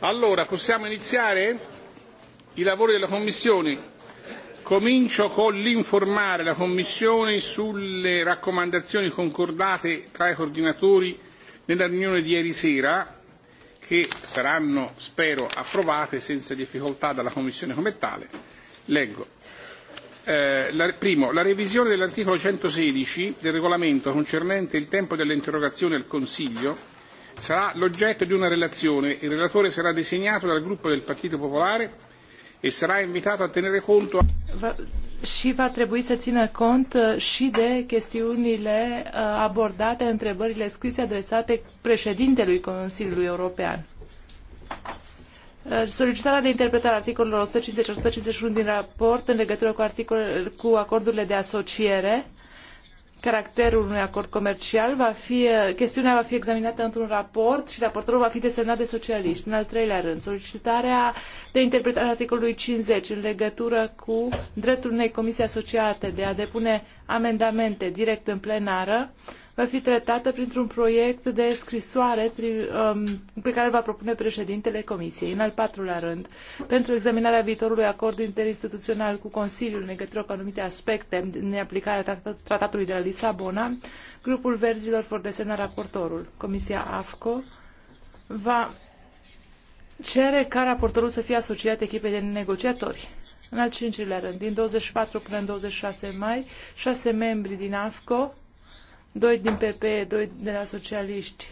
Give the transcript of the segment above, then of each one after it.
Allora, possiamo iniziare i lavori della Commissione. Comincio con l'informare la Commissione sulle raccomandazioni concordate tra i coordinatori nella riunione di ieri sera, che saranno, spero, approvate senza difficoltà dalla Commissione come tale. Leggo. Eh, la, primo, la revisione dell'articolo 116 del regolamento concernente il tempo delle interrogazioni al Consiglio sarà l'oggetto di una relazione. Il relatore sarà designato dal gruppo del Partito Popolare e sarà invitato a tenere conto. Va, și va trebui să țină cont uh, și de chestiunile uh, abordate, întrebările scrise adresate președintelui Consiliului European. Uh, solicitarea de interpretare a articolelor 150-151 din raport în legătură cu, articol, cu acordurile de asociere caracterul unui acord comercial, va fi, chestiunea va fi examinată într-un raport și raportorul va fi desemnat de socialiști. În al treilea rând, solicitarea de interpretare a articolului 50 în legătură cu dreptul unei comisii asociate de a depune amendamente direct în plenară va fi tratată printr-un proiect de scrisoare um, pe care îl va propune președintele Comisiei. În al patrulea rând, pentru examinarea viitorului acord interinstituțional cu Consiliul în legătură cu anumite aspecte în aplicarea tratatului de la Lisabona, grupul verzilor vor desena raportorul. Comisia AFCO va cere ca raportorul să fie asociat echipei de negociatori. În al cincilea rând, din 24 până în 26 mai, șase membri din AFCO doi din PPE, doi de la socialiști,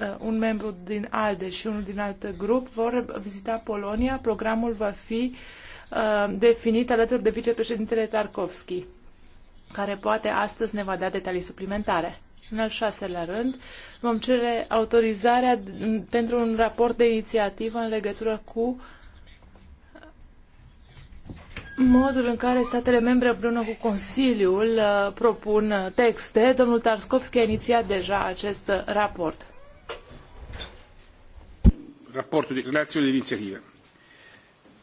uh, un membru din ALDE și unul din alt grup vor vizita Polonia. Programul va fi uh, definit alături de vicepreședintele Tarkovski, care poate astăzi ne va da detalii suplimentare. În al șaselea rând, vom cere autorizarea pentru un raport de inițiativă în legătură cu uh, modul în care statele membre împreună cu Consiliul uh, propun uh, texte. Domnul Tarskovski a inițiat deja acest uh, raport. Raportul de relațiune de inițiative.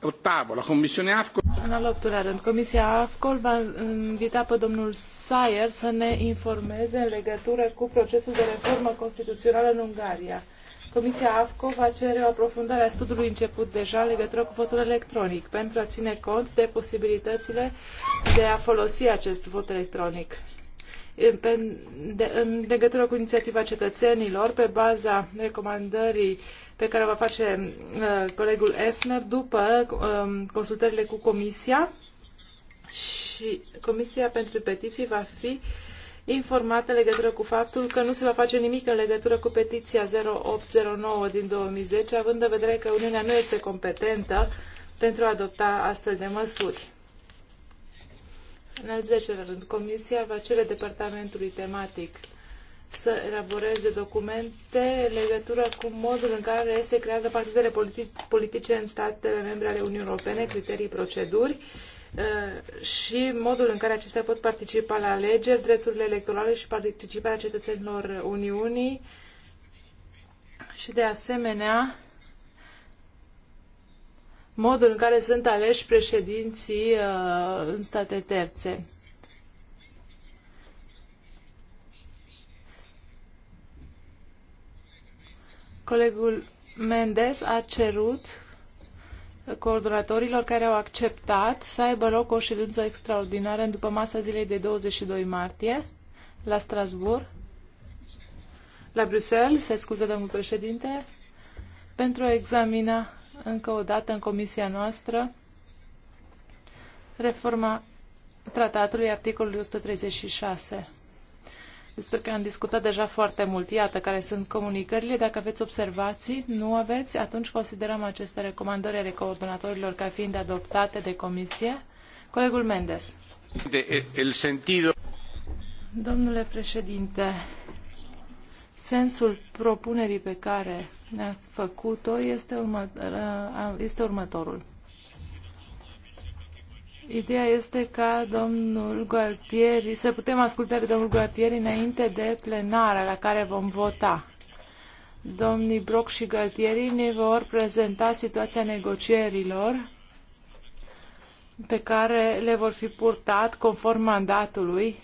Ottavo, la Comisiune AFCO. În al optulea rând, Comisia AFCO va invita pe domnul Sayer să ne informeze în legătură cu procesul de reformă constituțională în Ungaria. Comisia AFCO va cere o aprofundare a studiului început deja în legătură cu votul electronic, pentru a ține cont de posibilitățile de a folosi acest vot electronic. În legătură cu inițiativa cetățenilor, pe baza recomandării pe care o va face uh, colegul Efner după um, consultările cu Comisia, și Comisia pentru Petiții va fi uh, informat în legătură cu faptul că nu se va face nimic în legătură cu petiția 0809 din 2010, având în vedere că Uniunea nu este competentă pentru a adopta astfel de măsuri. În al 10-lea rând, Comisia va cere departamentului tematic să elaboreze documente în legătură cu modul în care se creează partidele politice în statele membre ale Uniunii Europene, criterii, proceduri Eh, și modul în care acestea pot participa la alegeri, drepturile electorale și participarea cetățenilor Uniunii și, de asemenea, modul în care sunt aleși președinții eh, în state terțe. Colegul Mendes a cerut coordonatorilor care au acceptat să aibă loc o ședință extraordinară după masa zilei de 22 martie la Strasbourg, la Bruxelles, se scuze domnul președinte, pentru a examina încă o dată în comisia noastră reforma tratatului articolului 136 despre care am discutat deja foarte mult. Iată care sunt comunicările. Dacă aveți observații, nu aveți, atunci considerăm aceste recomandări ale coordonatorilor ca fiind adoptate de comisie. Colegul Mendes. De, el sentido... Domnule președinte, sensul propunerii pe care ne-ați făcut-o este, urmă, uh, este următorul. Ideea este ca domnul Gualtieri, să putem asculta pe domnul Gualtieri înainte de plenara la care vom vota. Domnii Broc și Gualtieri ne vor prezenta situația negocierilor pe care le vor fi purtat conform mandatului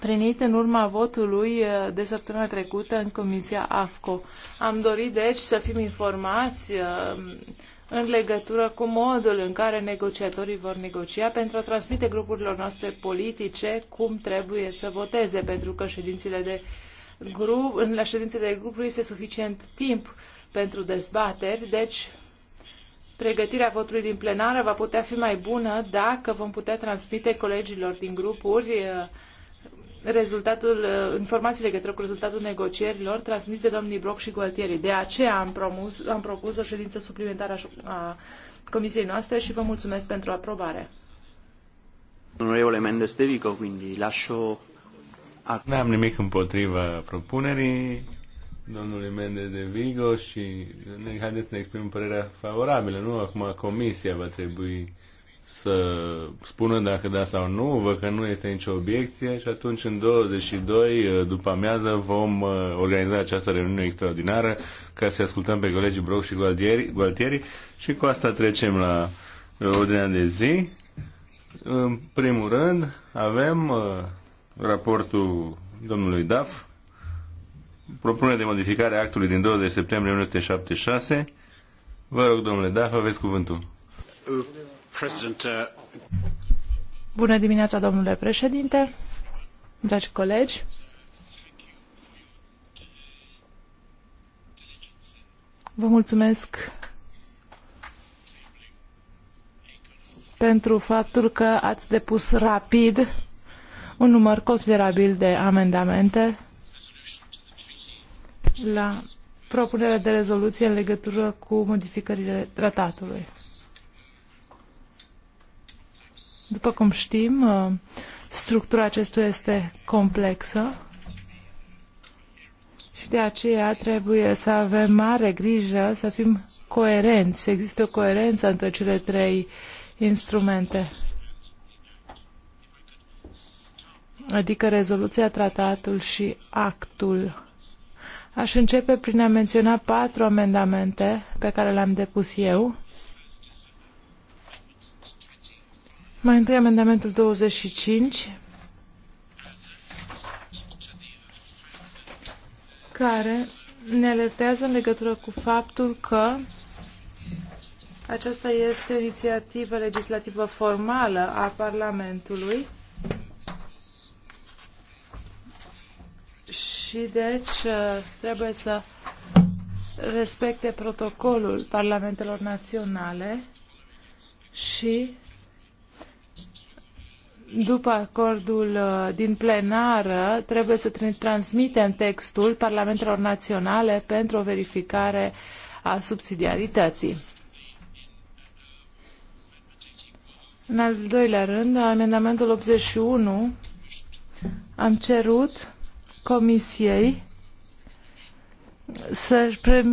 primit în urma votului uh, de săptămâna trecută în Comisia AFCO. Am dorit, deci, să fim informați uh, în legătură cu modul în care negociatorii vor negocia pentru a transmite grupurilor noastre politice cum trebuie să voteze, pentru că ședințele de grup, în la ședințele de grup este suficient timp pentru dezbateri, deci pregătirea votului din plenară va putea fi mai bună dacă vom putea transmite colegilor din grupuri uh, rezultatul, uh, informațiile către rezultatul negocierilor transmis de domnii Brock și Gualtieri. De aceea am, promus, am propus o ședință suplimentară a comisiei noastre și vă mulțumesc pentru aprobare. Onorevole Mendes de quindi lascio... Nu am nimic împotriva propunerii domnului Mendes de Vigo și ne, haideți să ne exprim părerea favorabilă, nu? Acum comisia va trebui să spună dacă da sau nu, văd că nu este nicio obiecție și atunci în 22 uh, după amiază vom uh, organiza această reuniune extraordinară ca să ascultăm pe colegii Broc și Gualtieri, Gualtieri și cu asta trecem la ordinea de zi. În primul rând avem uh, raportul domnului Daf, propunere de modificare a actului din 20 septembrie 1976. Vă rog, domnule Daf, aveți cuvântul. Uh, Bună dimineața, domnule președinte, dragi colegi. Vă mulțumesc pentru faptul că ați depus rapid un număr considerabil de amendamente la propunerea de rezoluție în legătură cu modificările tratatului. După cum știm, uh, structura acestuia este complexă și de aceea trebuie să avem mare grijă să fim coerenți, să existe o coerență între cele trei instrumente. Adică rezoluția, tratatul și actul. Aș începe prin a menționa patru amendamente pe care le-am depus eu Mai întâi amendamentul 25, care ne alertează în legătură cu faptul că aceasta este o inițiativă legislativă formală a Parlamentului și deci trebuie să respecte protocolul Parlamentelor Naționale și după acordul uh, din plenară, trebuie să transmitem textul Parlamentelor Naționale pentru o verificare a subsidiarității. În al doilea rând, amendamentul 81, am cerut Comisiei să-și, pre,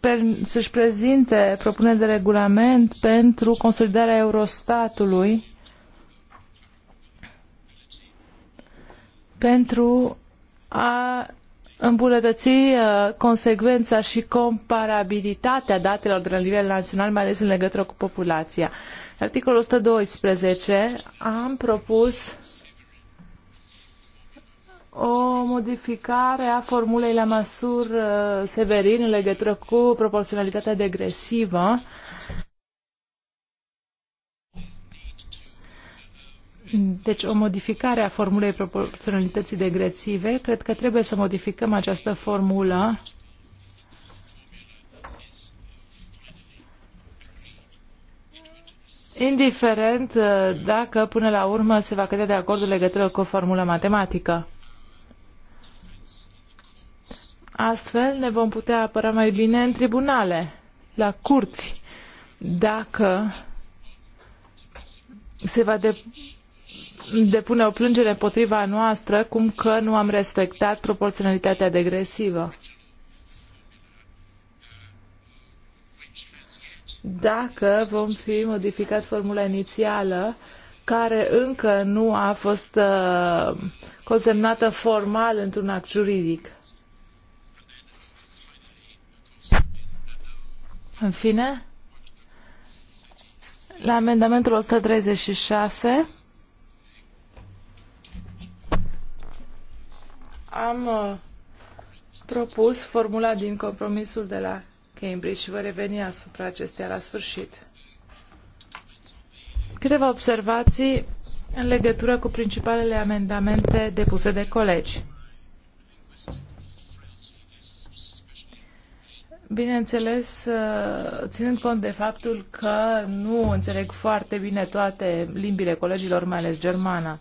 per, să prezinte propuneri de regulament pentru consolidarea Eurostatului pentru a îmbunătăți uh, consecvența și comparabilitatea datelor de la nivel național, mai ales în legătură cu populația. Articolul 112 am propus o modificare a formulei la măsur uh, severin în legătură cu proporționalitatea degresivă Deci o modificare a formulei proporționalității degresive, cred că trebuie să modificăm această formulă indiferent uh, dacă până la urmă se va cădea de acord în legătură cu o formulă matematică. Astfel ne vom putea apăra mai bine în tribunale, la curți, dacă se va de depune o plângere împotriva noastră, cum că nu am respectat proporționalitatea degresivă. Dacă vom fi modificat formula inițială, care încă nu a fost uh, consemnată formal într-un act juridic. În fine, la amendamentul 136, am uh, propus formula din compromisul de la Cambridge și vă reveni asupra acesteia la sfârșit. Câteva observații în legătură cu principalele amendamente depuse de colegi. Bineînțeles, uh, ținând cont de faptul că nu înțeleg foarte bine toate limbile colegilor, mai ales germana.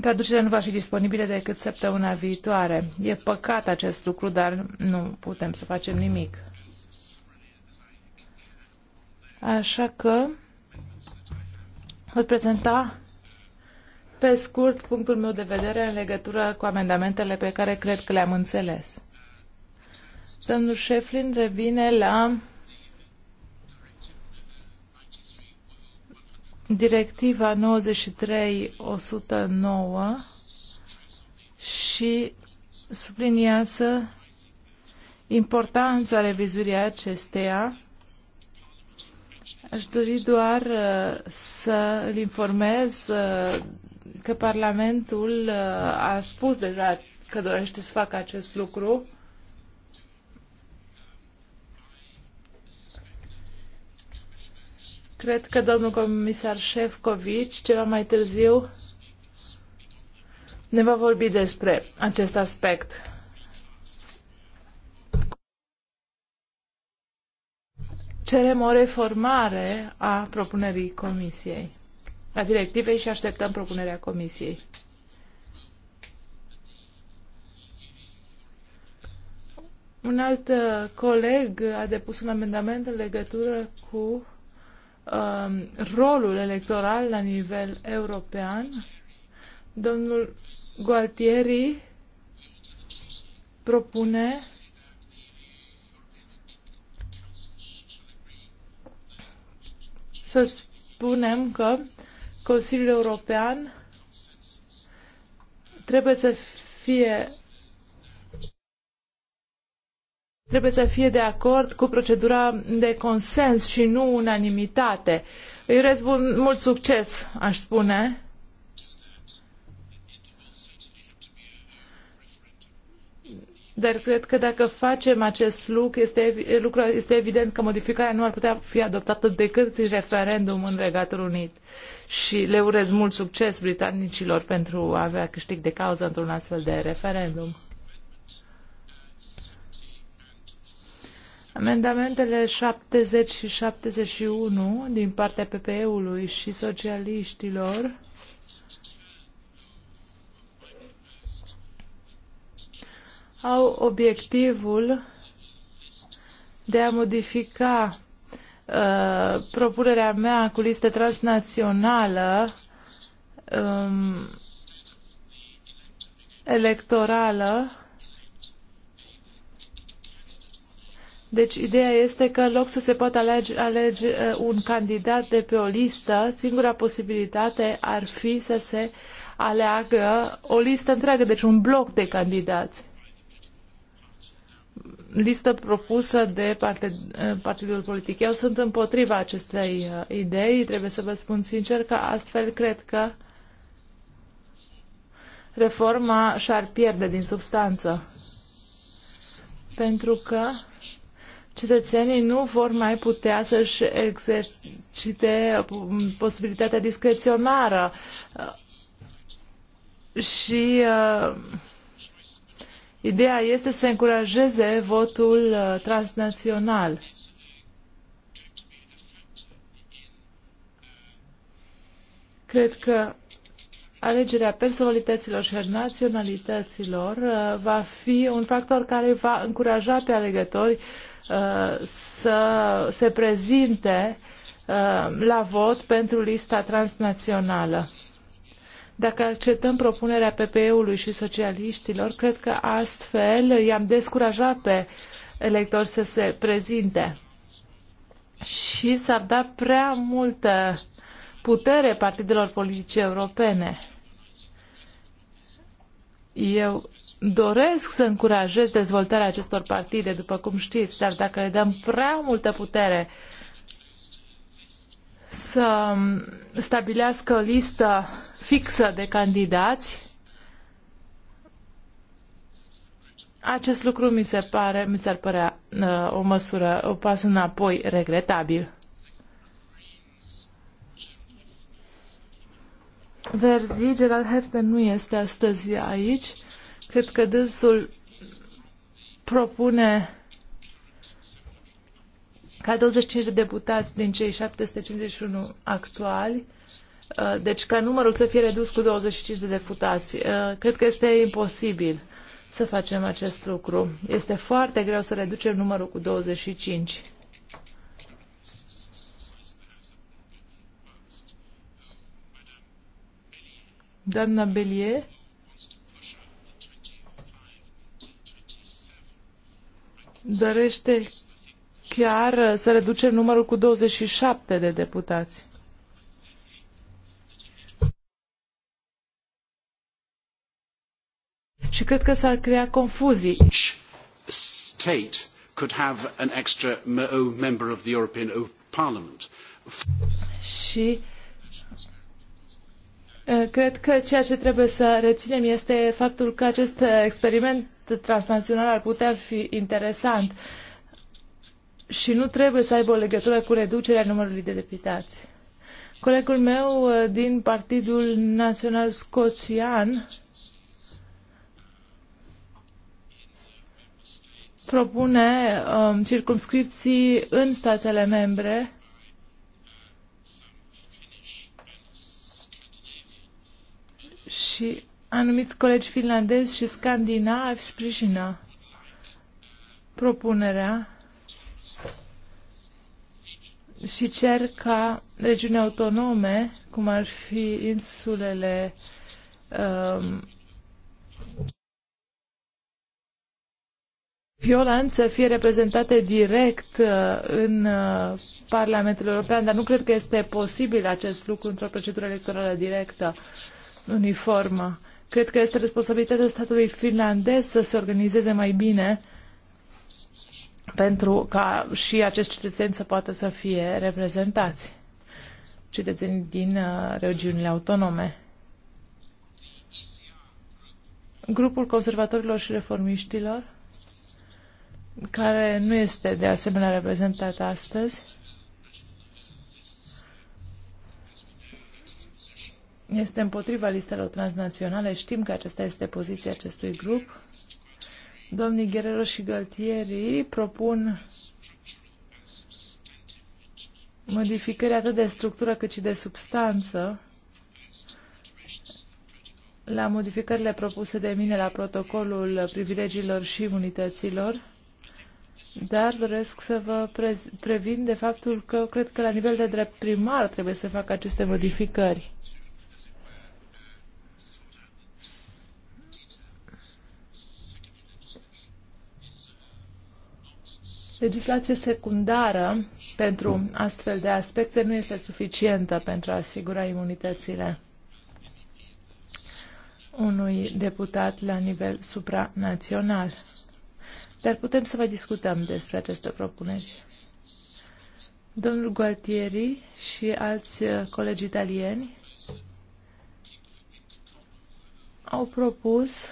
Traducerea nu va fi disponibilă decât săptămâna viitoare. E păcat acest lucru, dar nu putem să facem nimic. Așa că voi prezenta pe scurt punctul meu de vedere în legătură cu amendamentele pe care cred că le-am înțeles. Domnul Șeflin revine la Directiva 93109 și subliniază importanța revizuirii acesteia. Aș dori doar uh, să îl informez uh, că Parlamentul uh, a spus deja că dorește să facă acest lucru Cred că domnul comisar Șefcovici, ceva mai târziu, ne va vorbi despre acest aspect. Cerem o reformare a propunerii comisiei, a directivei și așteptăm propunerea comisiei. Un alt uh, coleg a depus un amendament în legătură cu Um, rolul electoral la nivel european. Domnul Gualtieri propune să spunem că Consiliul European trebuie să fie trebuie să fie de acord cu procedura de consens și nu unanimitate. Îi urez bun, mult succes, aș spune. Dar cred că dacă facem acest lucru este, lucru, este evident că modificarea nu ar putea fi adoptată decât prin referendum în Regatul Unit. Și le urez mult succes britanicilor pentru a avea câștig de cauză într-un astfel de referendum. Amendamentele 70 și 71 din partea PPE-ului și socialiștilor au obiectivul de a modifica uh, propunerea mea cu listă transnațională um, electorală Deci ideea este că în loc să se poată alege, alege uh, un candidat de pe o listă, singura posibilitate ar fi să se aleagă o listă întreagă, deci un bloc de candidați. Listă propusă de parte, uh, Partidul Politic. Eu sunt împotriva acestei uh, idei, trebuie să vă spun sincer că astfel cred că reforma și-ar pierde din substanță. Pentru că cetățenii nu vor mai putea să-și exercite um, posibilitatea discreționară uh, și uh, ideea este să încurajeze votul uh, transnațional. Cred că alegerea personalităților și naționalităților uh, va fi un factor care va încuraja pe alegători Uh, să se prezinte uh, la vot pentru lista transnațională. Dacă acceptăm propunerea PPE-ului și socialiștilor, cred că astfel i-am descurajat pe electori să se prezinte și s-ar da prea multă putere partidelor politice europene. Eu doresc să încurajez dezvoltarea acestor partide, după cum știți, dar dacă le dăm prea multă putere să stabilească o listă fixă de candidați, acest lucru mi se pare, mi s-ar părea uh, o măsură, o pas înapoi regretabil. Verzi, Gerald Hefner nu este astăzi aici. Cred că dânsul propune ca 25 de deputați din cei 751 actuali, uh, deci ca numărul să fie redus cu 25 de deputați. Uh, cred că este imposibil să facem acest lucru. Este foarte greu să reducem numărul cu 25. Doamna Belier. dorește chiar să reducem numărul cu 27 de deputați. Și cred că s-ar crea confuzii. State could have an extra member of the European Parliament. Și eh, cred că ceea ce trebuie să reținem este faptul că acest experiment transnațional ar putea fi interesant și nu trebuie să aibă o legătură cu reducerea numărului de deputați. Colegul meu uh, din Partidul Național Scoțian propune um, circumscripții în statele membre și Anumiți colegi finlandezi și scandinavi sprijină propunerea și cer ca regiuni autonome, cum ar fi insulele um, Violand să fie reprezentate direct uh, în uh, Parlamentul European, dar nu cred că este posibil acest lucru într-o procedură electorală directă, uniformă. Cred că este responsabilitatea statului finlandez să se organizeze mai bine pentru ca și acești cetățeni să poată să fie reprezentați, cetățenii din uh, regiunile autonome. Grupul conservatorilor și reformiștilor, care nu este de asemenea reprezentat astăzi, este împotriva listelor transnaționale. Știm că aceasta este poziția acestui grup. Domnii Guerrero și Galtieri propun modificări atât de structură cât și de substanță la modificările propuse de mine la protocolul privilegiilor și imunităților dar doresc să vă previn de faptul că cred că la nivel de drept primar trebuie să fac aceste modificări. Legislație secundară pentru astfel de aspecte nu este suficientă pentru a asigura imunitățile unui deputat la nivel supranațional. Dar putem să mai discutăm despre aceste propuneri. Domnul Gualtieri și alți uh, colegi italieni au propus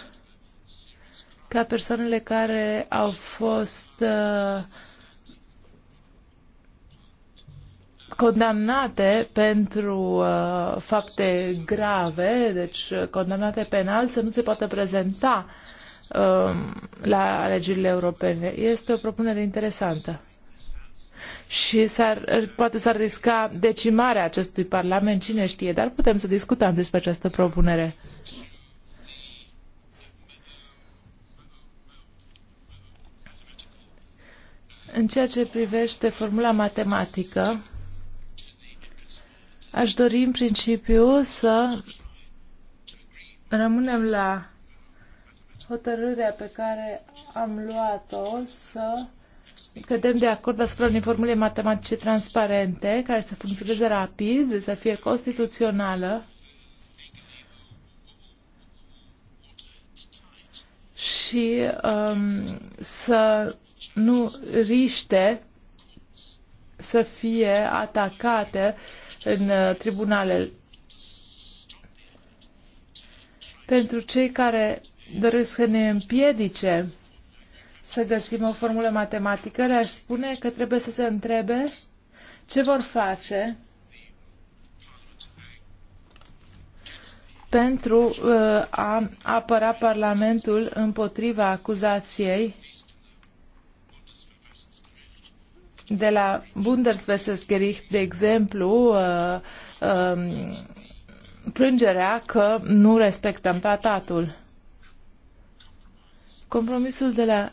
ca persoanele care au fost uh, condamnate pentru uh, fapte grave, deci uh, condamnate penal, să nu se poată prezenta um, la alegerile europene. Este o propunere interesantă. Și s-ar, poate s-ar risca decimarea acestui parlament, cine știe, dar putem să discutăm despre această propunere. În ceea ce privește formula matematică, aș dori în principiu să rămânem la hotărârea pe care am luat-o să cădem de acord asupra unei formule matematice transparente, care să funcționeze rapid, să fie constituțională și um, să nu riște să fie atacate în uh, tribunale. Pentru cei care doresc să ne împiedice să găsim o formulă matematică, le-aș spune că trebuie să se întrebe ce vor face pentru uh, a apăra Parlamentul împotriva acuzației de la Bundeswassergericht, de exemplu, uh, um, plângerea că nu respectăm tratatul. Compromisul de la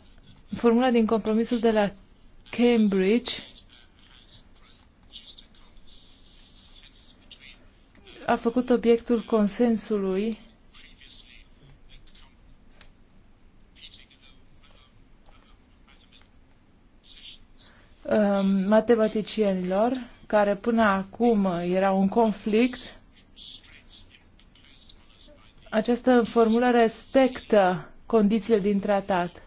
formula din compromisul de la Cambridge a făcut obiectul consensului Um, matematicienilor, care până acum era un conflict, această formulă respectă condițiile din tratat.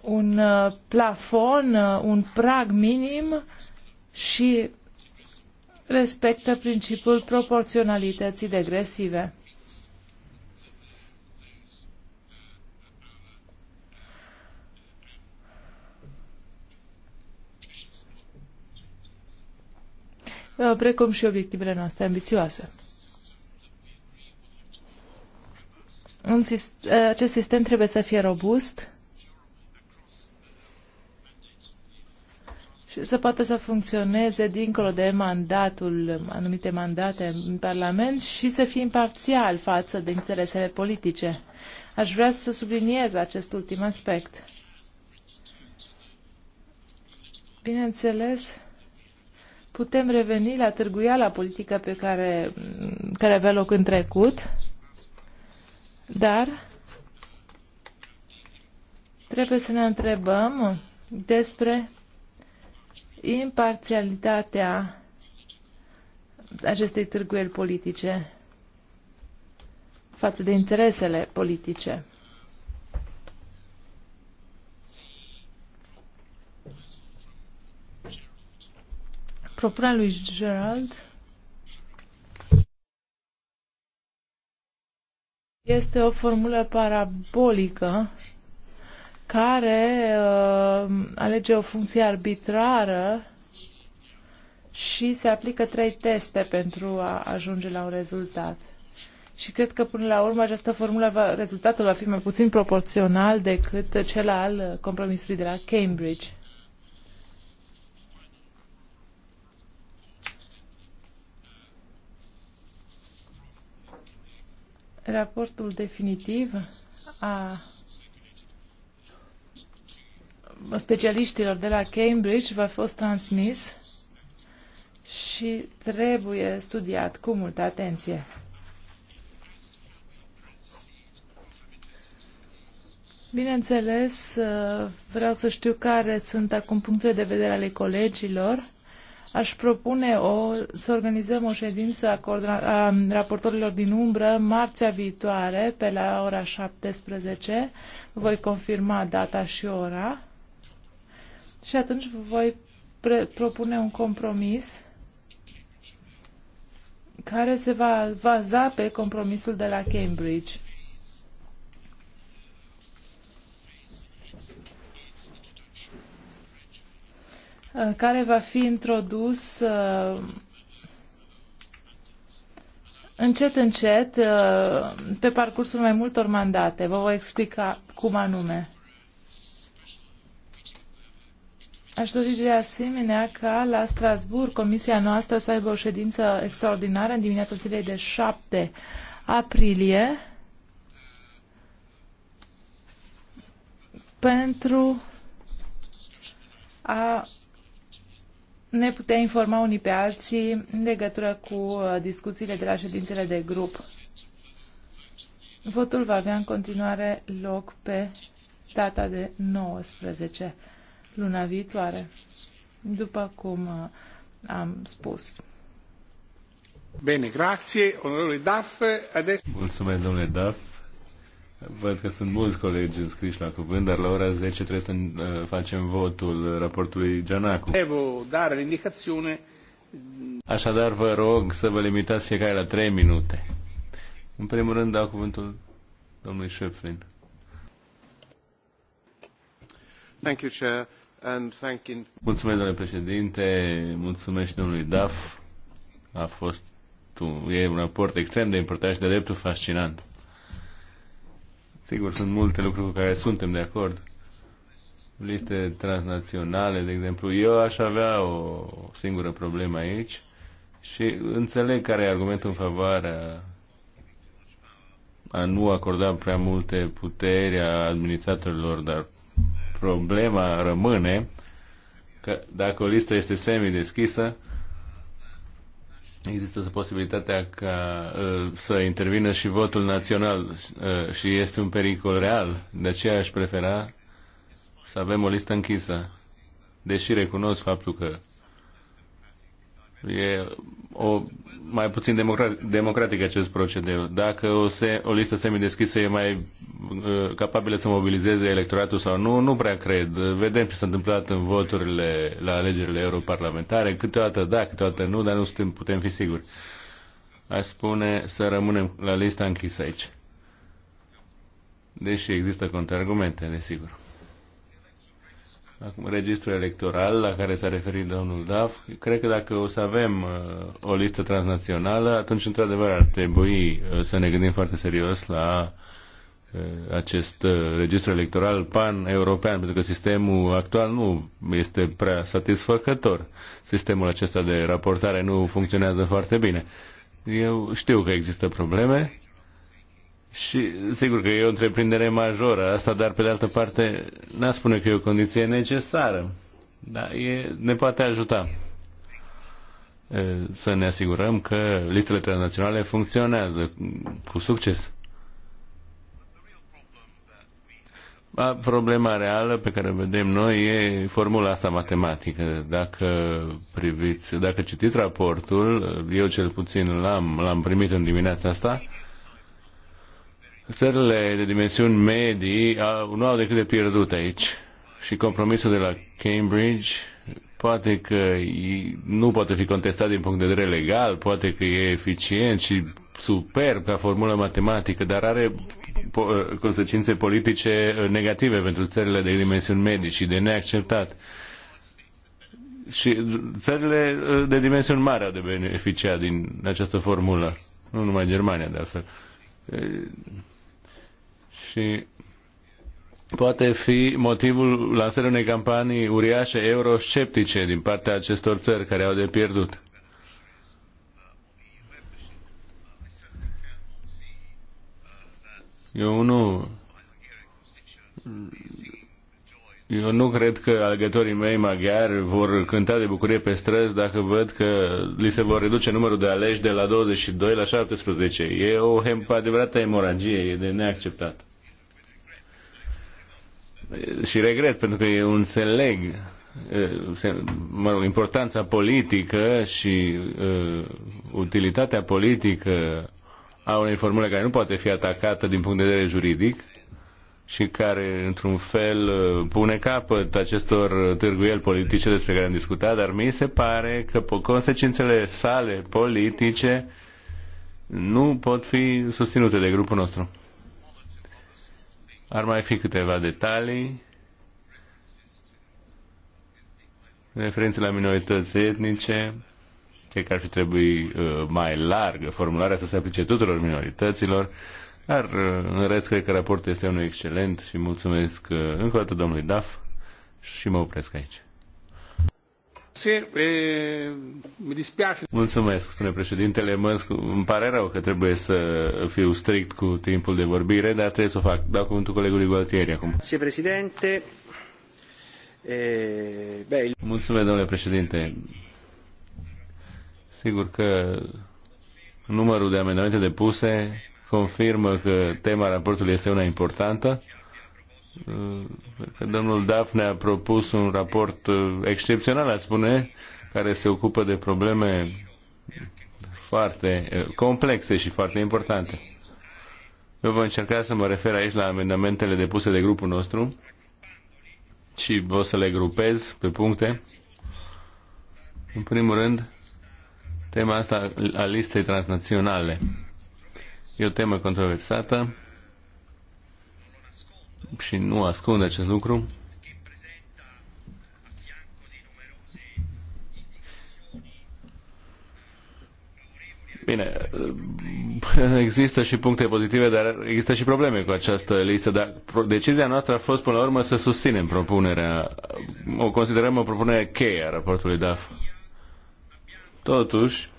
Un uh, plafon, uh, un prag minim și respectă principiul proporționalității degresive. Uh, precum și obiectivele noastre ambițioase. Un sist- uh, acest sistem trebuie să fie robust și să poată să funcționeze dincolo de mandatul, anumite mandate în Parlament și să fie imparțial față de interesele politice. Aș vrea să subliniez acest ultim aspect. Bineînțeles, putem reveni la târguiala politică pe care, care avea loc în trecut, dar trebuie să ne întrebăm despre imparțialitatea acestei târguieli politice față de interesele politice. Propunerea lui Gerald este o formulă parabolică care uh, alege o funcție arbitrară și se aplică trei teste pentru a ajunge la un rezultat. Și cred că până la urmă această formulă, va, rezultatul va fi mai puțin proporțional decât cel al compromisului de la Cambridge. Raportul definitiv a specialiștilor de la Cambridge va fost transmis și trebuie studiat cu multă atenție. Bineînțeles, vreau să știu care sunt acum punctele de vedere ale colegilor Aș propune o, să organizăm o ședință a, a raportorilor din umbră marțea viitoare pe la ora 17. Voi confirma data și ora. Și atunci voi propune un compromis care se va baza pe compromisul de la Cambridge. Uh, care va fi introdus uh, încet, încet, uh, pe parcursul mai multor mandate. Vă voi explica cum anume. Aș dori de asemenea ca la Strasbourg comisia noastră să aibă o ședință extraordinară în dimineața zilei de 7 aprilie pentru a ne putea informa unii pe alții în legătură cu uh, discuțiile de la ședințele de grup. Votul va avea în continuare loc pe data de 19, luna viitoare, după cum uh, am spus. Bine, grație, onorului Daf. Adesso... Mulțumesc, domnule Daf. Văd că sunt mulți colegi înscriși la cuvânt, dar la ora 10 trebuie să uh, facem votul raportului Gianacu. Devo dare l'indicazione. Așadar, vă rog să vă limitați fiecare la 3 minute. În primul rând, dau cuvântul domnului Șeflin. Thank you, Chair, and thank you. Mulțumesc, domnule președinte, mulțumesc și domnului Duff. A fost un, e un raport extrem de important și de dreptul fascinant. Sigur, sunt multe lucruri cu care suntem de acord. Liste transnaționale, de exemplu. Eu aș avea o singură problemă aici și înțeleg care e argumentul în favoarea a nu acorda prea multe puteri a administratorilor, dar problema rămâne că dacă o listă este semi-deschisă, există posibilitatea ca uh, să intervină și votul național uh, și este un pericol real. De aceea aș prefera să avem o listă închisă. Deși recunosc faptul că E o, mai puțin democratic acest procedeu. Dacă o, se, o listă semideschisă e mai uh, capabilă să mobilizeze electoratul sau nu, nu prea cred. Vedem ce s-a întâmplat în voturile la alegerile europarlamentare. Câteodată da, câteodată nu, dar nu suntem, putem fi siguri. Aș spune să rămânem la lista închisă aici. Deși există contraargumente, desigur. Acum, registrul electoral la care s-a referit domnul Daf, cred că dacă o să avem uh, o listă transnațională, atunci, într-adevăr, ar trebui uh, să ne gândim foarte serios la uh, acest uh, registru electoral pan-european, pentru că sistemul actual nu este prea satisfăcător. Sistemul acesta de raportare nu funcționează foarte bine. Eu știu că există probleme, și sigur că e o întreprindere majoră asta, dar pe de altă parte n-a spune că e o condiție necesară. Dar e, ne poate ajuta să ne asigurăm că listele transnaționale funcționează cu succes. Problema reală pe care o vedem noi e formula asta matematică. Dacă priviți, dacă citiți raportul, eu cel puțin l-am, l-am primit în dimineața asta, Țările de dimensiuni medii nu au decât de pierdut aici. Și compromisul de la Cambridge poate că nu poate fi contestat din punct de vedere legal, poate că e eficient și superb ca formulă matematică, dar are po- ă, consecințe politice ă, negative pentru țările de dimensiuni medii și de neacceptat. Și țările ă, de dimensiuni mari au de beneficiat din această formulă, nu numai Germania, de altfel și poate fi motivul lansării unei campanii uriașe eurosceptice din partea acestor țări care au de pierdut. Eu nu eu nu cred că alegătorii mei maghiari vor cânta de bucurie pe străzi dacă văd că li se vor reduce numărul de aleși de la 22 la 17. E o adevărată emoragie, e de neacceptat. Și regret, pentru că eu înțeleg mă rog, importanța politică și uh, utilitatea politică a unei formule care nu poate fi atacată din punct de vedere juridic, și care, într-un fel, pune capăt acestor târguieli politice despre care am discutat, dar mi se pare că consecințele sale politice nu pot fi susținute de grupul nostru. Ar mai fi câteva detalii referințe la minorități etnice, cred că ar fi trebuit uh, mai largă formularea să se aplice tuturor minorităților, dar, în rest, cred că raportul este unul excelent și mulțumesc uh, încă o dată domnului Daf și mă opresc aici. Mulțumesc, spune președintele. Mă, îmi pare rău că trebuie să fiu strict cu timpul de vorbire, dar trebuie să o fac. Dau cuvântul colegului Gualtieri acum. Grazie, președinte. Mulțumesc, domnule președinte. Sigur că numărul de amendamente depuse confirmă că tema raportului este una importantă. Că domnul Dafne a propus un raport uh, excepțional, a spune, care se ocupă de probleme foarte uh, complexe și foarte importante. Eu voi încerca să mă refer aici la amendamentele depuse de grupul nostru și o să le grupez pe puncte. În primul rând, tema asta a listei transnaționale. E o temă controversată și nu ascunde acest lucru. Bine, există și puncte pozitive, dar există și probleme cu această listă, dar decizia noastră a fost până la urmă să susținem propunerea, o considerăm o propunere cheie a raportului DAF. Totuși,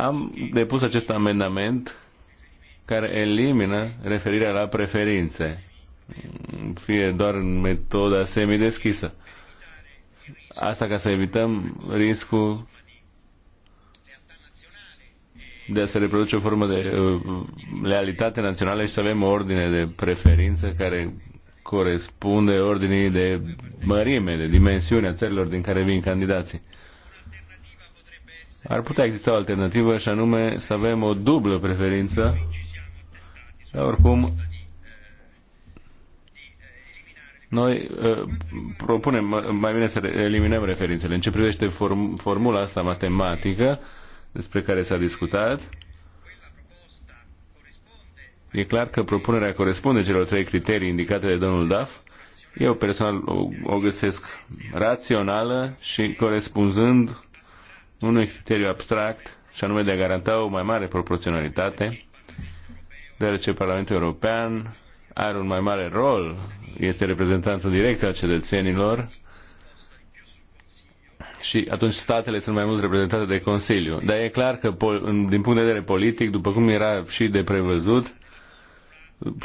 Am depus acest amendament care elimină referirea la preferințe, fie doar în metoda semideschisă. Asta ca să evităm riscul de a se reproduce o formă de uh, lealitate națională și să avem ordine de preferință care corespunde ordinii de mărime, de dimensiune a țărilor din care vin candidații ar putea exista o alternativă și anume să avem o dublă preferință. Dar oricum, noi uh, propunem mai bine să eliminăm referințele. În ce privește form, formula asta matematică despre care s-a discutat, e clar că propunerea corespunde celor trei criterii indicate de domnul Daf. Eu personal o, o găsesc rațională și corespunzând unui criteriu abstract, și anume de a garanta o mai mare proporționalitate, deoarece Parlamentul European are un mai mare rol, este reprezentantul direct al cetățenilor și atunci statele sunt mai mult reprezentate de Consiliu. Dar e clar că, din punct de vedere politic, după cum era și de prevăzut,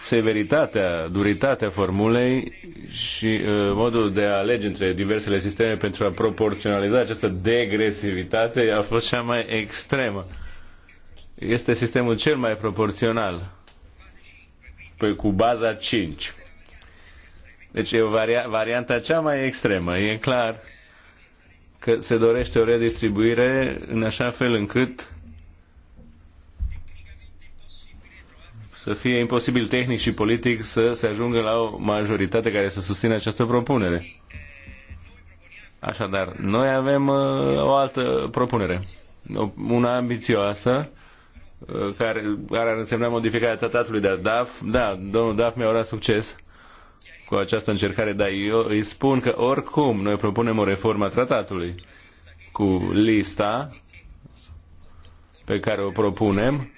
severitatea, duritatea formulei și uh, modul de a alege între diversele sisteme pentru a proporționaliza această degresivitate a fost cea mai extremă. Este sistemul cel mai proporțional, pe cu baza 5. Deci e varia- varianta cea mai extremă. E clar că se dorește o redistribuire în așa fel încât să fie imposibil tehnic și politic să se ajungă la o majoritate care să susțină această propunere. Așadar, noi avem uh, o altă propunere, una ambițioasă, uh, care, care ar însemna modificarea tratatului de DAF. Da, domnul DAF mi-a urat succes cu această încercare, dar eu îi spun că oricum noi propunem o reformă a tratatului cu lista pe care o propunem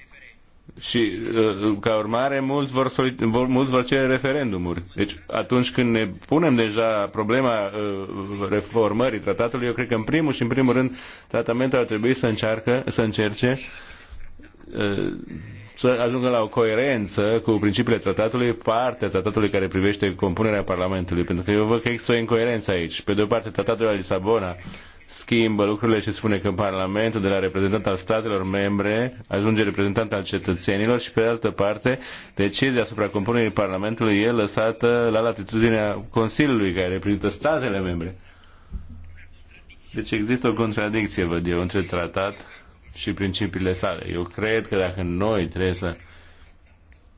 și uh, ca urmare mulți vor, vor, mulți vor cere referendumuri. Deci atunci când ne punem deja problema uh, reformării tratatului, eu cred că în primul și în primul rând tratamentul ar trebui să, încearcă, să încerce uh, să ajungă la o coerență cu principiile tratatului, partea tratatului care privește compunerea Parlamentului, pentru că eu văd că există o incoerență aici. Pe de o parte, tratatul de la Lisabona schimbă lucrurile și spune că în Parlamentul, de la reprezentant al statelor membre, ajunge reprezentant al cetățenilor și, pe de altă parte, decizia asupra compunerii Parlamentului e lăsată la latitudinea Consiliului, care reprezintă statele membre. Deci există o contradicție, văd eu, între tratat și principiile sale. Eu cred că dacă noi trebuie să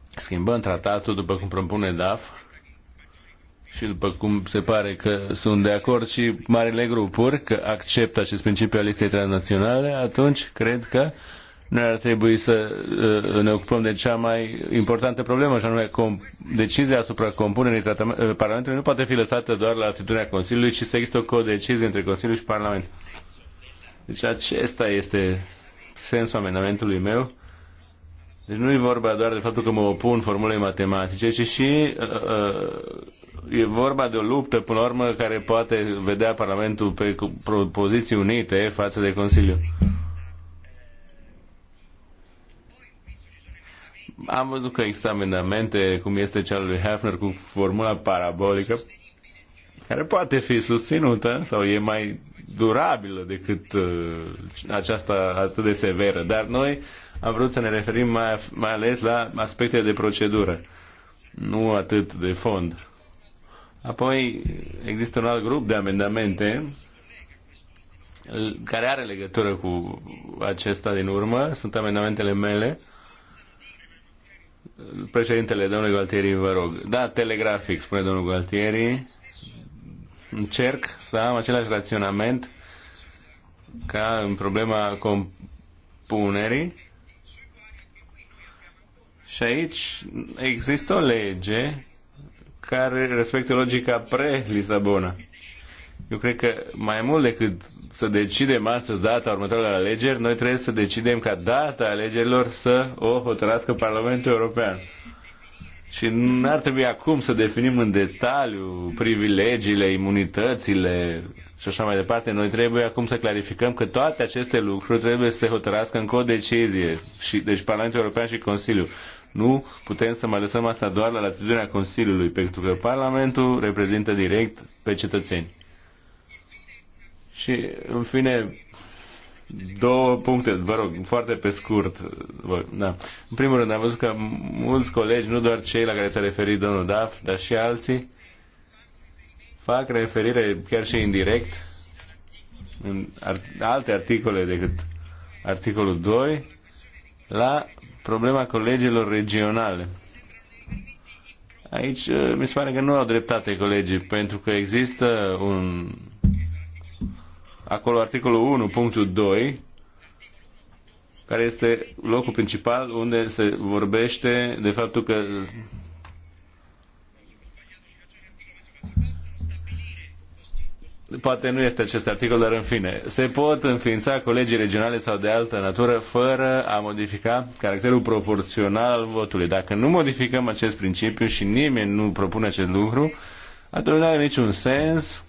schimbăm tratatul, după cum propune DAF, și după cum se pare că sunt de acord și marile grupuri că acceptă acest principiu al listei transnaționale, atunci cred că noi ar trebui să uh, ne ocupăm de cea mai importantă problemă, și anume decizia asupra compunerii uh, Parlamentului nu poate fi lăsată doar la atitudinea Consiliului, ci să există o codecizie între Consiliu și Parlament. Deci acesta este sensul amendamentului meu. Deci nu e vorba doar de faptul că mă opun formulei matematice, ci și uh, uh e vorba de o luptă, până la urmă, care poate vedea Parlamentul pe poziții unite față de Consiliu. Am văzut că există amendamente, cum este cel lui Hefner, cu formula parabolică, care poate fi susținută sau e mai durabilă decât uh, aceasta atât de severă. Dar noi am vrut să ne referim mai, mai ales la aspecte de procedură, nu atât de fond. Apoi există un alt grup de amendamente care are legătură cu acesta din urmă. Sunt amendamentele mele. Președintele, domnule Gualtieri, vă rog. Da, telegrafic, spune domnul Gualtieri. Încerc să am același raționament ca în problema compunerii. Și aici există o lege care respectă logica pre-Lisabona. Eu cred că mai mult decât să decidem astăzi data următoare la alegeri, noi trebuie să decidem ca data alegerilor să o hotărască Parlamentul European. Și nu ar trebui acum să definim în detaliu privilegiile, imunitățile și așa mai departe. Noi trebuie acum să clarificăm că toate aceste lucruri trebuie să se hotărască în codecizie, și, deci Parlamentul European și Consiliul. Nu putem să mai lăsăm asta doar la latitudinea Consiliului, pentru că Parlamentul reprezintă direct pe cetățeni. Și, în fine, două puncte, vă rog, foarte pe scurt. Da. În primul rând, am văzut că mulți colegi, nu doar cei la care s-a referit domnul Daf, dar și alții, fac referire chiar și indirect în alte articole decât articolul 2 la problema colegilor regionale. Aici eh, mi se pare că nu au dreptate colegii, pentru că există un... Acolo articolul 1.2, care este locul principal unde se vorbește de faptul că poate nu este acest articol, dar în fine, se pot înființa colegii regionale sau de altă natură fără a modifica caracterul proporțional al votului. Dacă nu modificăm acest principiu și nimeni nu propune acest lucru, atunci nu are niciun sens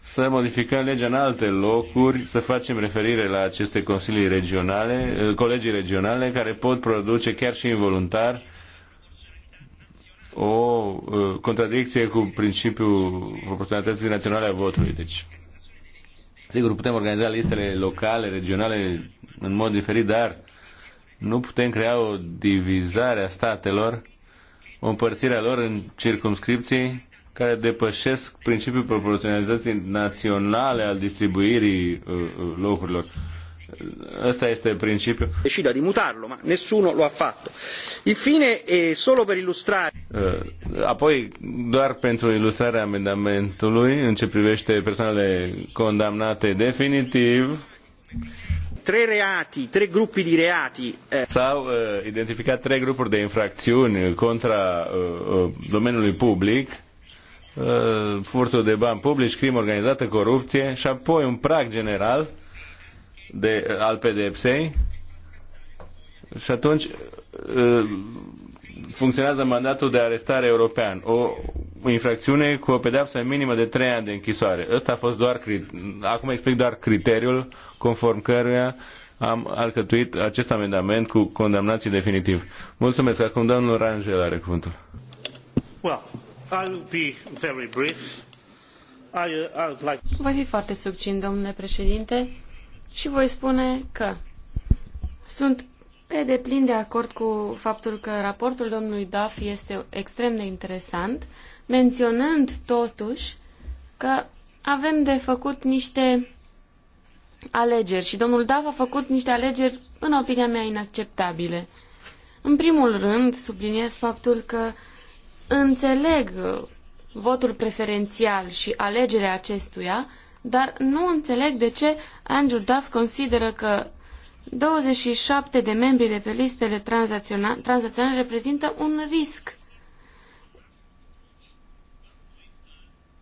să modificăm legea în alte locuri, să facem referire la aceste consilii regionale, colegii regionale, care pot produce chiar și involuntar o contradicție cu principiul proporționalității naționale a votului. Deci, sigur, putem organiza listele locale, regionale, în mod diferit, dar nu putem crea o divizare a statelor, o împărțire a lor în circumscripții care depășesc principiul proporționalității naționale al distribuirii uh, uh, locurilor. Ăsta este principiul. Decida di mutarlo, ma nessuno lo ha fatto. Infine, e eh, solo per illustrare... Eh, apoi, doar pentru ilustrarea amendamentului, în ce privește persoanele condamnate definitiv, Tre reati, tre gruppi di reati. Eh. S-au identificat trei grupuri de infracțiuni contra domeniului public, furtul de bani publici, crimă organizată, corupție și apoi un prag general de, al pedepsei și atunci ă, funcționează mandatul de arestare european. O infracțiune cu o pedeapsă minimă de 3 ani de închisoare. Ăsta a fost doar, acum explic doar criteriul conform căruia am alcătuit acest amendament cu condamnații definitiv. Mulțumesc. Acum domnul Rangel are cuvântul. Well, I'll be very brief. I, uh, I'd like... Voi fi foarte subțin, domnule președinte și voi spune că sunt pe deplin de acord cu faptul că raportul domnului Duff este extrem de interesant, menționând totuși că avem de făcut niște alegeri și domnul Duff a făcut niște alegeri, în opinia mea, inacceptabile. În primul rând, subliniez faptul că înțeleg votul preferențial și alegerea acestuia dar nu înțeleg de ce Andrew Duff consideră că 27 de membri de pe listele tranzacționale reprezintă un risc.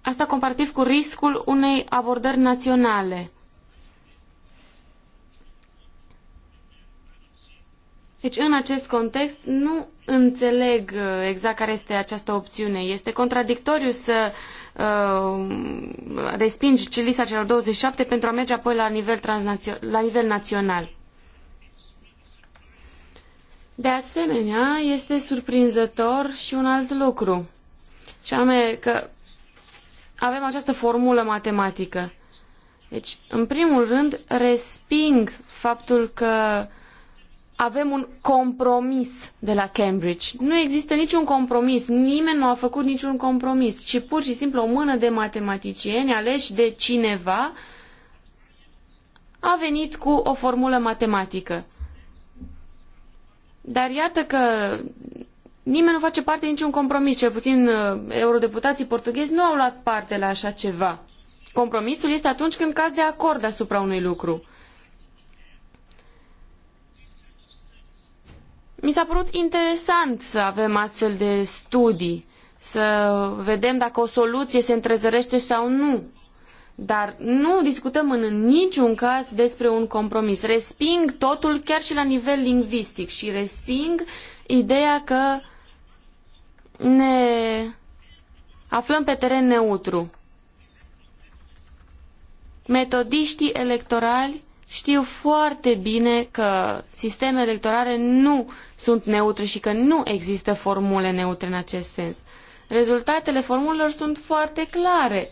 Asta comparativ cu riscul unei abordări naționale. Deci, în acest context, nu înțeleg uh, exact care este această opțiune. Este contradictoriu să resping uh, respingi lista celor 27 pentru a merge apoi la nivel, la nivel național. De asemenea, este surprinzător și un alt lucru, și anume că avem această formulă matematică. Deci, în primul rând, resping faptul că avem un compromis de la Cambridge. Nu există niciun compromis, nimeni nu a făcut niciun compromis, ci pur și simplu o mână de matematicieni aleși de cineva a venit cu o formulă matematică. Dar iată că nimeni nu face parte niciun compromis, cel puțin uh, eurodeputații portughezi nu au luat parte la așa ceva. Compromisul este atunci când caz de acord asupra unui lucru. Mi s-a părut interesant să avem astfel de studii, să vedem dacă o soluție se întrezărește sau nu. Dar nu discutăm în niciun caz despre un compromis. Resping totul chiar și la nivel lingvistic și resping ideea că ne aflăm pe teren neutru. Metodiștii electorali știu foarte bine că sistemele electorale nu sunt neutre și că nu există formule neutre în acest sens. Rezultatele formulelor sunt foarte clare.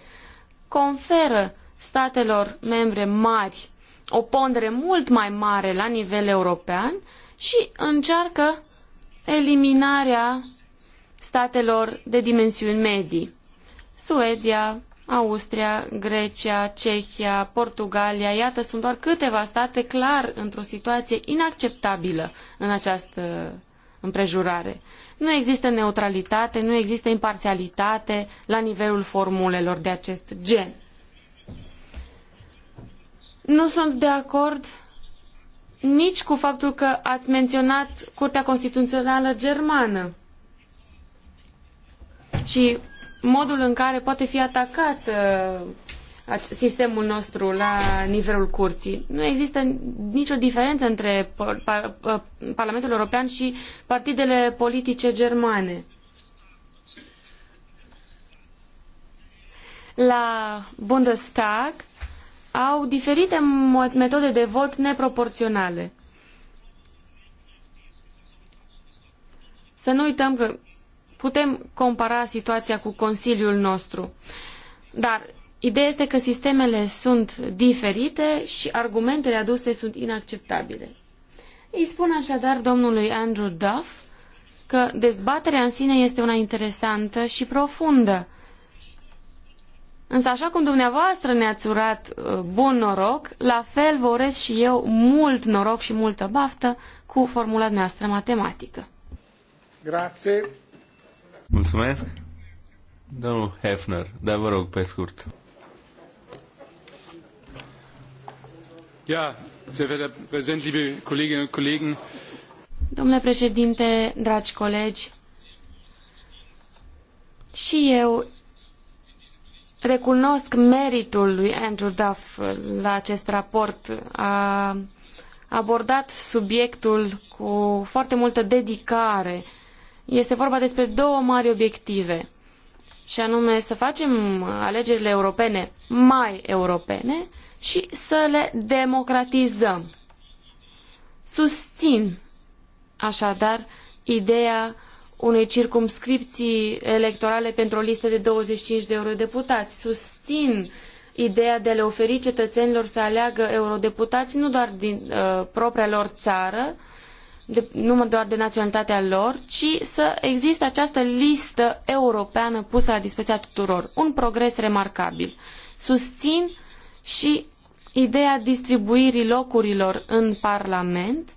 Conferă statelor membre mari o pondere mult mai mare la nivel european și încearcă eliminarea statelor de dimensiuni medii. Suedia, Austria, Grecia, Cehia, Portugalia, iată, sunt doar câteva state clar într-o situație inacceptabilă în această împrejurare. Nu există neutralitate, nu există imparțialitate la nivelul formulelor de acest gen. Nu sunt de acord nici cu faptul că ați menționat Curtea Constituțională Germană. Și modul în care poate fi atacat uh, sistemul nostru la nivelul curții. Nu există nicio diferență între uh, Parlamentul European și partidele politice germane. La Bundestag au diferite metode de vot neproporționale. Să nu uităm că Putem compara situația cu Consiliul nostru. Dar ideea este că sistemele sunt diferite și argumentele aduse sunt inacceptabile. Îi spun așadar domnului Andrew Duff că dezbaterea în sine este una interesantă și profundă. Însă așa cum dumneavoastră ne-ați urat uh, bun noroc, la fel vă urez și eu mult noroc și multă baftă cu formula noastră matematică. Grazie. Mulțumesc. Domnul Hefner, dar vă rog, pe scurt. Ja, sehr verehrter Präsident, liebe Kolleginnen und Kollegen. Domnule președinte, dragi colegi, și eu recunosc meritul lui Andrew Duff la acest raport. A abordat subiectul cu foarte multă dedicare, este vorba despre două mari obiective, și anume să facem alegerile europene mai europene și să le democratizăm. Susțin așadar ideea unei circumscripții electorale pentru o listă de 25 de eurodeputați. Susțin ideea de a le oferi cetățenilor să aleagă eurodeputați nu doar din uh, propria lor țară, uh, de, nu doar de naționalitatea lor, ci să existe această listă europeană pusă la dispoziția tuturor. Un progres remarcabil. Susțin și ideea distribuirii locurilor în Parlament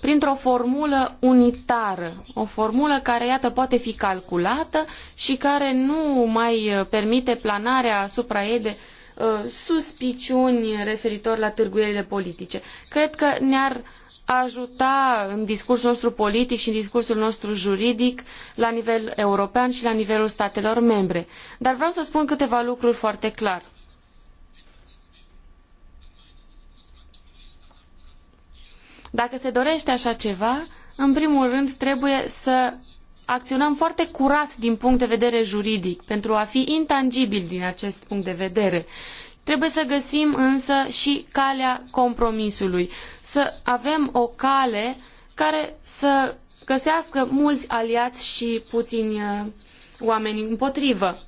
printr-o formulă unitară, o formulă care, iată, poate fi calculată și care nu mai uh, permite planarea asupra ei de uh, suspiciuni referitor la târguierile politice. Cred că ne-ar ajuta în discursul nostru politic și în discursul nostru juridic la nivel european și la nivelul statelor membre. Dar vreau să spun câteva lucruri foarte clar. Dacă se dorește așa ceva, în primul rând trebuie să acționăm foarte curat din punct de vedere juridic, pentru a fi intangibil din acest punct de vedere. Trebuie să găsim însă și calea compromisului să avem o cale care să găsească mulți aliați și puțini uh, oameni împotrivă.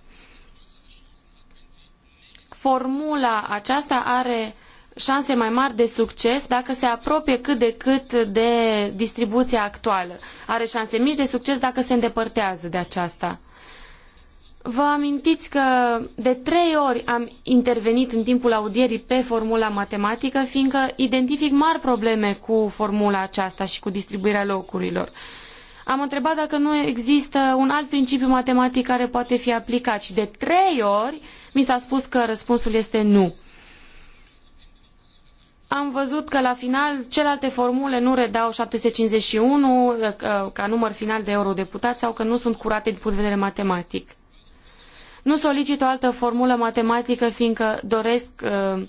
Formula aceasta are șanse mai mari de succes dacă se apropie cât de cât de distribuția actuală. Are șanse mici de succes dacă se îndepărtează de aceasta. Vă amintiți că de trei ori am intervenit în timpul audierii pe formula matematică, fiindcă identific mari probleme cu formula aceasta și cu distribuirea locurilor. Am întrebat dacă nu există un alt principiu matematic care poate fi aplicat și de trei ori mi s-a spus că răspunsul este nu. Am văzut că la final celelalte formule nu redau 751 ca număr final de eurodeputați sau că nu sunt curate din punct de vedere matematic. Nu solicit o altă formulă matematică, fiindcă doresc uh,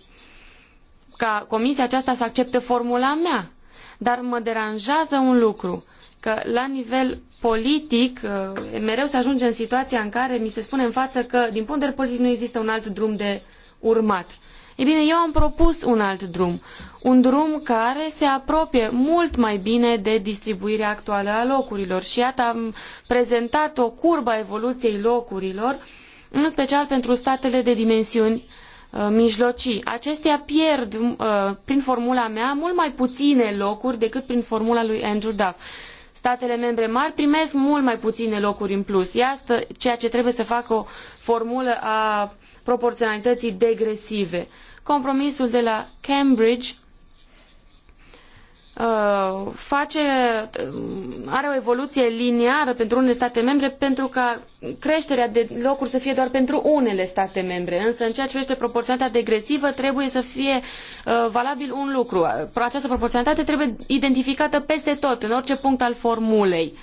ca comisia aceasta să accepte formula mea. Dar mă deranjează un lucru, că la nivel politic uh, mereu se ajunge în situația în care mi se spune în față că din punct de vedere politic nu există un alt drum de urmat. Ei bine, eu am propus un alt drum. Un drum care se apropie mult mai bine de distribuirea actuală a locurilor. Și iată, am prezentat o curbă a evoluției locurilor uh, în special pentru statele de dimensiuni uh, mijlocii. Acestea pierd, uh, prin formula mea, mult mai puține locuri decât prin formula lui Andrew Duff. Statele membre mari primesc mult mai puține locuri în plus. Iată ceea ce trebuie să facă o formulă a proporționalității degresive. Compromisul de la Cambridge Uh, face, uh, are o evoluție liniară pentru unele state membre pentru ca creșterea de locuri să fie doar pentru unele state membre. Însă în ceea ce privește proporționalitatea degresivă trebuie să fie uh, valabil un lucru. Această proporționalitate trebuie identificată peste tot, în orice punct al formulei. Uh,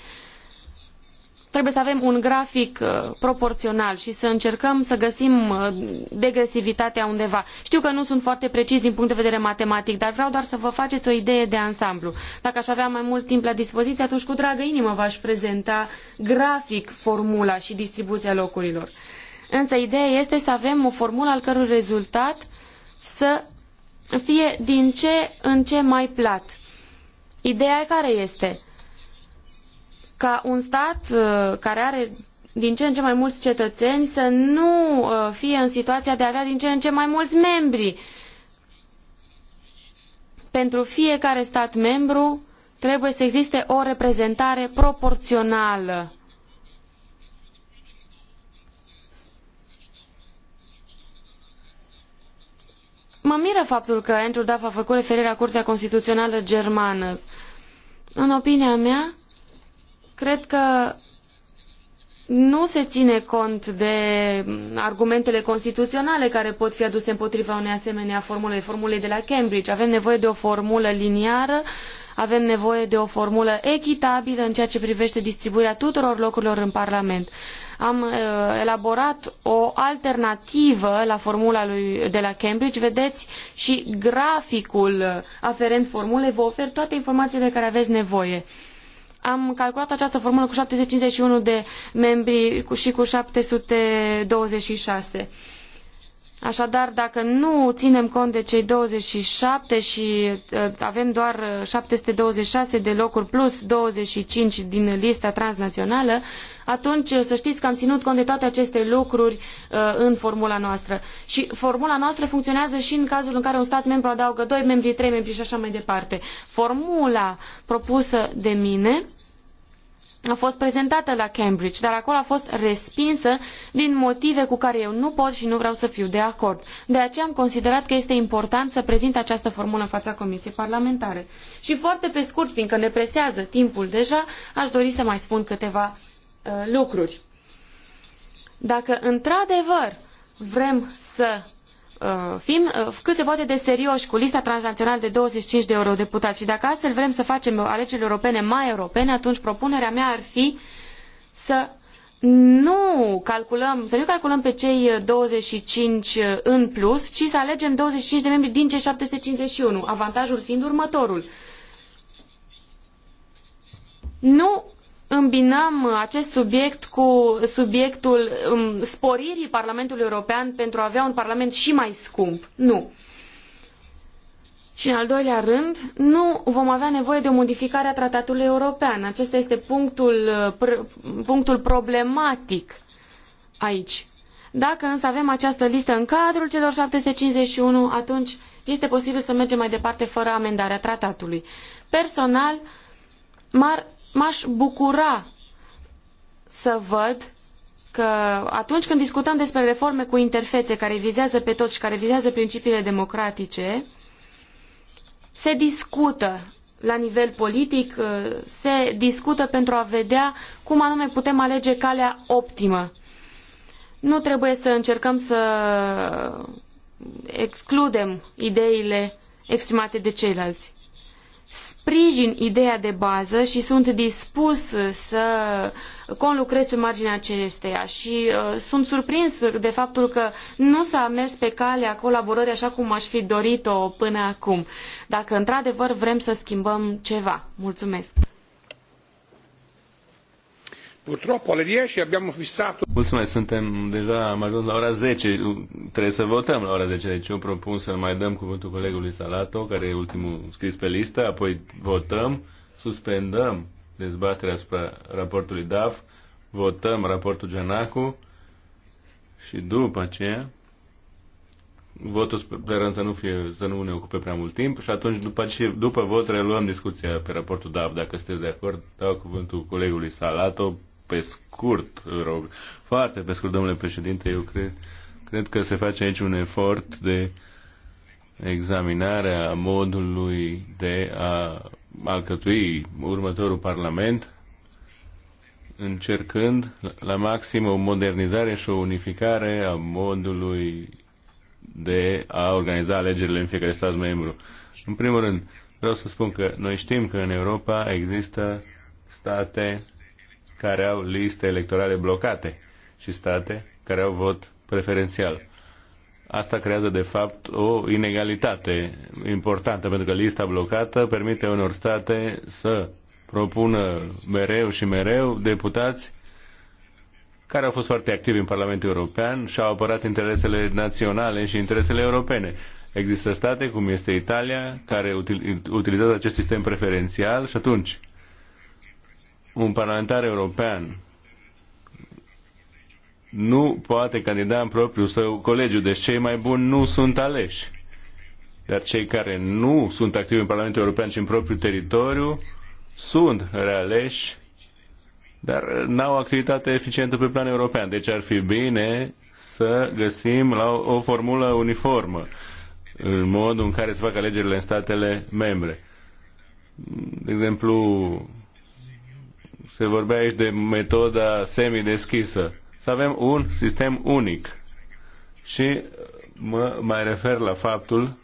trebuie să avem un grafic uh, proporțional și să încercăm să găsim uh, degresivitatea undeva. Știu că nu sunt foarte precis din punct de vedere matematic, dar vreau doar să vă faceți o idee de ansamblu. Dacă aș avea mai mult timp la dispoziție, atunci cu dragă inimă v-aș prezenta grafic formula și distribuția locurilor. Însă ideea este să avem o formulă al cărui rezultat să fie din ce în ce mai plat. Ideea care este? ca un stat uh, care are din ce în ce mai mulți cetățeni să nu uh, fie în situația de a avea din ce în ce mai mulți membri. Pentru fiecare stat membru trebuie să existe o reprezentare proporțională. Mă miră faptul că Andrew Duff a făcut referire la Curtea Constituțională Germană. În opinia mea, cred că nu se ține cont de argumentele constituționale care pot fi aduse împotriva unei asemenea formule, formulei de la Cambridge. Avem nevoie de o formulă liniară, avem nevoie de o formulă echitabilă în ceea ce privește distribuirea tuturor locurilor în Parlament. Am uh, elaborat o alternativă la formula lui, de la Cambridge. Vedeți și graficul aferent formulei vă ofer toate informațiile de care aveți nevoie. Uh, am calculat această formulă cu 751 de membri și cu 726. Așadar, dacă nu ținem cont de cei 27 și uh, avem doar 726 uh, de locuri plus 25 din lista transnațională, atunci uh, să știți că am ținut cont de toate aceste lucruri în formula noastră. Și formula noastră funcționează și în cazul în care un stat membru adaugă doi membri, trei membri și așa mai departe. Formula propusă de mine a fost prezentată la Cambridge, dar acolo a fost respinsă din motive cu care eu nu pot și nu vreau să fiu de acord. De aceea am considerat că este important să prezint această formulă în fața Comisiei Parlamentare. Și foarte pe scurt, fiindcă ne presează timpul deja, aș dori să mai spun câteva uh, lucruri. Dacă într-adevăr vrem să Uh, fim uh, cât se poate de serioși cu lista transnațională de 25 de eurodeputați și dacă astfel vrem să facem alegerile europene mai europene, atunci propunerea mea ar fi să nu calculăm, să nu calculăm pe cei 25 în plus, ci să alegem 25 de membri din cei 751, avantajul fiind următorul. Nu îmbinăm acest subiect cu subiectul um, sporirii Parlamentului European pentru a avea un Parlament și mai scump. Nu. Și în al doilea rând, nu vom avea nevoie de o modificare a tratatului european. Acesta este punctul, uh, punctul problematic aici. Dacă însă avem această listă în cadrul celor 751, atunci este posibil să mergem mai departe fără amendarea tratatului. Personal, m-ar m-aș bucura să văd că atunci când discutăm despre reforme cu interfețe care vizează pe toți și care vizează principiile democratice, se discută la nivel politic, uh, se discută pentru a vedea cum anume putem alege calea optimă. Nu trebuie să încercăm să excludem ideile exprimate de ceilalți sprijin ideea de bază și sunt dispus să conlucrez pe marginea acesteia și uh, sunt surprins de faptul că nu s-a mers pe calea colaborării așa cum aș fi dorit-o până acum. Dacă într-adevăr vrem să schimbăm ceva. Mulțumesc! Purtroppo alle 10 abbiamo fissato... Mulțumesc, suntem deja am ajuns la ora 10, trebuie să votăm la ora 10, deci eu propun să mai dăm cuvântul colegului Salato, care e ultimul scris pe listă, apoi votăm, suspendăm dezbaterea asupra raportului DAF, votăm raportul Genacu și după aceea votul sperăm să nu, fie, să nu ne ocupe prea mult timp și atunci după, ce, după vot reluăm discuția pe raportul DAF. Dacă sunteți de acord, dau cuvântul colegului Salato pe scurt, îl rog, foarte pe scurt, domnule președinte, eu cred, cred că se face aici un efort de examinare a modului de a alcătui următorul Parlament, încercând la maxim o modernizare și o unificare a modului de a organiza alegerile în fiecare stat membru. În primul rând, vreau să spun că noi știm că în Europa există state care au liste electorale blocate și state care au vot preferențial. Asta creează, de fapt, o inegalitate importantă, pentru că lista blocată permite unor state să propună mereu și mereu deputați care au fost foarte activi în Parlamentul European și au apărat interesele naționale și interesele europene. Există state, cum este Italia, care utilizează acest sistem preferențial și atunci un parlamentar european nu poate candida în propriul său colegiu, deci cei mai buni nu sunt aleși. Dar cei care nu sunt activi în Parlamentul European ci în propriul teritoriu sunt realeși, dar n-au activitate eficientă pe plan european. Deci ar fi bine să găsim la o, o formulă uniformă în modul în care se fac alegerile în statele membre. De exemplu, se vorbea aici de metoda semideschisă. Să avem un sistem unic. Și mă mai refer la faptul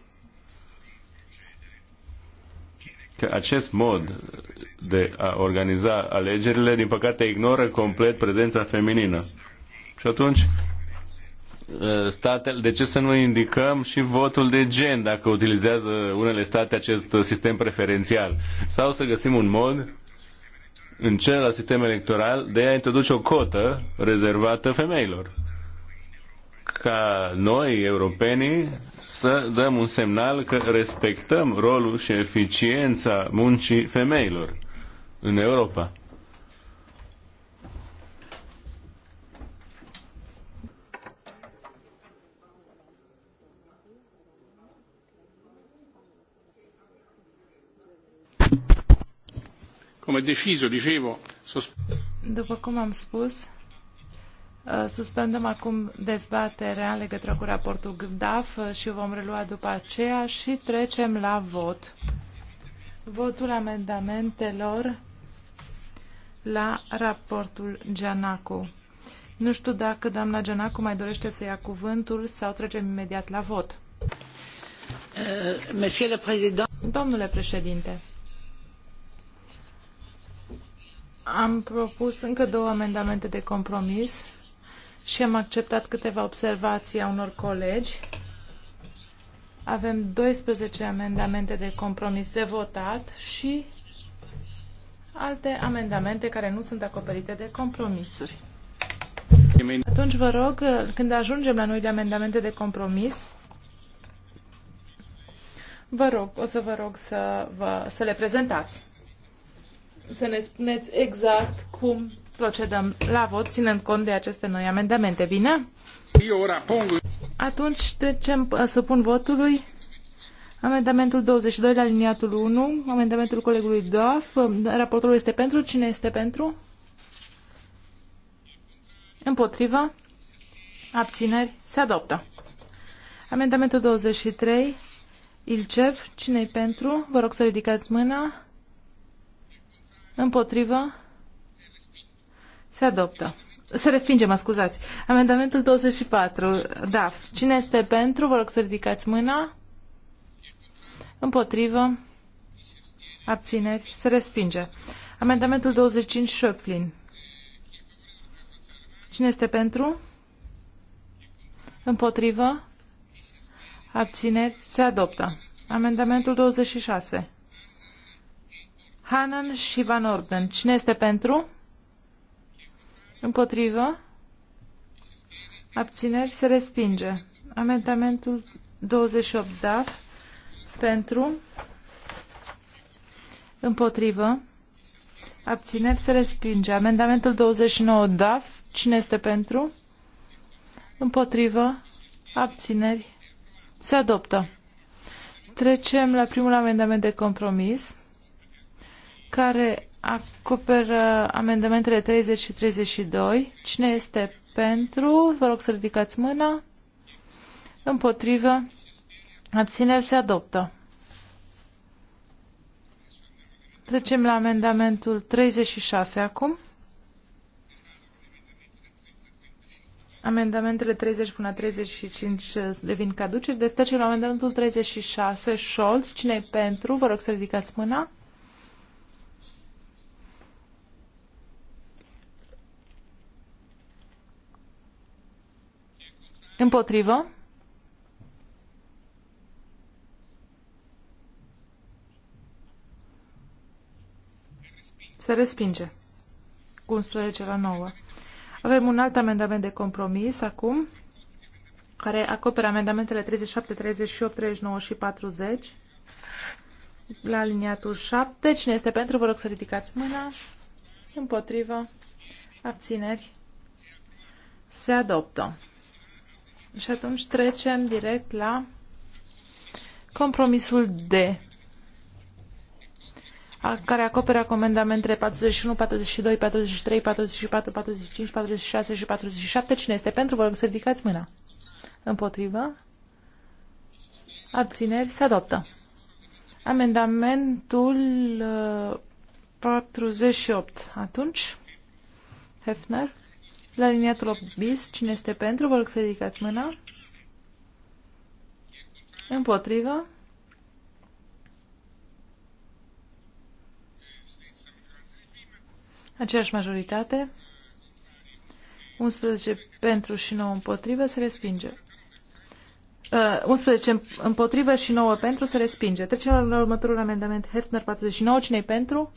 că acest mod de a organiza alegerile, din păcate, ignoră complet prezența feminină. Și atunci, statele, de ce să nu indicăm și votul de gen dacă utilizează unele state acest sistem preferențial? Sau să găsim un mod în celălalt sistem electoral de a introduce o cotă rezervată femeilor. Ca noi, europenii, să dăm un semnal că respectăm rolul și eficiența muncii femeilor în Europa. come deciso, dicevo, După cum am spus, uh, suspendăm acum dezbaterea în legătură cu raportul GDAF uh, și vom relua după aceea și trecem la vot. Votul amendamentelor la raportul Gianacu. Nu știu dacă doamna Gianacu mai dorește să ia cuvântul sau trecem imediat la vot. Uh, Domnule președinte, Am propus încă două amendamente de compromis și am acceptat câteva observații a unor colegi. Avem 12 amendamente de compromis de votat și alte amendamente care nu sunt acoperite de compromisuri. Atunci vă rog, când ajungem la noi de amendamente de compromis, vă rog, o să vă rog să, vă, să le prezentați să ne spuneți exact cum procedăm la vot, ținând cont de aceste noi amendamente. Bine? Atunci trecem, uh, supun votului amendamentul 22 la liniatul 1, amendamentul colegului Doaf. Uh, raportorul este pentru. Cine este pentru? Împotrivă? Abțineri? Se adoptă. Amendamentul 23, Ilcev. Cine-i pentru? Vă rog să ridicați mâna. Împotrivă? Se adoptă. Se respinge, mă scuzați. Amendamentul 24, Da. Cine este pentru? Vă rog să ridicați mâna. Împotrivă? Abțineri? Se respinge. Amendamentul 25, Șoplin. Cine este pentru? Împotrivă? Abțineri? Se adoptă. Amendamentul 26. Hanan și Van Orden. Cine este pentru? Împotrivă? Abțineri se respinge. Amendamentul 28 DAF pentru împotrivă abțineri se respinge. Amendamentul 29 DAF cine este pentru? Împotrivă abțineri se adoptă. Trecem la primul amendament de compromis care acoperă amendamentele 30 și 32. Cine este pentru? Vă rog să ridicați mâna. Împotrivă. Abțineri se adoptă. Trecem la amendamentul 36 acum. Amendamentele 30 până 35 devin caduce. Deci trecem la amendamentul 36. Scholz, cine e pentru? Vă rog să ridicați mâna. Împotrivă? Se respinge. 11 la 9. Avem un alt amendament de compromis acum, care acoperă amendamentele 37, 38, 39 și 40. La aliniatul 7. Cine este pentru? Vă rog să ridicați mâna. Împotrivă. Abțineri. Se adoptă. Și atunci trecem direct la compromisul D, care acoperă comandamentele 41, 42, 43, 44, 45, 46 și 47. Cine este pentru? Vă rog să ridicați mâna. Împotrivă? Abțineri? Se adoptă. Amendamentul 48. Uh, atunci, Hefner, la liniatul 8 bis, cine este pentru? Vă rog să ridicați mâna. Împotrivă. Aceeași majoritate. 11 pentru și 9 împotrivă se respinge. Uh, 11 împotrivă și 9 pentru se respinge. Trecem la următorul amendament. Hefner 49. Cine-i pentru?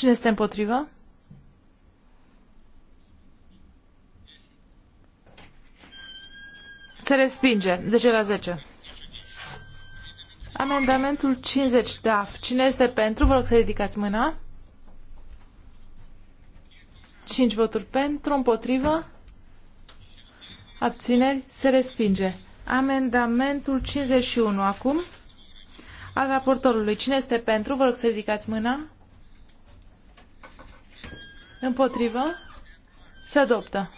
Cine este împotrivă? Se respinge. 10 la 10. Amendamentul 50, DAF. Cine este pentru? Vă rog să ridicați mâna. 5 voturi pentru, împotrivă. Abțineri. Se respinge. Amendamentul 51 acum al raportorului. Cine este pentru? Vă rog să ridicați mâna. Împotrivă? Se adoptă.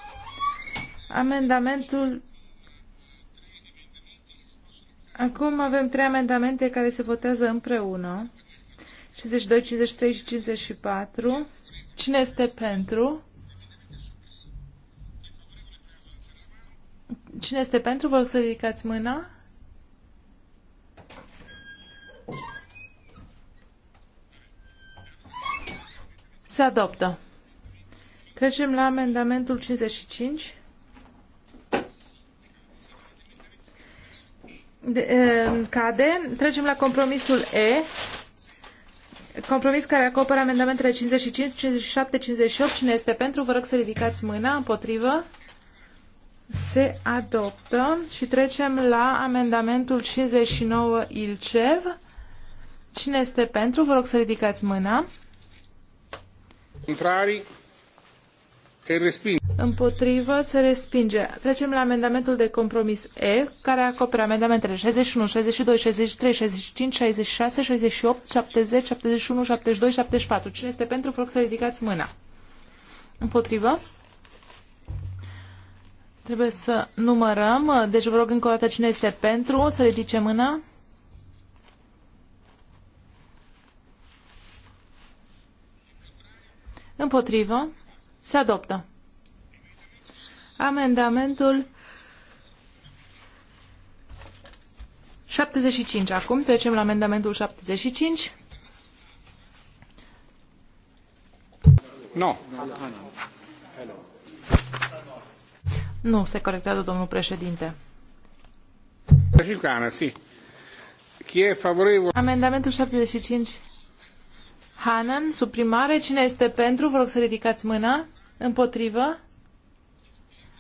Amendamentul... Acum avem trei amendamente care se votează împreună. 52, 53 și 54. Cine este pentru? Cine este pentru? Vă să ridicați mâna. Se adoptă. Trecem la amendamentul 55. De, cade. Trecem la compromisul E. Compromis care acoperă amendamentele 55, 57, 58. Cine este pentru? Vă rog să ridicați mâna. Împotrivă? Se adoptă. Și trecem la amendamentul 59 Ilcev. Cine este pentru? Vă rog să ridicați mâna. Contrarii. Se respinge. Împotrivă se respinge. Trecem la amendamentul de compromis E, care acoperă amendamentele 61, 62, 63, 65, 66, 68, 70, 71, 72, 74. Cine este pentru, vă rog să ridicați mâna. Împotrivă. Trebuie să numărăm. Deci vă rog încă o dată cine este pentru, să ridice mâna. Împotrivă. Se adoptă. Amendamentul 75. Acum trecem la amendamentul 75. Nu. No. Nu, se corectează domnul președinte. Amendamentul 75 Hanan, suprimare. Cine este pentru? Vă rog să ridicați mâna. Împotrivă.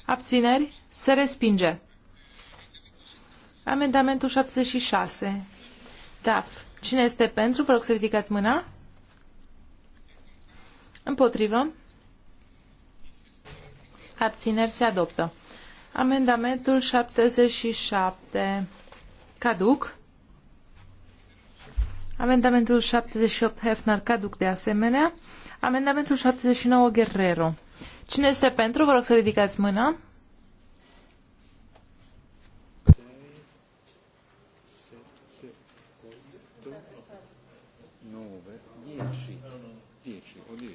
Abțineri. Se respinge. Amendamentul 76. DAF. Cine este pentru? Vă rog să ridicați mâna. Împotrivă. Abțineri se adoptă. Amendamentul 77. Caduc. Amendamentul 78 Hefner caduc de asemenea. Amendamentul 79 Guerrero. Cine este pentru? Vă rog să ridicați mâna.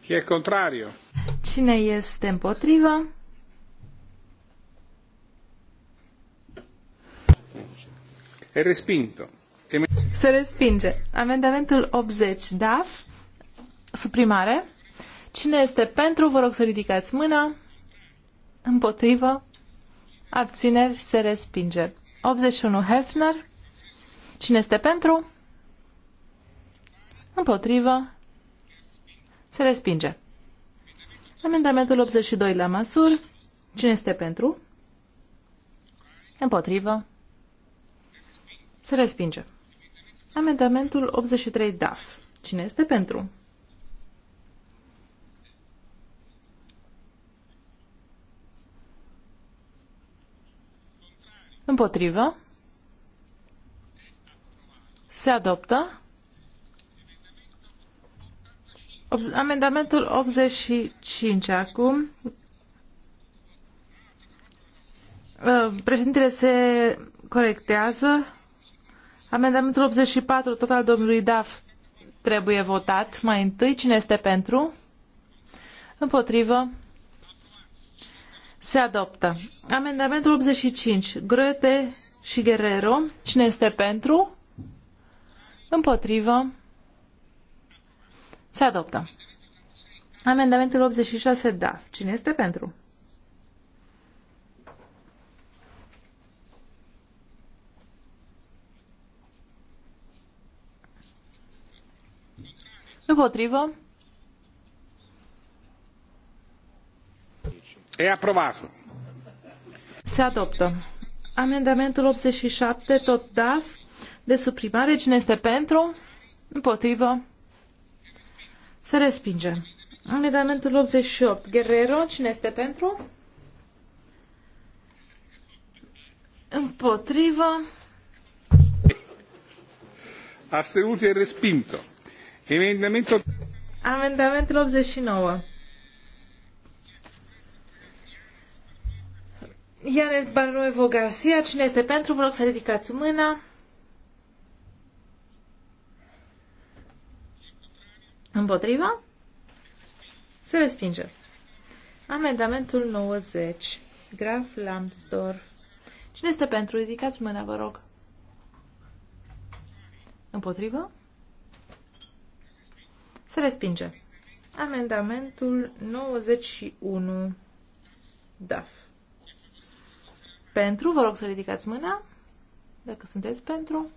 Chi è contrario? Cine este împotrivă? E respinto. Se respinge. Amendamentul 80, DAF, suprimare. Cine este pentru, vă rog să ridicați mâna. Împotrivă. Abțineri, se respinge. 81, Hefner. Cine este pentru? Împotrivă. Se respinge. Amendamentul 82 la masur. Cine este pentru? Împotrivă. Se respinge. Amendamentul 83 DAF. Cine este pentru? Împotrivă. Se adoptă. Amendamentul 85 acum. Uh, președintele se corectează. Amendamentul 84, tot al domnului Daf, trebuie votat. Mai întâi, cine este pentru? Împotrivă. Se adoptă. Amendamentul 85, Grote și Guerrero. Cine este pentru? Împotrivă. Se adoptă. Amendamentul 86, Daf. Cine este pentru? Împotrivă. E aprobat. Se adoptă. Amendamentul 87, tot DAF, de suprimare. Cine este pentru? Împotrivă. Se respinge. Amendamentul 88, Guerrero. Cine este pentru? Împotrivă. Astenuti e respinto. Amendamentul... Amendamentul 89. Ianes Barnuevo Vogasia, cine este pentru, vă rog să ridicați mâna. Împotriva? Se respinge. Amendamentul 90. Graf Lambsdorff. Cine este pentru? Ridicați mâna, vă rog. Împotrivă? Se respinge. Amendamentul 91. DAF. Pentru, vă rog să ridicați mâna, dacă sunteți pentru.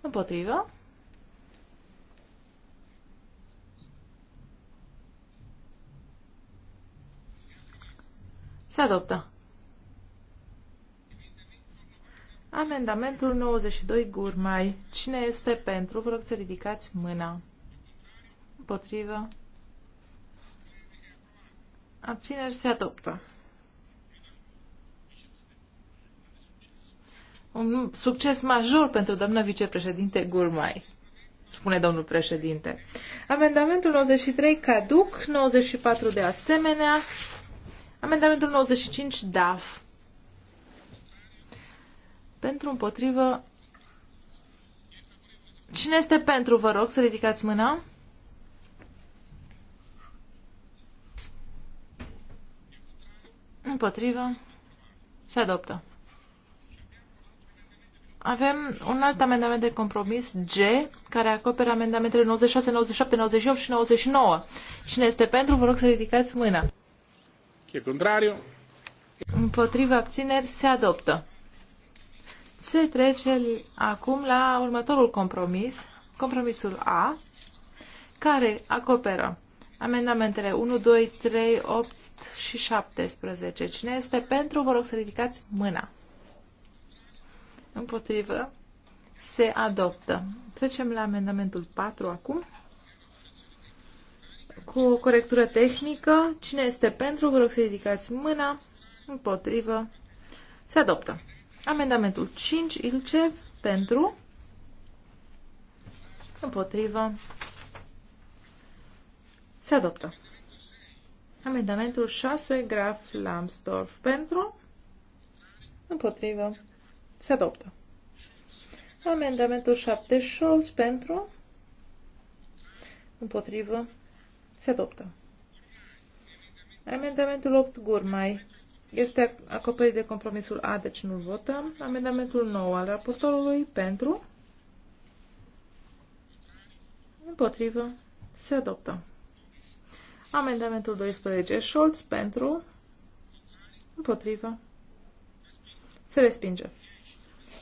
Împotrivă. Se adoptă. Amendamentul 92 Gurmai. Cine este pentru? Vă rog să ridicați mâna. Împotrivă. Abțineri se adoptă. Un succes major pentru doamna vicepreședinte Gurmai, spune domnul președinte. Amendamentul 93 caduc, 94 de asemenea. Amendamentul 95 DAF. Pentru, împotrivă. Cine este pentru, vă rog, să ridicați mâna. Împotrivă. Se adoptă. Avem un alt amendament de compromis, G, care acoperă amendamentele 96, 97, 98 și 99. Cine este pentru, vă rog să ridicați mâna. E contrariu. Împotriva abțineri se adoptă. Se trece acum la următorul compromis, compromisul A, care acoperă amendamentele 1, 2, 3, 8 și 17. Cine este pentru, vă rog să ridicați mâna. Împotrivă, se adoptă. Trecem la amendamentul 4 acum. Cu o corectură tehnică, cine este pentru, vă rog să ridicați mâna. Împotrivă, se adoptă. Amendamentul 5, Ilcev, pentru, împotrivă, se adoptă. Amendamentul 6, Graf Lambsdorff, pentru, împotrivă, se adoptă. Amendamentul 7, Scholz, pentru, împotrivă, se adoptă. Amendamentul 8, Gurmai, este acoperit de compromisul A, deci nu votăm. Amendamentul 9 al raportorului pentru. Împotrivă. Se adoptă. Amendamentul 12 Scholz pentru. Împotrivă. Se respinge.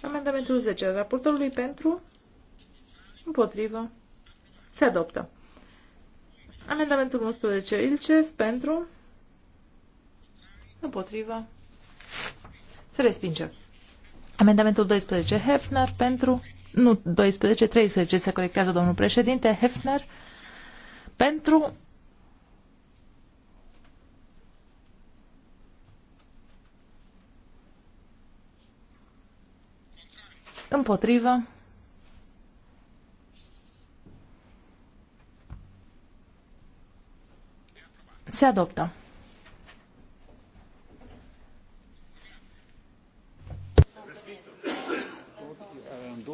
Amendamentul 10 al raportorului pentru. Împotrivă. Se adoptă. Amendamentul 11 Ilcev pentru. Împotrivă. Se respinge. Amendamentul 12. Hefner pentru... Nu, 12, 13 se corectează domnul președinte. Hefner pentru... Împotrivă. Se adoptă.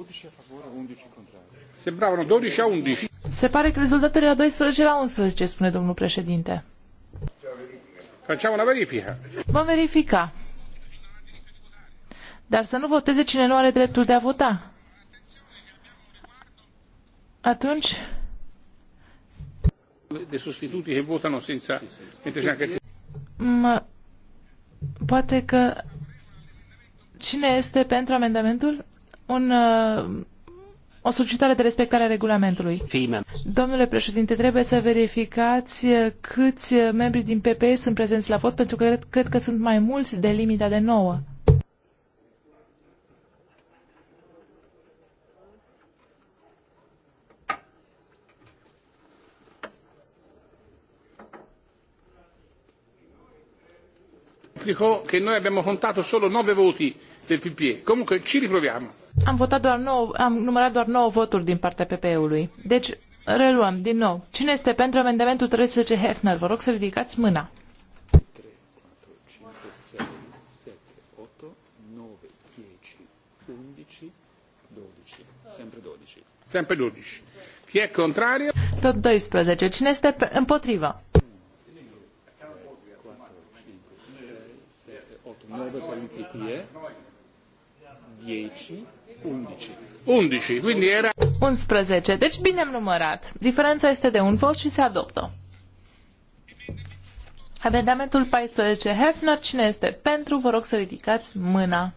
12 a favore, 11 contrari. Sembravano 12 a 11. Se pare că rezultatele erau 12 la 11, spune domnul președinte. Facem una verifică. Vom verifica. Dar să nu voteze cine nu are dreptul de a vota. Atunci... De sostituti che votano senza... Poate că... Cine este pentru amendamentul? un, uh, o solicitare de respectare a regulamentului. Fime. Domnule președinte, trebuie să verificați uh, câți uh, membri din PPE sunt prezenți la vot, pentru că cred, cred că sunt mai mulți de limita de 9. Dico che noi abbiamo contato solo 9 voti del PPE. Comunque ci riproviamo. Am votat doar 9, am numărat doar 9 voturi din partea PPE-ului. Deci, reluăm din nou. Cine este pentru amendamentul 13 Hefner? Vă rog să ridicați mâna. 3, 4, 5, 6, 7, 8, 9, 10, 11, 12. Sempre 12. Sempre 12. Chi e contrario? Tot 12. Cine este pe... împotrivă? 9 10 11. 11, quindi era... 11, deci bine am numărat. Diferența este de un vot și se adoptă. Amendamentul 14, Hefner, cine este pentru? Vă rog să ridicați mâna.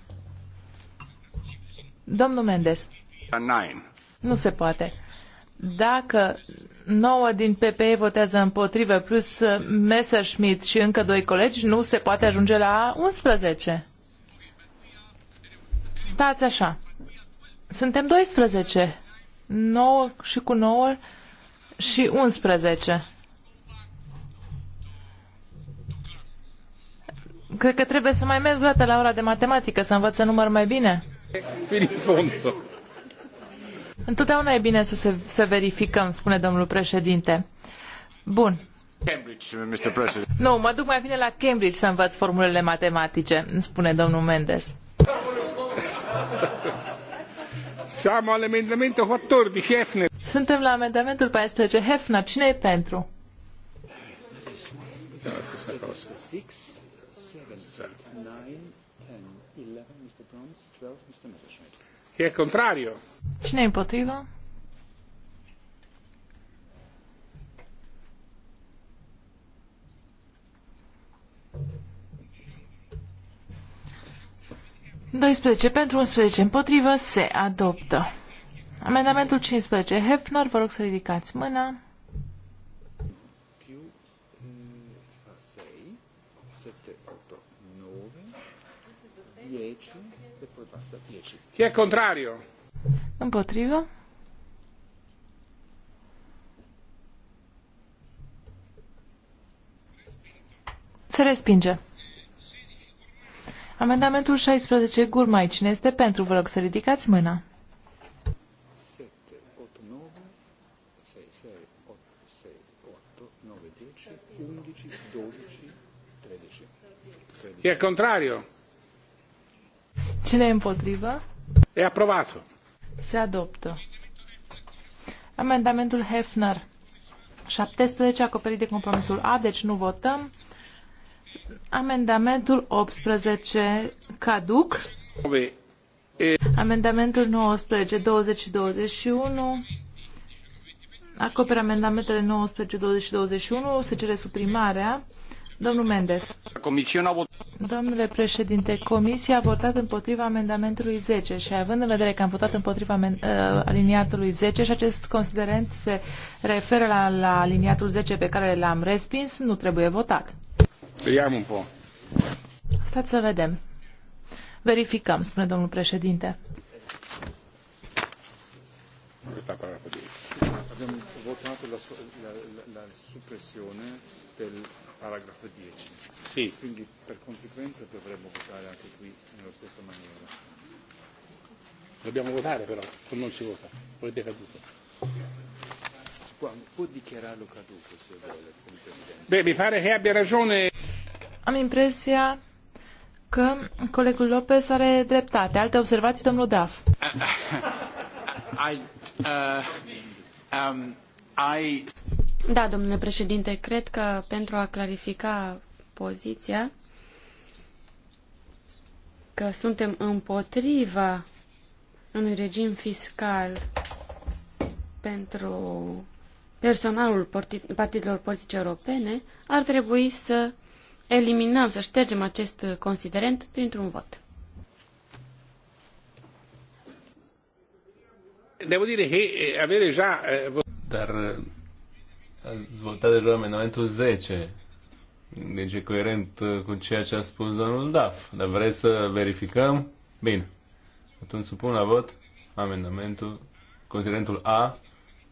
Domnul Mendes. Nu se poate. Dacă 9 din PPE votează împotrivă, plus Messerschmidt și încă doi colegi, nu se poate ajunge la 11. Stați așa. Suntem 12. 9 și cu 9 și 11. Cred că trebuie să mai merg dată la ora de matematică, să învăț să număr mai bine. Întotdeauna e bine să, se, să verificăm, spune domnul președinte. Bun. Cambridge, Nu, mă duc mai bine la Cambridge să învăț formulele matematice, spune domnul Mendes. Siamo all'emendamento 14, Hefner. Suntem la amendamentul 14, Hefner. Cine e pentru? Da, stessa cosa. contrario? Cine e împotrivă? 12 pentru 11 împotrivă se adoptă. Amendamentul 15. Hefner, vă rog să ridicați mâna. Chi è contrario? Împotrivă. Se respinge. Amendamentul 16, Gurmai, cine este pentru? Vă rog să ridicați mâna. 13. è contrario? Cine e împotrivă? E aprobat. Se adoptă. Amendamentul Hefner. 17 acoperit de compromisul A, deci nu votăm. Amendamentul 18 caduc. Amendamentul 19, 20 și 21 acoperă amendamentele 19, 20 și 21. Se cere suprimarea. Domnul Mendes. Domnule președinte, Comisia a votat împotriva amendamentului 10 și având în vedere că am votat împotriva ă, aliniatului 10 și acest considerent se referă la, la aliniatul 10 pe care l-am respins, nu trebuie votat. Speriamo un po'. Stați să vedem. Verificăm, spune domnul președinte. Abbiamo votato la, la, la, la soppressione del paragrafo 10. Sì. Quindi per conseguenza dovremmo votare anche qui nella stessa maniera. Dobbiamo votare però, o non si vota, o è decaduto. Può dichiararlo caduto se vuole. Beh, mi pare che abbia ragione. Am impresia că colegul Lopez are dreptate. Alte observații, domnul Daf? Uh, um, da, domnule președinte, cred că pentru a clarifica poziția că suntem împotriva unui regim fiscal pentru personalul partidelor politice europene, ar trebui să eliminăm, să ștergem acest considerent printr-un vot. Devo dire che eh, avere già... Eh, Dar eh, ați votat deja amendamentul 10. Deci e coerent cu ceea ce a spus domnul Daf. Dar vreți să verificăm? Bine. Atunci supun la vot amendamentul, considerentul A,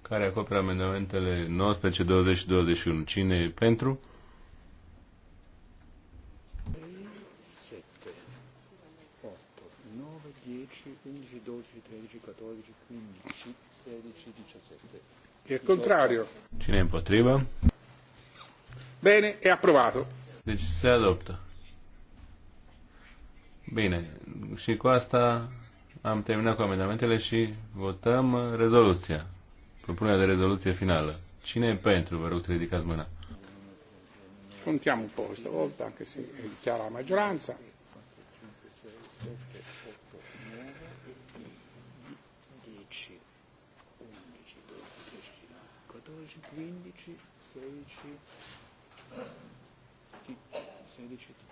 care acoperă amendamentele 19, 20 și 21. Cine e pentru? 14, 15, 16, 17. Chi è contrario? Cine è împotrivă? Bene, è approvato. Deci se adoptă. Bine, și cu asta am terminat cu amendamentele și votăm rezoluția. Propunerea de rezoluție finală. Cine e pentru? Vă rog să ridicați mâna. Contiamo un po' stavolta, anche se è chiara la maggioranza. 15, 16,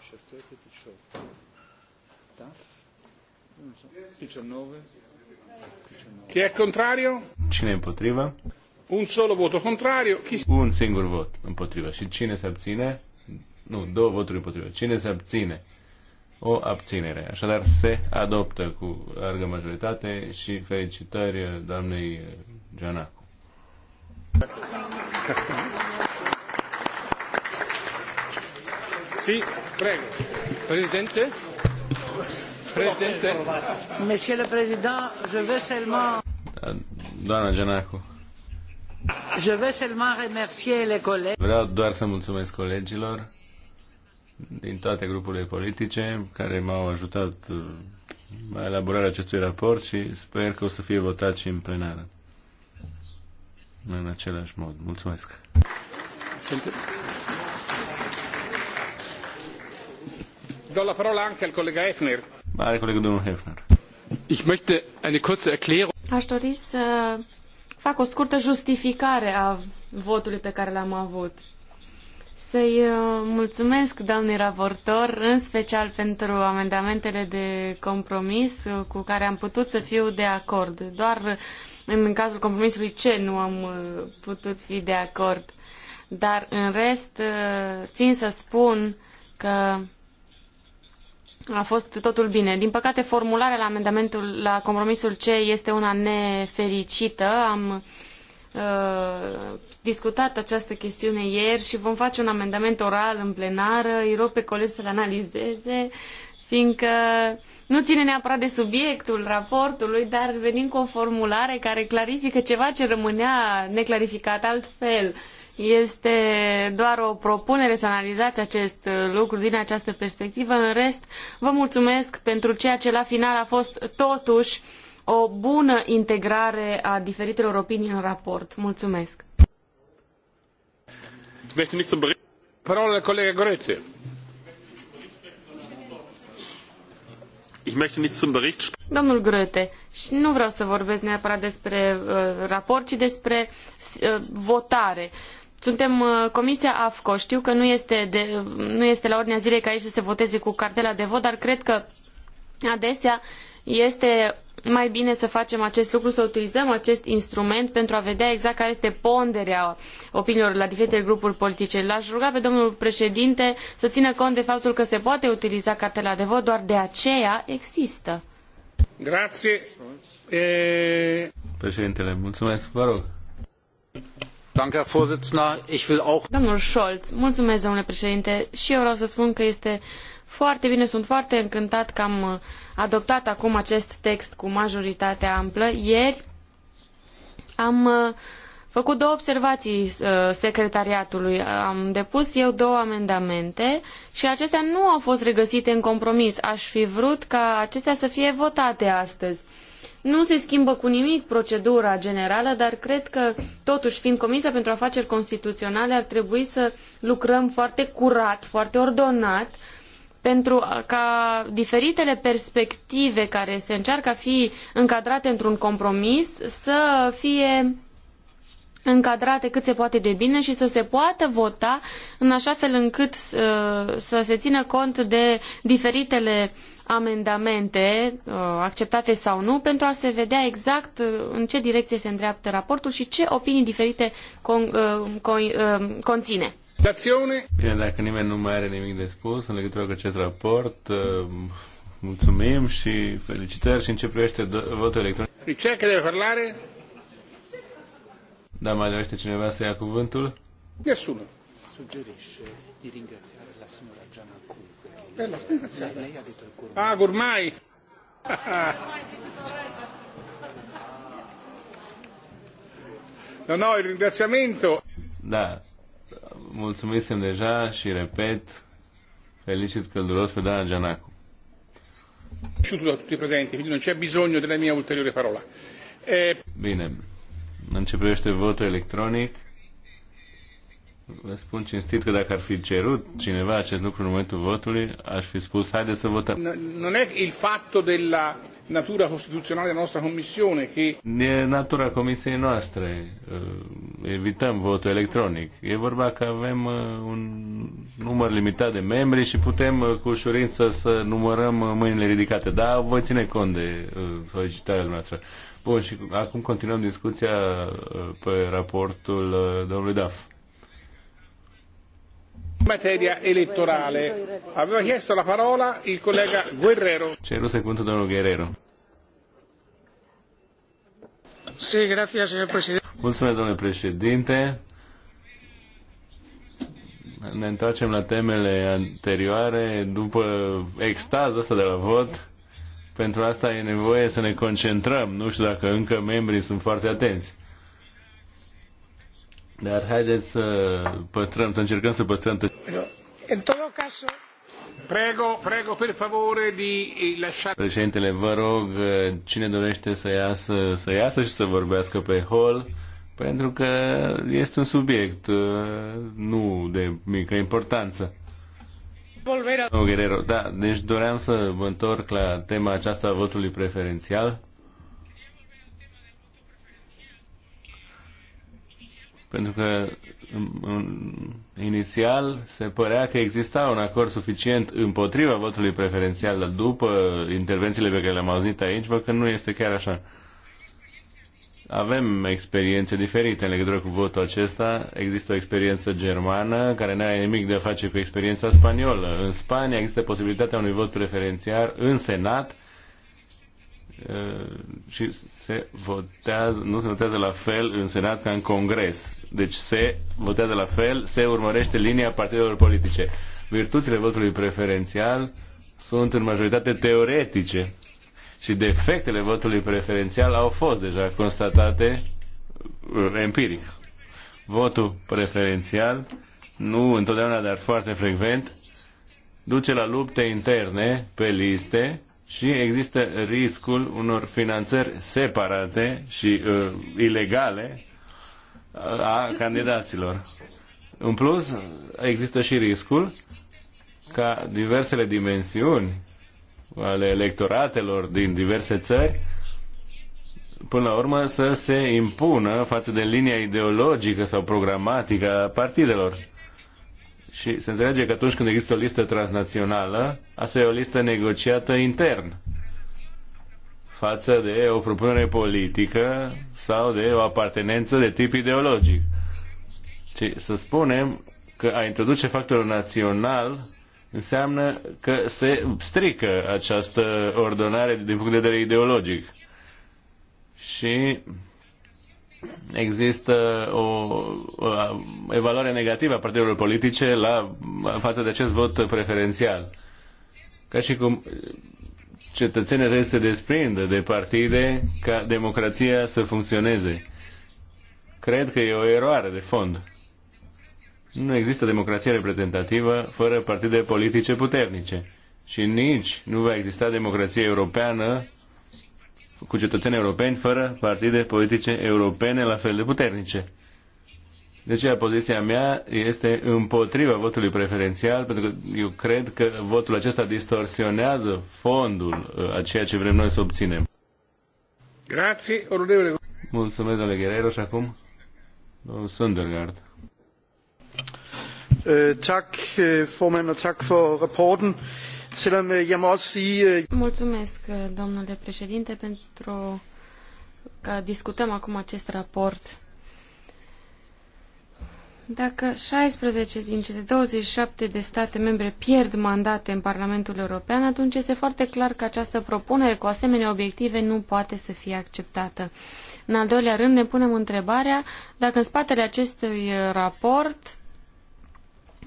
16, 17, 18. Taf? 19. 19. Chi è contrario? Cine è împotrivă? Un solo voto contrario. Chi... Un singur vot împotrivă. Și cine se abține? Nu, două voturi împotrivă. Cine se abține? o abținere. Așadar, se adoptă cu largă majoritate și felicitări doamnei Gianacu. Sì, prego. Presidente? Presidente? Monsieur le Président, je veux seulement... Doamna Je veux seulement remercier les collègues. Vreau doar să mulțumesc colegilor din toate grupurile politice care m-au ajutat la elaborarea acestui raport și sper că o să fie votat și în plenară în același mod. Mulțumesc! Dau la parola anche al colega Hefner. Are colegul domnul Hefner. Ich möchte eine kurze Erklärung. Aș dori să fac o scurtă justificare a votului pe care l-am avut. Să-i uh, mulțumesc, doamnei raportor, în special pentru amendamentele de compromis uh, cu care am putut să fiu de acord. Doar uh, în cazul compromisului C nu am uh, putut fi de acord. Dar în rest uh, țin să spun că a fost totul bine. Din păcate, formularea la amendamentul, la compromisul C este una nefericită. Am uh, discutat această chestiune ieri și vom face un amendament oral în plenară. Îi rog pe colegi să-l analizeze fiindcă nu ține neapărat de subiectul raportului, dar venim cu o formulare care clarifică ceva ce rămânea neclarificat altfel. Este doar o propunere să analizați acest lucru din această perspectivă. În rest, vă mulțumesc pentru ceea ce la final a fost totuși o bună integrare a diferitelor opinii în raport. Mulțumesc! Parolele colegă Grote. Domnule möchte Domnul și nu vreau să vorbesc neapărat despre uh, raport, ci despre uh, votare. Suntem uh, Comisia AFCO. Știu că nu este, de, nu este la ordinea zilei ca aici să se voteze cu cartela de vot, dar cred că adesea este mai bine să facem acest lucru, să utilizăm acest instrument pentru a vedea exact care este ponderea opiniilor la diferite grupuri politice. L-aș ruga pe domnul președinte să țină cont de faptul că se poate utiliza cartela de vot, doar de aceea există. Grazie. E... Președintele, mulțumesc, vă rog. Domnul Scholz, mulțumesc, domnule președinte. Și eu vreau să spun că este foarte bine, sunt foarte încântat că am uh, adoptat acum acest text cu majoritate amplă. Ieri am uh, făcut două observații uh, secretariatului. Am depus eu două amendamente și acestea nu au fost regăsite în compromis. Aș fi vrut ca acestea să fie votate astăzi. Nu se schimbă cu nimic procedura generală, dar cred că, totuși, fiind Comisia pentru Afaceri Constituționale, ar trebui să lucrăm foarte curat, foarte ordonat uh, pentru ca diferitele perspective care se încearcă a fi încadrate într-un compromis să fie încadrate cât se poate de bine și să se poată vota în așa fel încât ă, să se țină cont de diferitele amendamente, ă, acceptate sau nu, pentru a se vedea exact ă, în ce direcție se îndreaptă raportul și ce opinii diferite con, conține. Bine, dacă nimeni nu mai are nimic de spus în legătură cu acest raport, uh, mulțumim și felicitări și în ce privește votul electronic. Ce de parlare? Da, mai dorește cineva să ia cuvântul? Nessuno. Suggerisce di ringraziare la signora Gianacu. Bella, eh, ringraziata. Lei, lei ha detto il Ah, no, no, il ringraziamento... Da, mulțumisem deja și repet, felicit călduros pe Dana Gianacu. Ciututo a tutti presenti, quindi non c'è bisogno della mia ulteriore parola. E... Bine, în ce privește votul electronic, Vă spun cinstit că dacă ar fi cerut cineva acest lucru în momentul votului, aș fi spus, haideți să votăm. Nu e il fatto della natura costituzionale della nostra commissione che... E natura comisiei noastre. Uh, evităm votul electronic. E vorba că avem uh, un număr limitat de membri și putem uh, cu ușurință să numărăm mâinile ridicate. Dar voi ține cont de solicitarea noastră. Bun, și acum continuăm discuția pe raportul domnului Daf materia elettorale. Aveva chiesto la parola il collega Guerrero. Ceruse cuvântul domnul Guerrero. Sí, gracias, señor presidente. Mulțumesc, domnule președinte. Ne întoarcem la temele anterioare. După extazul asta de la vot, pentru asta e nevoie să ne concentrăm. Nu știu dacă încă membrii sunt foarte atenți. Dar haideți să păstrăm, să încercăm să păstrăm... În tot cazul, Prego, prego, per favore di eh, lasciare... Președintele, vă rog, eh, cine dorește să iasă, să iasă și să vorbească pe hol, pentru că este un subiect eh, nu de mică importanță. Volvera. Guerrero, da, deci doream să mă întorc la tema aceasta a votului preferențial. pentru că inițial se părea că exista un acord suficient împotriva votului preferențial, dar după intervențiile pe care le-am auzit aici, văd că nu este chiar așa. Avem experiențe diferite în legătură cu votul acesta. Există o experiență germană care nu are nimic de a face cu experiența spaniolă. În Spania există posibilitatea unui vot preferențial în Senat Uh, și se votează, nu se votează la fel în Senat ca în Congres. Deci se votează la fel, se urmărește linia partidelor politice. Virtuțile votului preferențial sunt în majoritate teoretice și defectele votului preferențial au fost deja constatate uh, empiric. Votul preferențial, nu întotdeauna, dar foarte frecvent, duce la lupte interne pe liste și există riscul unor finanțări separate și uh, ilegale uh, a candidaților. În plus, există și riscul ca diversele dimensiuni ale electoratelor din diverse țări până la urmă să se impună față de linia ideologică sau programatică a partidelor. Și se înțelege că atunci când există o listă transnațională, asta e o listă negociată intern față de o propunere politică sau de o apartenență de tip ideologic. Ci să spunem că a introduce factorul național înseamnă că se strică această ordonare din punct de vedere ideologic. Și există o, o evaluare negativă a partidelor politice la față de acest vot preferențial. Ca și cum cetățenii trebuie să se desprindă de partide ca democrația să funcționeze. Cred că e o eroare de fond. Nu există democrație reprezentativă fără partide politice puternice. Și nici nu va exista democrație europeană cu cetățeni europeni fără partide politice europene la fel de puternice. De aceea poziția mea este împotriva votului preferențial, pentru că eu cred că votul acesta distorsionează fondul uh, a ceea ce vrem noi să obținem. Grazie, onorevole. Mulțumesc, domnule Guerrero, și acum domnul Sundergaard. Uh, tak, uh, formand, og tak for rapporten. Mulțumesc, eh, eh, eh, domnule președinte, pentru că discutăm acum acest raport. Dacă 16 din cele 27 de state membre pierd mandate în Parlamentul European, atunci este foarte clar că această propunere cu asemenea obiective nu poate să fie acceptată. În al doilea rând ne punem întrebarea dacă în spatele acestui raport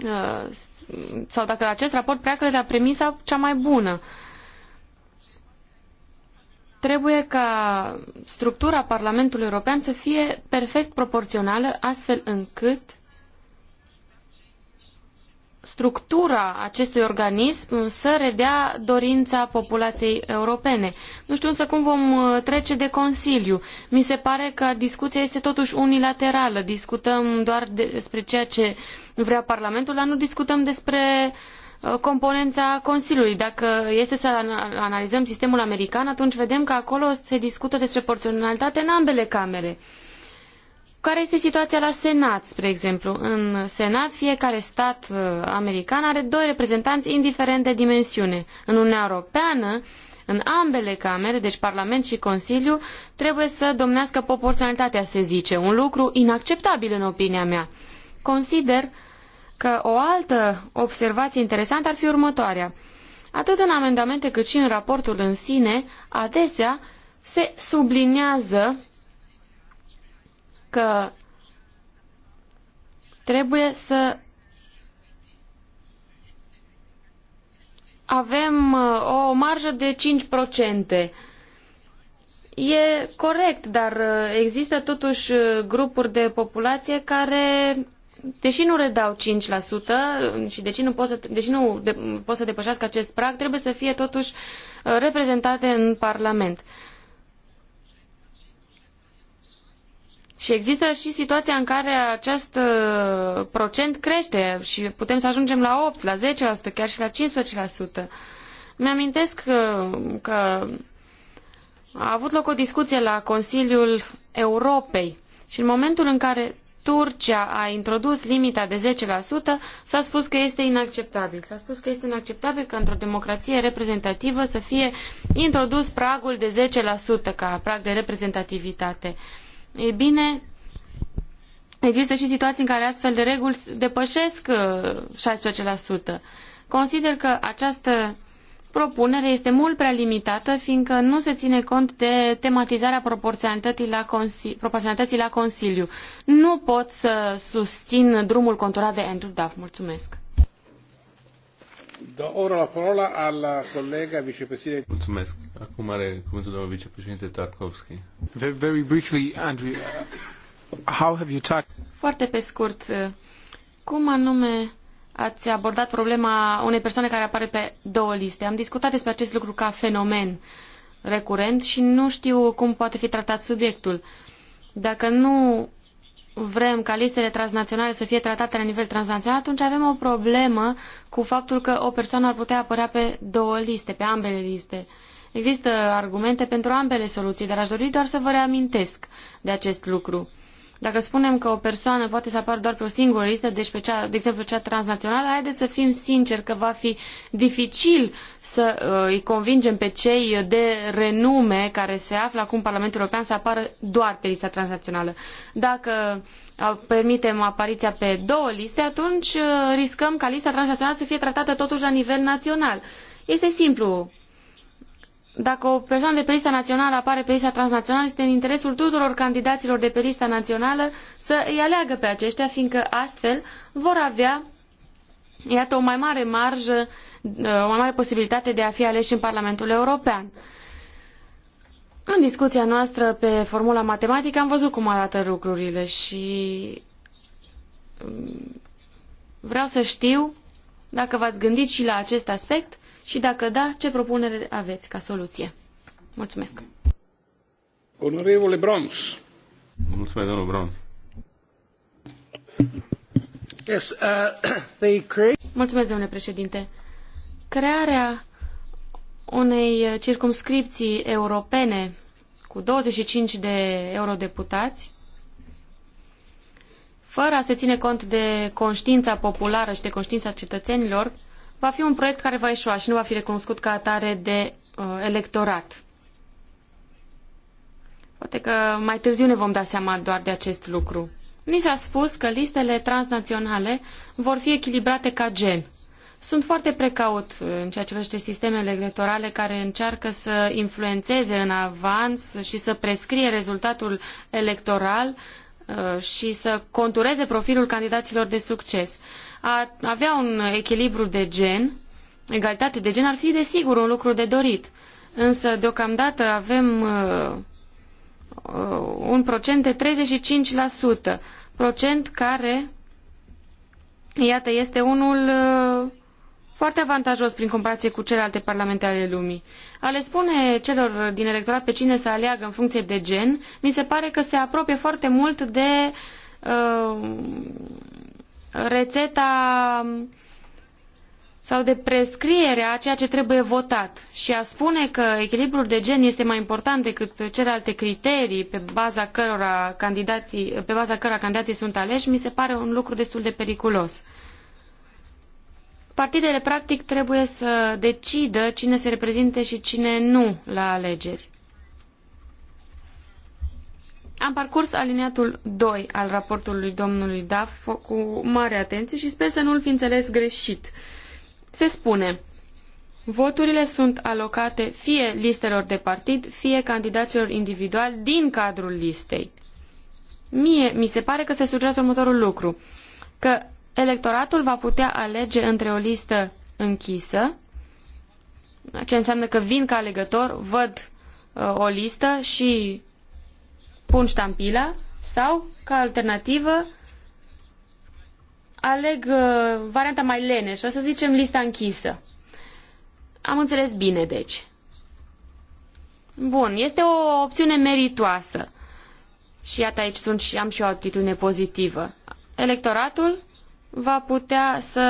Uh, sau dacă acest raport pleacă de la premisa cea mai bună. Trebuie ca structura Parlamentului European să fie perfect proporțională, astfel încât structura acestui organism să redea dorința populației europene. Nu știu însă cum vom uh, trece de Consiliu. Mi se pare că discuția este totuși unilaterală. Discutăm doar despre ceea ce vrea Parlamentul, dar nu discutăm despre uh, componența Consiliului. Dacă este să analizăm sistemul american, atunci vedem că acolo se discută despre porționalitate în ambele camere. Uh, care este situația la Senat, spre exemplu? În Senat, fiecare stat uh, american are doi reprezentanți indiferent de dimensiune. În Uniunea Europeană, în ambele camere, deci Parlament și Consiliu, trebuie să domnească proporționalitatea, se zice, un lucru inacceptabil în opinia mea. Consider că o altă observație interesantă ar fi următoarea. Atât în amendamente cât și în raportul în sine, adesea se subliniază că trebuie să avem uh, o marjă de 5%. E corect, dar uh, există totuși uh, grupuri de populație care, deși nu redau 5% și deși nu pot să, deși nu pot să depășească acest prag, trebuie să fie totuși reprezentate în Parlament. Și există și situația în care acest uh, procent crește și putem să ajungem la 8, la 10%, chiar și la 15%. Mi-amintesc că, uh, că a avut loc o discuție la Consiliul Europei și în momentul în care Turcia a introdus limita de 10%, s-a spus că este inacceptabil. S-a spus că este inacceptabil că într-o democrație reprezentativă să fie introdus pragul de 10% ca prag de reprezentativitate. Uh, ei bine, există și situații în care astfel de reguli depășesc 16%. Uh, Consider că această propunere este mult prea limitată, fiindcă nu se ține cont de tematizarea proporționalității la, proporționalității la Consiliu. Nu pot să susțin drumul conturat de Andrew Duff. Mulțumesc! Do ora la parola alla collega vicepresidente. Mulțumesc. Acum are cuvântul domnul vicepreședinte Tarkovski. Very, very briefly, Andrew, how have you tackled... Foarte pe scurt, cum anume ați abordat problema unei persoane care apare pe două liste? Am discutat despre acest lucru ca fenomen recurent și nu știu cum poate fi tratat subiectul. Dacă nu vrem ca listele transnaționale să fie tratate la nivel transnațional, atunci avem o problemă cu faptul că o persoană ar putea apărea pe două liste, pe ambele liste. Există argumente pentru ambele soluții, dar aș dori doar să vă reamintesc de acest lucru. Dacă spunem că o persoană poate să apară doar pe o singură listă, deci pe cea, de exemplu cea transnațională, haideți să fim sinceri că va fi dificil să uh, îi convingem pe cei de renume care se află acum în Parlamentul European să apară doar pe lista transnațională. Dacă uh, permitem apariția pe două liste, atunci uh, riscăm ca lista transnațională să fie tratată totuși la nivel național. Este simplu. Dacă o persoană de pe lista națională apare pe lista transnațională, este în interesul tuturor candidaților de pe lista națională să îi aleagă pe aceștia, fiindcă astfel vor avea, iată, o mai mare marjă, uh, o mai mare posibilitate de a fi aleși în Parlamentul European. În discuția noastră pe formula matematică am văzut cum arată lucrurile și um, vreau să știu dacă v-ați gândit și la acest aspect și dacă da, ce propunere aveți ca soluție? Mulțumesc. Onorevole Brons. Mulțumesc, domnul Brons. Yes, uh, they create... Mulțumesc, domnule președinte. Crearea unei circumscripții europene cu 25 de eurodeputați, fără a se ține cont de conștiința populară și de conștiința cetățenilor, va fi un proiect care va eșua și nu va fi recunoscut ca atare de uh, electorat. Poate că mai târziu ne vom da seama doar de acest lucru. Ni s-a spus că listele transnaționale vor fi echilibrate ca gen. Sunt foarte precaut uh, în ceea ce privește sistemele electorale care încearcă să influențeze în avans și să prescrie rezultatul electoral uh, și să contureze profilul candidaților de succes a avea un echilibru de gen, egalitate de gen, ar fi desigur un lucru de dorit. Însă, deocamdată, avem uh, uh un procent de 35%, procent care, iată, este unul uh, foarte avantajos prin comparație cu celelalte parlamente ale lumii. A le spune celor din electorat pe cine să aleagă în funcție de gen, mi se pare că se apropie foarte mult de uh, rețeta sau de prescriere a ceea ce trebuie votat și a spune că echilibrul de gen este mai important decât celelalte criterii pe baza cărora candidații, pe baza cărora candidații sunt aleși, mi se pare un lucru destul de periculos. Partidele, practic, trebuie să decidă cine se reprezinte și cine nu la alegeri. Am parcurs aliniatul 2 al raportului domnului Daf cu mare atenție și sper să nu-l fi înțeles greșit. Se spune, voturile sunt alocate fie listelor de partid, fie candidaților individuali din cadrul listei. Mie mi se pare că se sugerează următorul lucru, că electoratul va putea alege între o listă închisă, ce înseamnă că vin ca alegător, văd uh, o listă și pun ștampila sau, ca alternativă, aleg uh, varianta mai o să zicem lista închisă. Am înțeles bine, deci. Bun, este o opțiune meritoasă. Și iată aici sunt și am și o atitudine pozitivă. Electoratul va putea să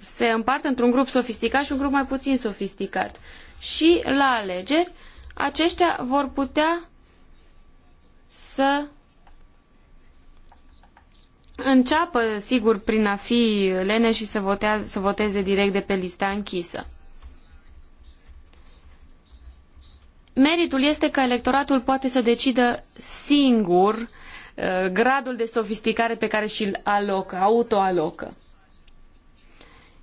se împartă într-un grup sofisticat și un grup mai puțin sofisticat. Și la alegeri, aceștia vor putea să înceapă, sigur, prin a fi lene și să, votează, să voteze direct de pe lista închisă. Meritul este că electoratul poate să decidă singur uh, gradul de sofisticare pe care și-l alocă, autoalocă.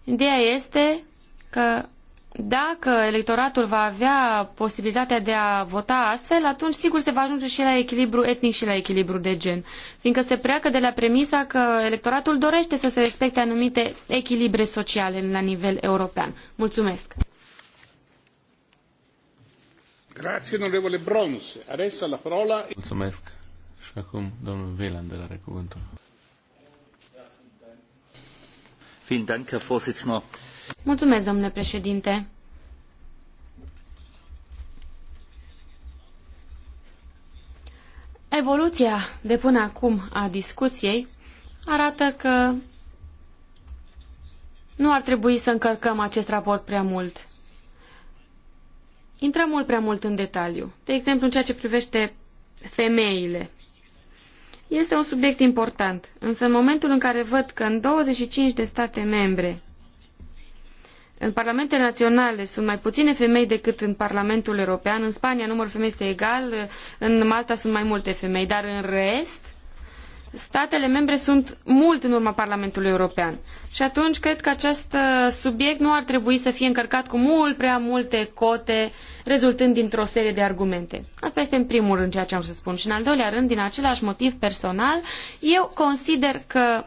Ideea este că dacă electoratul va avea posibilitatea de a vota astfel, atunci sigur se va ajunge și la echilibru etnic și la echilibru de gen, fiindcă se pleacă de la premisa că electoratul dorește să se respecte anumite echilibre sociale la nivel european. Mulțumesc! Grazie, onorevole Brons. Adesso la parola... Mulțumesc. Și acum domnul Veland de la Recuvântul. Vielen Dank, Herr Vorsitzender domnule președinte. Evoluția de până acum a discuției arată că nu ar trebui să încărcăm acest raport prea mult. Intrăm mult prea mult în detaliu. De exemplu, în ceea ce privește femeile. Este un subiect important, însă în momentul în care văd că în 25 de state membre în parlamentele naționale sunt mai puține femei decât în Parlamentul European. În Spania numărul femei este egal, în Malta sunt mai multe femei, dar în rest statele membre sunt mult în urma Parlamentului European. Și atunci cred că acest uh, subiect nu ar trebui să fie încărcat cu mult prea multe cote, rezultând dintr-o serie de argumente. Asta este în primul rând ceea ce am să spun. Și în al doilea rând, din același motiv personal, eu consider că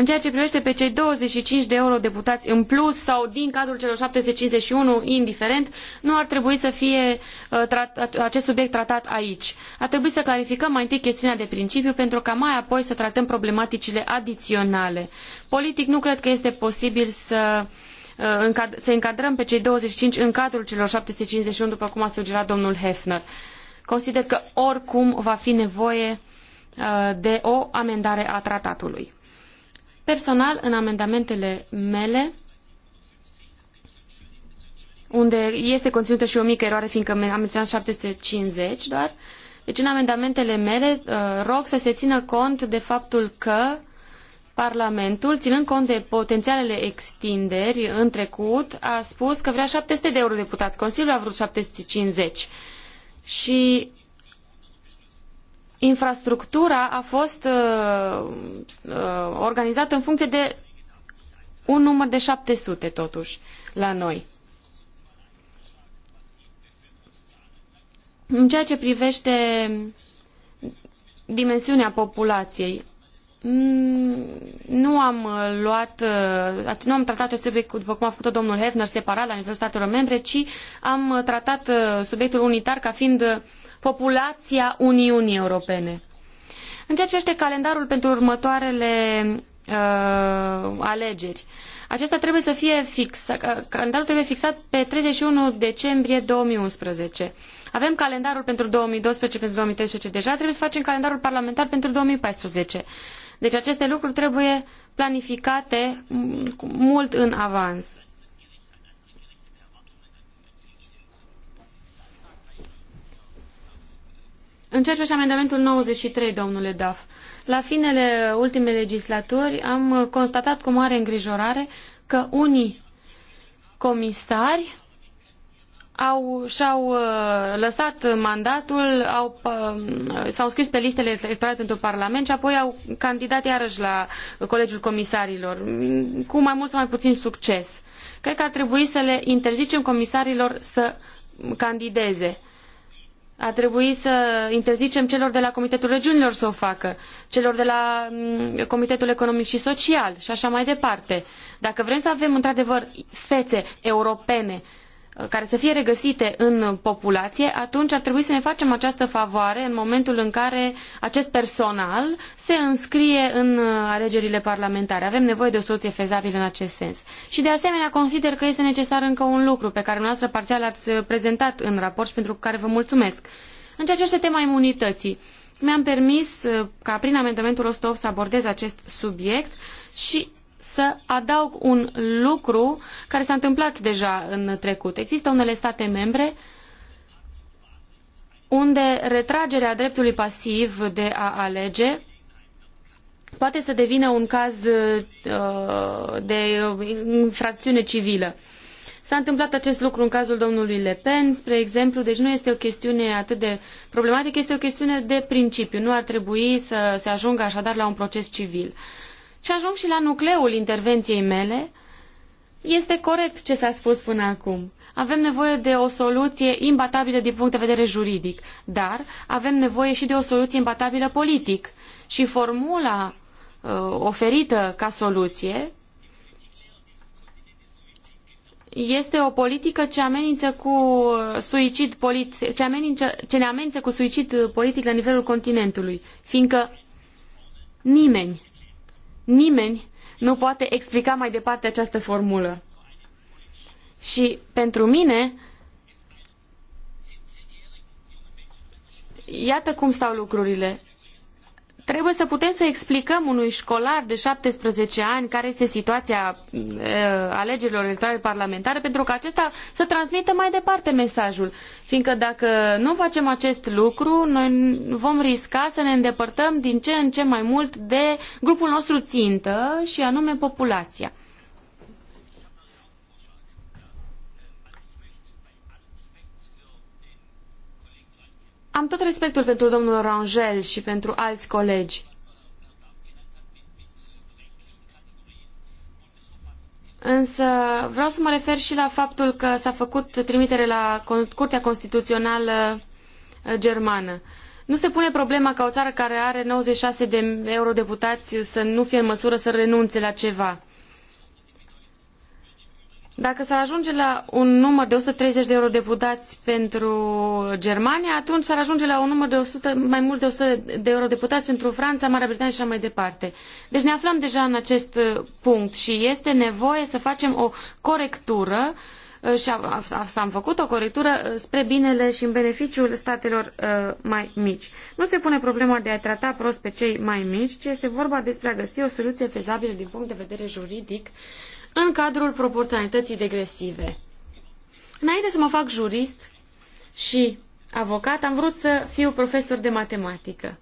în ceea ce privește pe cei 25 de deputați în plus sau din cadrul celor 751, indiferent, nu ar trebui să fie uh, acest subiect tratat aici. Ar trebui să clarificăm mai întâi chestiunea de principiu pentru ca mai apoi să tratăm problematicile adiționale. Politic nu cred că este posibil să uh, să încadrăm pe cei 25 în cadrul celor 751, după cum a sugerat domnul Hefner. Consider că oricum va fi nevoie uh, de o amendare a tratatului. Personal, în amendamentele mele, unde este conținută și o mică eroare, fiindcă am menționat 750 doar, deci în amendamentele mele uh, rog să se țină cont de faptul că Parlamentul, ținând cont de potențialele extinderi în trecut, a spus că vrea 700 de euro deputați. Consiliul a vrut 750. Și infrastructura a fost uh, uh, organizată în funcție de un număr de 700 totuși la noi. În ceea ce privește dimensiunea populației, mm, nu am uh, luat, uh, nu am tratat acest subiect după cum a făcut-o domnul Hefner separat la nivelul statelor membre, ci am uh, tratat subiectul unitar ca fiind populația Uniunii Europene. În ceea ce este calendarul pentru următoarele uh, alegeri, acesta trebuie să fie fixat, uh, calendarul trebuie fixat pe 31 decembrie 2011. Avem calendarul pentru 2012, pentru 2013 deja, trebuie să facem calendarul parlamentar pentru 2014. Deci aceste lucruri trebuie planificate mult în avans. În ceea ce și amendamentul 93, domnule Daf, la finele ultimei legislaturi am constatat cu mare îngrijorare că unii comisari au, și-au uh, lăsat mandatul, au, uh, s-au scris pe listele electorale pentru Parlament și apoi au candidat iarăși la Colegiul Comisarilor, mm, cu mai mult sau mai puțin succes. Cred că ar trebui să le interzicem comisarilor să candideze ar trebui să interzicem celor de la Comitetul Regiunilor să o facă, celor de la mm, Comitetul Economic și Social și așa mai departe. Dacă vrem să avem într-adevăr fețe europene care să fie regăsite în populație, atunci ar trebui să ne facem această favoare în momentul în care acest personal se înscrie în uh, alegerile parlamentare. Avem nevoie de o soluție fezabilă în acest sens. Și de asemenea consider că este necesar încă un lucru pe care noastră parțial ați uh, prezentat în raport și pentru care vă mulțumesc. În ceea ce este tema imunității, mi-am permis uh, ca prin amendamentul 108 să abordez acest subiect și să adaug un lucru care s-a întâmplat deja în trecut. Există unele state membre unde retragerea dreptului pasiv de a alege poate să devină un caz uh, de infracțiune civilă. S-a întâmplat acest lucru în cazul domnului Le Pen, spre exemplu, deci nu este o chestiune atât de problematică, este o chestiune de principiu. Nu ar trebui să se ajungă așadar la un proces civil. Și ajung și la nucleul intervenției mele. Este corect ce s-a spus până acum. Avem nevoie de o soluție imbatabilă din punct de vedere juridic, dar avem nevoie și de o soluție imbatabilă politic. Și formula uh, oferită ca soluție este o politică ce amenință cu suicid politic, ce, ce ne amenință cu suicid politic la nivelul continentului, fiindcă nimeni Nimeni nu poate explica mai departe această formulă. Și pentru mine, iată cum stau lucrurile. Trebuie să putem să explicăm unui școlar de 17 ani care este situația alegerilor electorale parlamentare pentru că acesta să transmită mai departe mesajul. Fiindcă dacă nu facem acest lucru, noi vom risca să ne îndepărtăm din ce în ce mai mult de grupul nostru țintă și anume populația. Am tot respectul pentru domnul Rangel și pentru alți colegi. Însă vreau să mă refer și la faptul că s-a făcut trimitere la Curtea Constituțională uh, Germană. Nu se pune problema ca o țară care are 96 de eurodeputați să nu fie în măsură să renunțe la ceva. Dacă s-ar ajunge la un număr de 130 de eurodeputați pentru Germania, atunci s-ar ajunge la un număr de 100, mai mult de 100 de eurodeputați pentru Franța, Marea Britanie și așa mai departe. Deci ne aflăm deja în acest uh, punct și este nevoie să facem o corectură uh, și am, am făcut o corectură uh, spre binele și în beneficiul statelor uh, mai mici. Nu se pune problema de a trata prost pe cei mai mici, ci este vorba despre a găsi o soluție fezabilă din punct de vedere juridic uh, în cadrul proporționalității degresive. Înainte să mă fac jurist și avocat, am vrut să fiu profesor de matematică.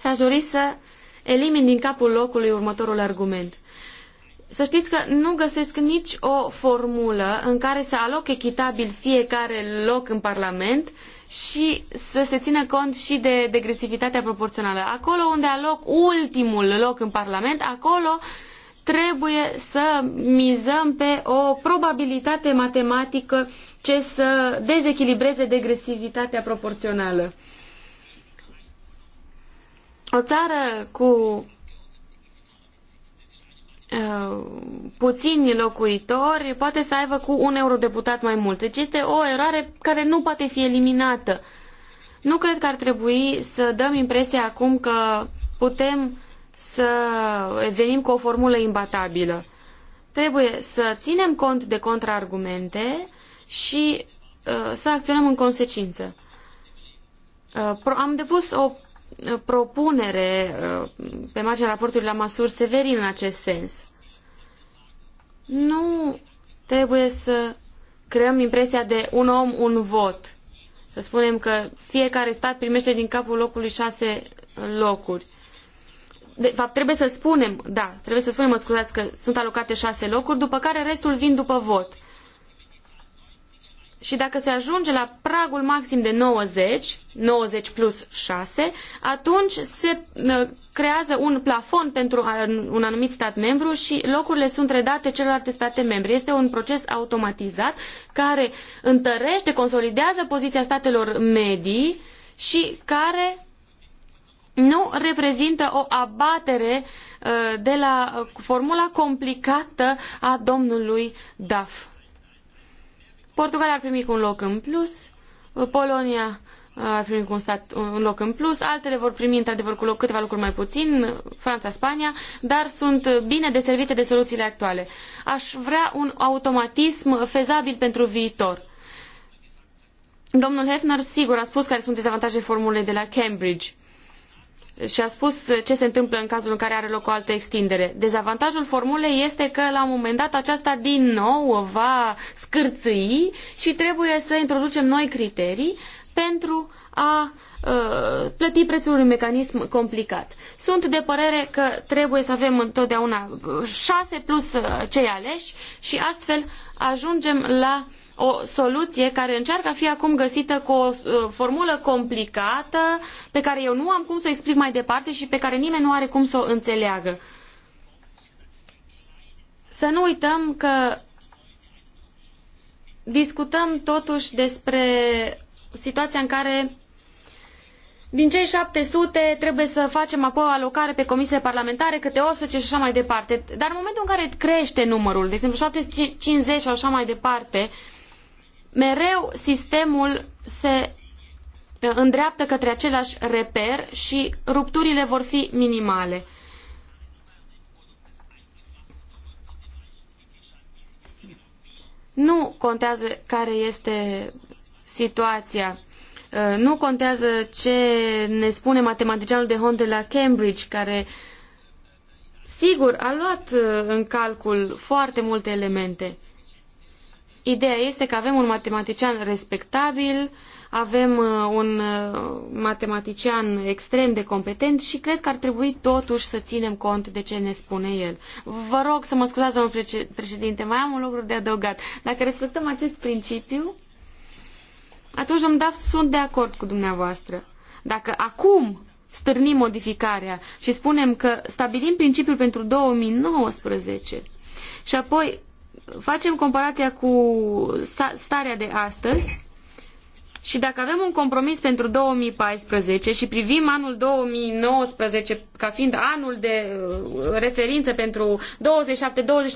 Și aș dori să elimin din capul locului următorul argument. Să știți că nu găsesc nici o formulă în care să aloc echitabil fiecare loc în Parlament și să se țină cont și de degresivitatea proporțională. Acolo unde a loc ultimul loc în Parlament, acolo trebuie să mizăm pe o probabilitate matematică ce să dezechilibreze degresivitatea proporțională. O țară cu Uh, puțini locuitori poate să aibă cu un eurodeputat mai mult. Deci este o eroare care nu poate fi eliminată. Nu cred că ar trebui să dăm impresia acum că putem să venim cu o formulă imbatabilă. Trebuie să ținem cont de contraargumente și uh, să acționăm în consecință. Uh, am depus o propunere pe marginea raportului la măsuri severi în acest sens. Nu trebuie să creăm impresia de un om, un vot. Să spunem că fiecare stat primește din capul locului șase locuri. De fapt, trebuie să spunem, da, trebuie să spunem, mă scuzați, că sunt alocate șase locuri, după care restul vin după vot și dacă se ajunge la pragul maxim de 90, 90 plus 6, atunci se uh, creează un plafon pentru un anumit stat membru și locurile sunt redate celorlalte state membre. Este un proces automatizat care întărește, consolidează poziția statelor medii și care nu reprezintă o abatere uh, de la formula complicată a domnului Duff. Portugalia ar primi cu un loc în plus, uh, Polonia uh, ar primi cu un, stat, uh, un loc în plus, altele vor primi într-adevăr cu loc, câteva lucruri mai puțin, Franța, Spania, dar sunt bine deservite de soluțiile actuale. Aș vrea un automatism fezabil pentru viitor. Domnul Hefner, sigur, a spus care sunt dezavantajele formulei de la Cambridge și a spus ce se întâmplă în cazul în care are loc o altă extindere. Dezavantajul formulei este că la un moment dat aceasta din nou va scârțâi și trebuie să introducem noi criterii pentru a uh, plăti prețul unui mecanism complicat. Sunt de părere că trebuie să avem întotdeauna șase plus uh, cei aleși și astfel ajungem la o soluție care încearcă a fi acum găsită cu o uh, formulă complicată pe care eu nu am cum să o explic mai departe și pe care nimeni nu are cum să o înțeleagă. Să nu uităm că discutăm totuși despre situația în care din cei 700 trebuie să facem apoi o alocare pe comisiile parlamentare, câte 18 și așa mai departe. Dar în momentul în care crește numărul, de exemplu 750 sau așa mai departe, uh, mereu sistemul se îndreaptă către același reper și rupturile vor fi minimale. Nu contează care este situația. Nu contează ce ne spune matematicianul de Hond de la Cambridge, care, sigur, a luat în calcul foarte multe elemente. Ideea este că avem un matematician respectabil, avem uh, un uh, matematician extrem de competent și cred că ar trebui totuși să ținem cont de ce ne spune el. Vă rog să mă scuzați, domnul președinte, mai am un lucru de adăugat. Dacă respectăm acest principiu, atunci, am Daf, sunt de acord cu dumneavoastră. Dacă acum stârnim modificarea și spunem că stabilim principiul pentru 2019 și apoi facem comparația cu starea de astăzi și dacă avem un compromis pentru 2014 și privim anul 2019 ca fiind anul de uh, referință pentru 27-29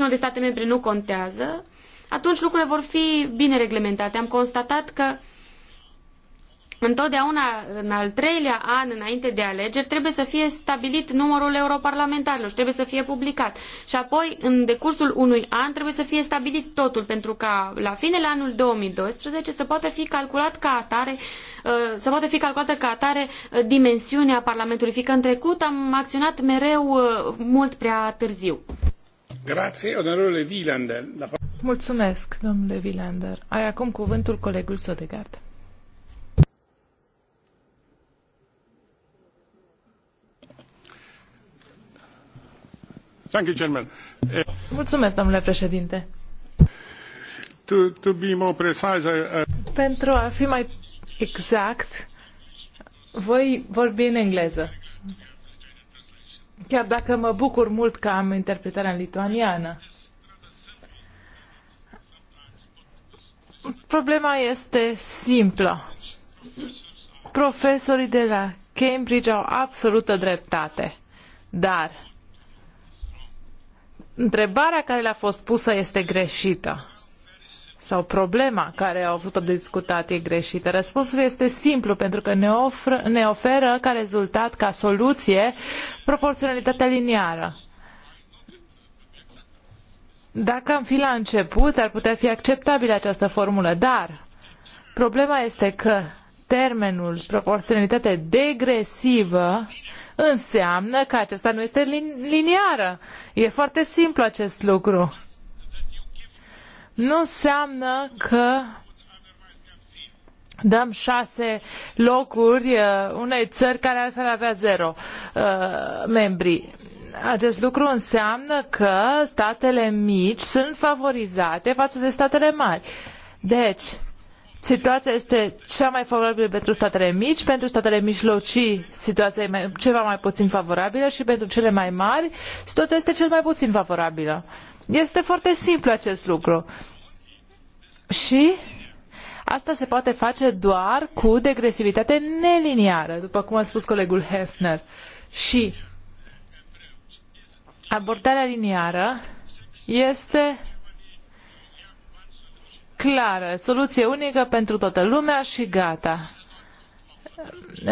de state membre nu contează, atunci lucrurile vor fi bine reglementate. Am constatat că Întotdeauna, în al treilea an înainte de alegeri, trebuie să fie stabilit numărul europarlamentarilor, trebuie să fie publicat. Și apoi, în decursul unui an, trebuie să fie stabilit totul, pentru ca la finele anului 2012 să poată fi calculat ca atare, uh, să poată fi calculată ca atare uh, dimensiunea Parlamentului, fiindcă în trecut am acționat mereu uh, mult prea târziu. Grazie, Mulțumesc, domnule Vilander. Ai acum cuvântul colegul Sodegard. Eh, Mulțumesc, domnule președinte. Pentru a fi mai exact, voi vorbi în engleză. Chiar dacă mă bucur mult că am interpretarea în lituaniană. Problema este simplă. Profesorii de la Cambridge au absolută dreptate, dar întrebarea care le-a fost pusă este greșită sau problema care au avut-o de discutat e greșită. Răspunsul este simplu, pentru că ne, ne oferă ca rezultat, ca soluție, proporționalitatea liniară. Dacă am fi la început, ar putea fi acceptabilă această formulă, dar problema este că termenul proporționalitate degresivă înseamnă că aceasta nu este liniară. E foarte simplu acest lucru. Nu înseamnă că dăm șase locuri uh, unei țări care altfel avea zero uh, membri. Acest lucru înseamnă că statele mici sunt favorizate față de statele mari. Deci, situația este cea mai favorabilă pentru statele mici, pentru statele mijlocii situația e mai, ceva mai puțin favorabilă și pentru cele mai mari situația este cel mai puțin favorabilă. Este foarte simplu acest lucru. Și asta se poate face doar cu degresivitate neliniară, după cum a spus colegul Hefner. Și abordarea liniară este clară, soluție unică pentru toată lumea și gata.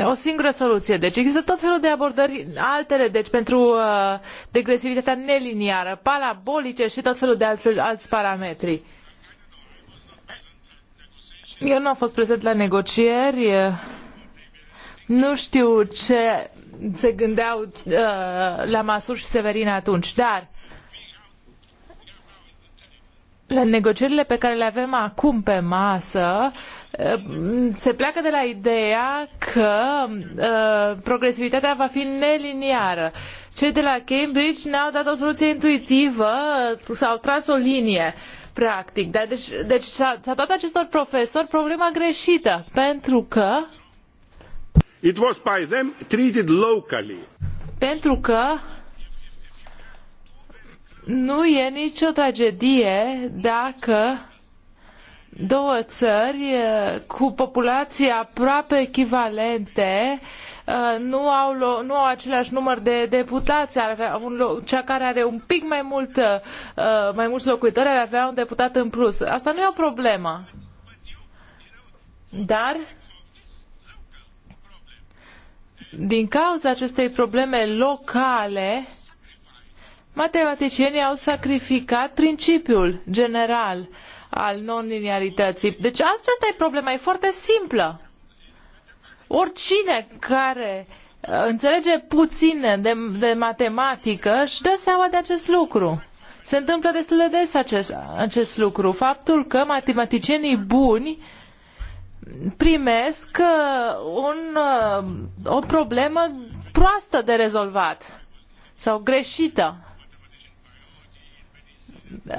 O singură soluție. Deci există tot felul de abordări altele, deci pentru uh, degresivitatea neliniară, parabolice și tot felul de alți, alți parametri. Eu nu am fost prezent la negocieri, uh, nu știu ce se gândeau uh, la Masur și Severin atunci, dar la negocierile pe care le avem acum pe masă, eh, se pleacă de la ideea că eh, progresivitatea va fi neliniară. Cei de la Cambridge ne-au dat o soluție intuitivă, eh, s-au tras o linie, practic. Dar deci, deci s-a, s-a dat acestor profesori problema greșită, pentru că... It was by them treated locally. Pentru că nu e nicio tragedie dacă două țări eh, cu populații aproape echivalente eh, nu au, nu au același număr de deputați. Ar avea un, cea care are un pic mai, mult, eh, mai mulți locuitori ar avea un deputat în plus. Asta nu e o problemă. Dar din cauza acestei probleme locale, matematicienii au sacrificat principiul general al non-linearității. Deci asta e problema, e foarte simplă. Oricine care uh, înțelege puțin de, de matematică își dă seama de acest lucru. Se întâmplă destul de des acest, acest lucru. Faptul că matematicienii buni primesc uh, un, uh, o problemă proastă de rezolvat sau greșită.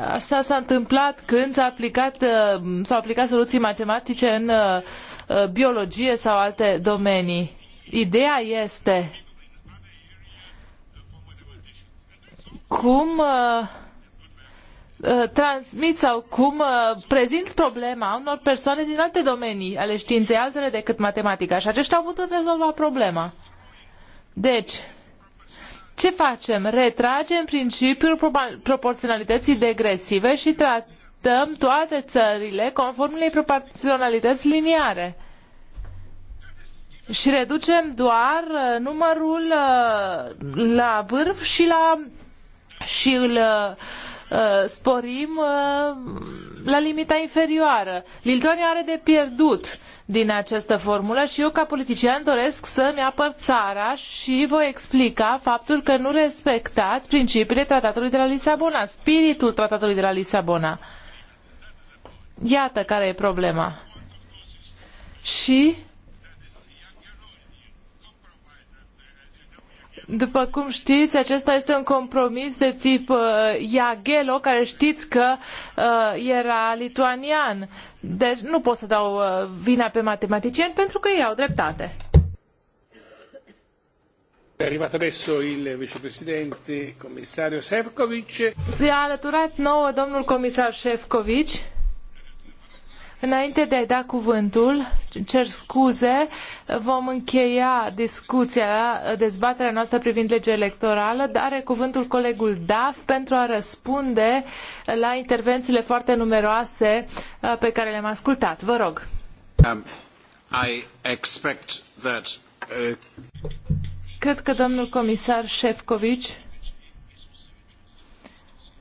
Asta s-a întâmplat când s-au aplicat, uh, s-au aplicat soluții matematice în uh, uh, biologie sau alte domenii. Ideea este cum transmit sau cum prezint problema unor persoane din alte domenii ale științei, altele decât matematica. Și aceștia au putut rezolva problema. Deci, ce facem? Retragem principiul proporționalității degresive și tratăm toate țările conform unei proporționalități liniare. Și reducem doar uh, numărul uh, la vârf și la și îl uh, sporim la limita inferioară. Lituania are de pierdut din această formulă și eu ca politician doresc să-mi apăr țara și voi explica faptul că nu respectați principiile tratatului de la Lisabona, spiritul tratatului de la Lisabona. Iată care e problema. Și După cum știți, acesta este un compromis de tip uh, Iagelo, care știți că uh, era lituanian. Deci nu pot să dau uh, vina pe matematicieni pentru că ei au dreptate. È arrivato adesso il vicepresidente commissario Sefcovic. Si è alăturat nouă domnul comisar Sefcovic. Înainte de a da cuvântul, cer scuze, vom încheia discuția, dezbaterea noastră privind legea electorală, dar are cuvântul colegul DAF pentru a răspunde la intervențiile foarte numeroase uh, pe care le-am ascultat. Vă rog. Um, I expect that, uh... Cred că domnul comisar Șefcovici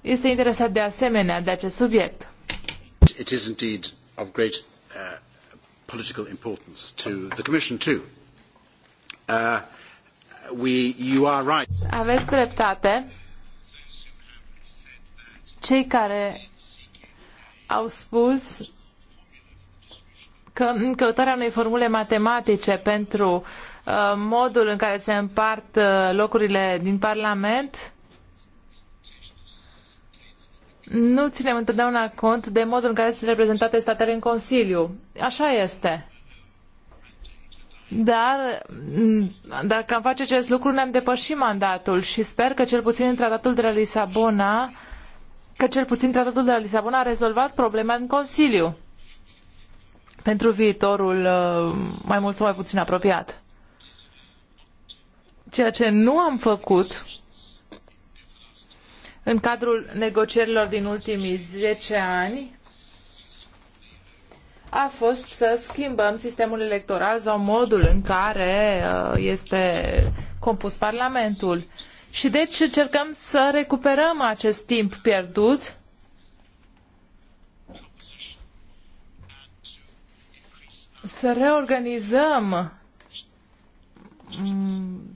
este interesat de asemenea de acest subiect. It is indeed of great uh, political importance to the Commission too. Uh, we, you are right. Aveți dreptate. Cei care au spus că căutarea unei formule matematice pentru uh, modul în care se împart uh, locurile din Parlament nu ținem întotdeauna cont de modul în care sunt reprezentate statele în Consiliu. Așa este. Dar dacă am face acest lucru, ne-am depășit mandatul și sper că cel puțin în tratatul de la Lisabona că cel puțin tratatul de la Lisabona a rezolvat problema în Consiliu pentru viitorul uh, mai mult sau mai puțin apropiat. Ceea ce nu am făcut în cadrul negocierilor din ultimii 10 ani a fost să schimbăm sistemul electoral sau modul în care uh, este compus Parlamentul. Și deci încercăm să recuperăm acest timp pierdut să reorganizăm mm,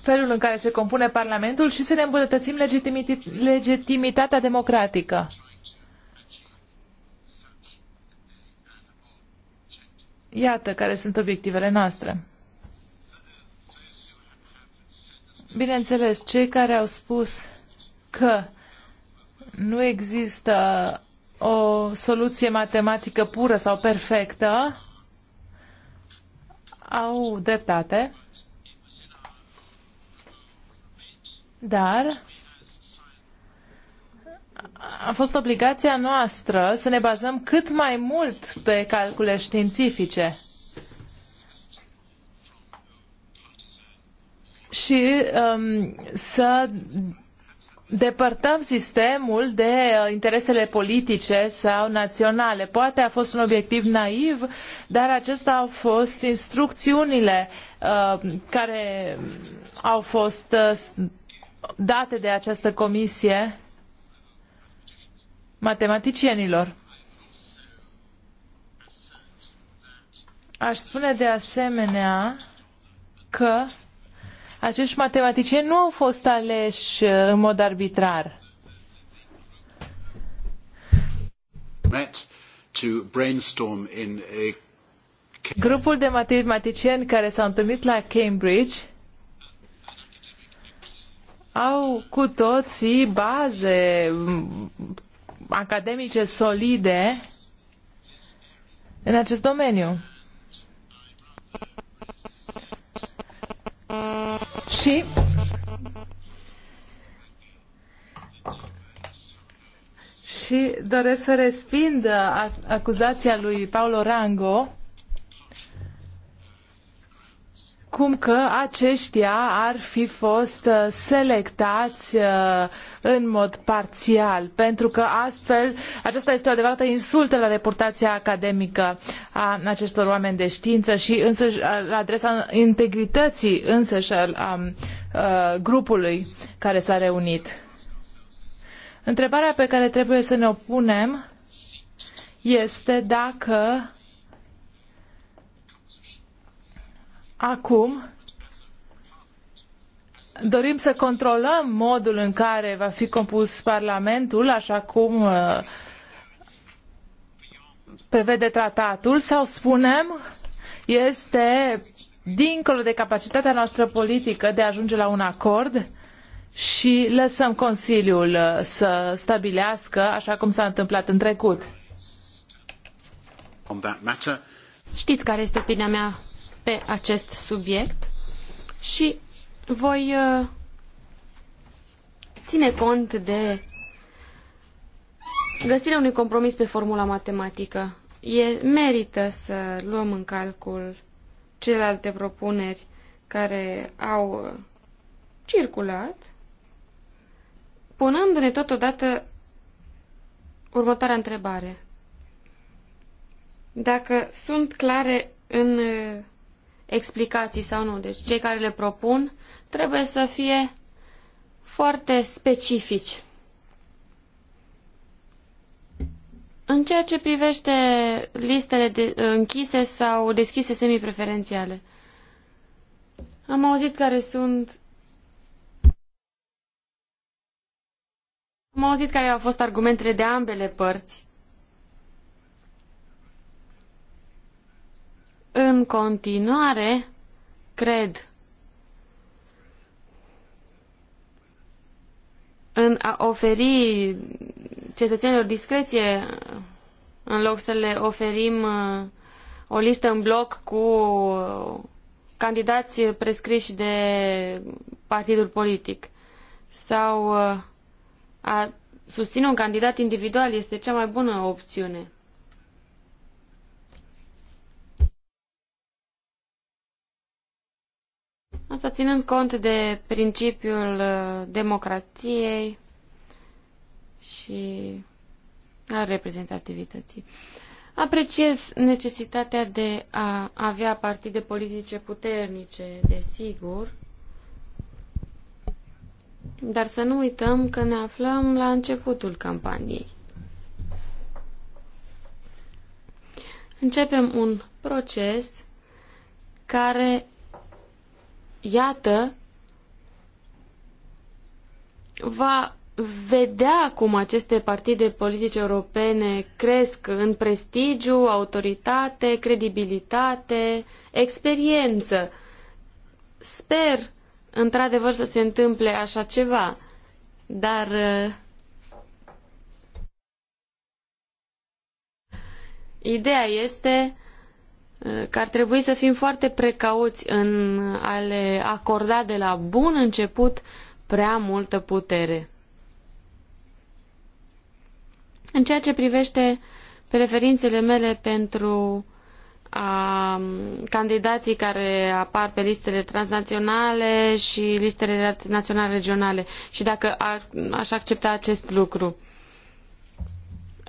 felul în care se compune Parlamentul și să ne îmbunătățim legitimitatea democratică. Iată care sunt obiectivele noastre. Bineînțeles, cei care au spus că nu există o soluție matematică pură sau perfectă au dreptate. Dar a fost obligația noastră să ne bazăm cât mai mult pe calcule științifice. Și um, să depărtăm sistemul de uh, interesele politice sau naționale. Poate a fost un obiectiv naiv, dar acestea au fost instrucțiunile uh, care au fost uh, date de această comisie matematicienilor. Aș spune de asemenea că acești matematicieni nu au fost aleși uh, în mod arbitrar. Grupul de matematicieni care s-au întâlnit la Cambridge au cu toții baze academice solide în acest domeniu. Și și doresc să respind acuzația lui Paulo Rango cum că aceștia ar fi fost uh, selectați uh, în mod parțial, pentru că astfel aceasta este o adevărată insultă la reputația academică a acestor oameni de știință și însăși uh, la adresa integrității însăși al a, um, a, grupului care s-a reunit. Întrebarea pe care trebuie să ne o punem este dacă Acum dorim să controlăm modul în care va fi compus Parlamentul, așa cum uh, prevede tratatul, sau spunem este dincolo de capacitatea noastră politică de a ajunge la un acord și lăsăm Consiliul uh, să stabilească așa cum s-a întâmplat în trecut. Știți care este opinia mea pe acest subiect și voi uh, ține cont de găsirea unui compromis pe formula matematică. E, merită să luăm în calcul celelalte propuneri care au uh, circulat, punându-ne totodată următoarea întrebare. Dacă sunt clare în uh, explicații sau nu. Deci cei care le propun trebuie să fie foarte specifici. În ceea ce privește listele de, închise sau deschise semipreferențiale, am auzit care sunt am auzit care au fost argumentele de ambele părți. În continuare, cred în a oferi cetățenilor discreție în loc să le oferim uh, o listă în bloc cu uh, candidați prescriși de partidul politic sau uh, a susține un candidat individual este cea mai bună opțiune. Asta ținând cont de principiul uh, democrației și al reprezentativității. Apreciez necesitatea de a avea partide politice puternice, desigur, dar să nu uităm că ne aflăm la începutul campaniei. Începem un proces care iată, va vedea cum aceste partide politice europene cresc în prestigiu, autoritate, credibilitate, experiență. Sper, într-adevăr, să se întâmple așa ceva, dar uh, Ideea este că ar trebui să fim foarte precauți în a le acorda de la bun început prea multă putere. În ceea ce privește preferințele mele pentru a candidații care apar pe listele transnaționale și listele naționale regionale și dacă ar, aș accepta acest lucru.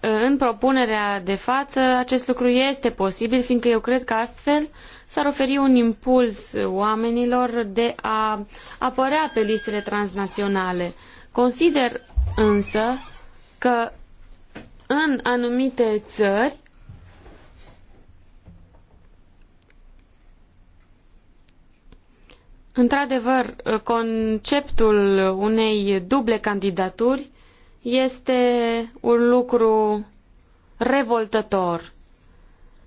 În propunerea de față, acest lucru este posibil, fiindcă eu cred că astfel s-ar oferi un impuls oamenilor de a apărea pe listele transnaționale. Consider însă că în anumite țări Într-adevăr, conceptul unei duble candidaturi este un lucru revoltător.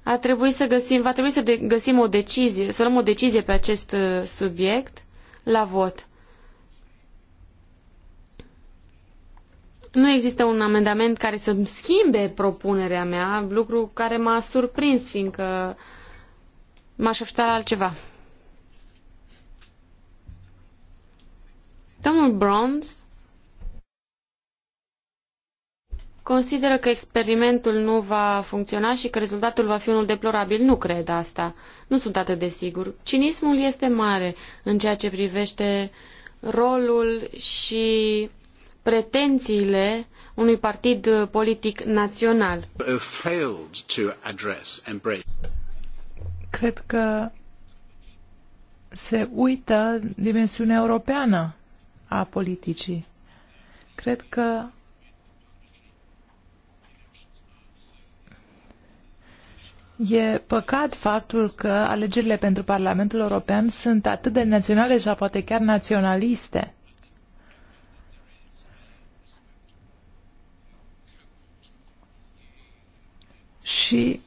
A trebui să găsim, va trebui să de, găsim o decizie, să luăm o decizie pe acest uh, subiect la vot. Nu există un amendament care să-mi schimbe propunerea mea, lucru care m-a surprins, fiindcă m-aș aștepta la altceva. Domnul Bronze consideră că experimentul nu va funcționa și că rezultatul va fi unul deplorabil. Nu cred asta. Nu sunt atât de sigur. Cinismul este mare în ceea ce privește rolul și pretențiile unui partid politic național. Cred că se uită dimensiunea europeană a politicii. Cred că E păcat faptul că alegerile pentru Parlamentul European sunt atât de naționale și poate chiar naționaliste. Și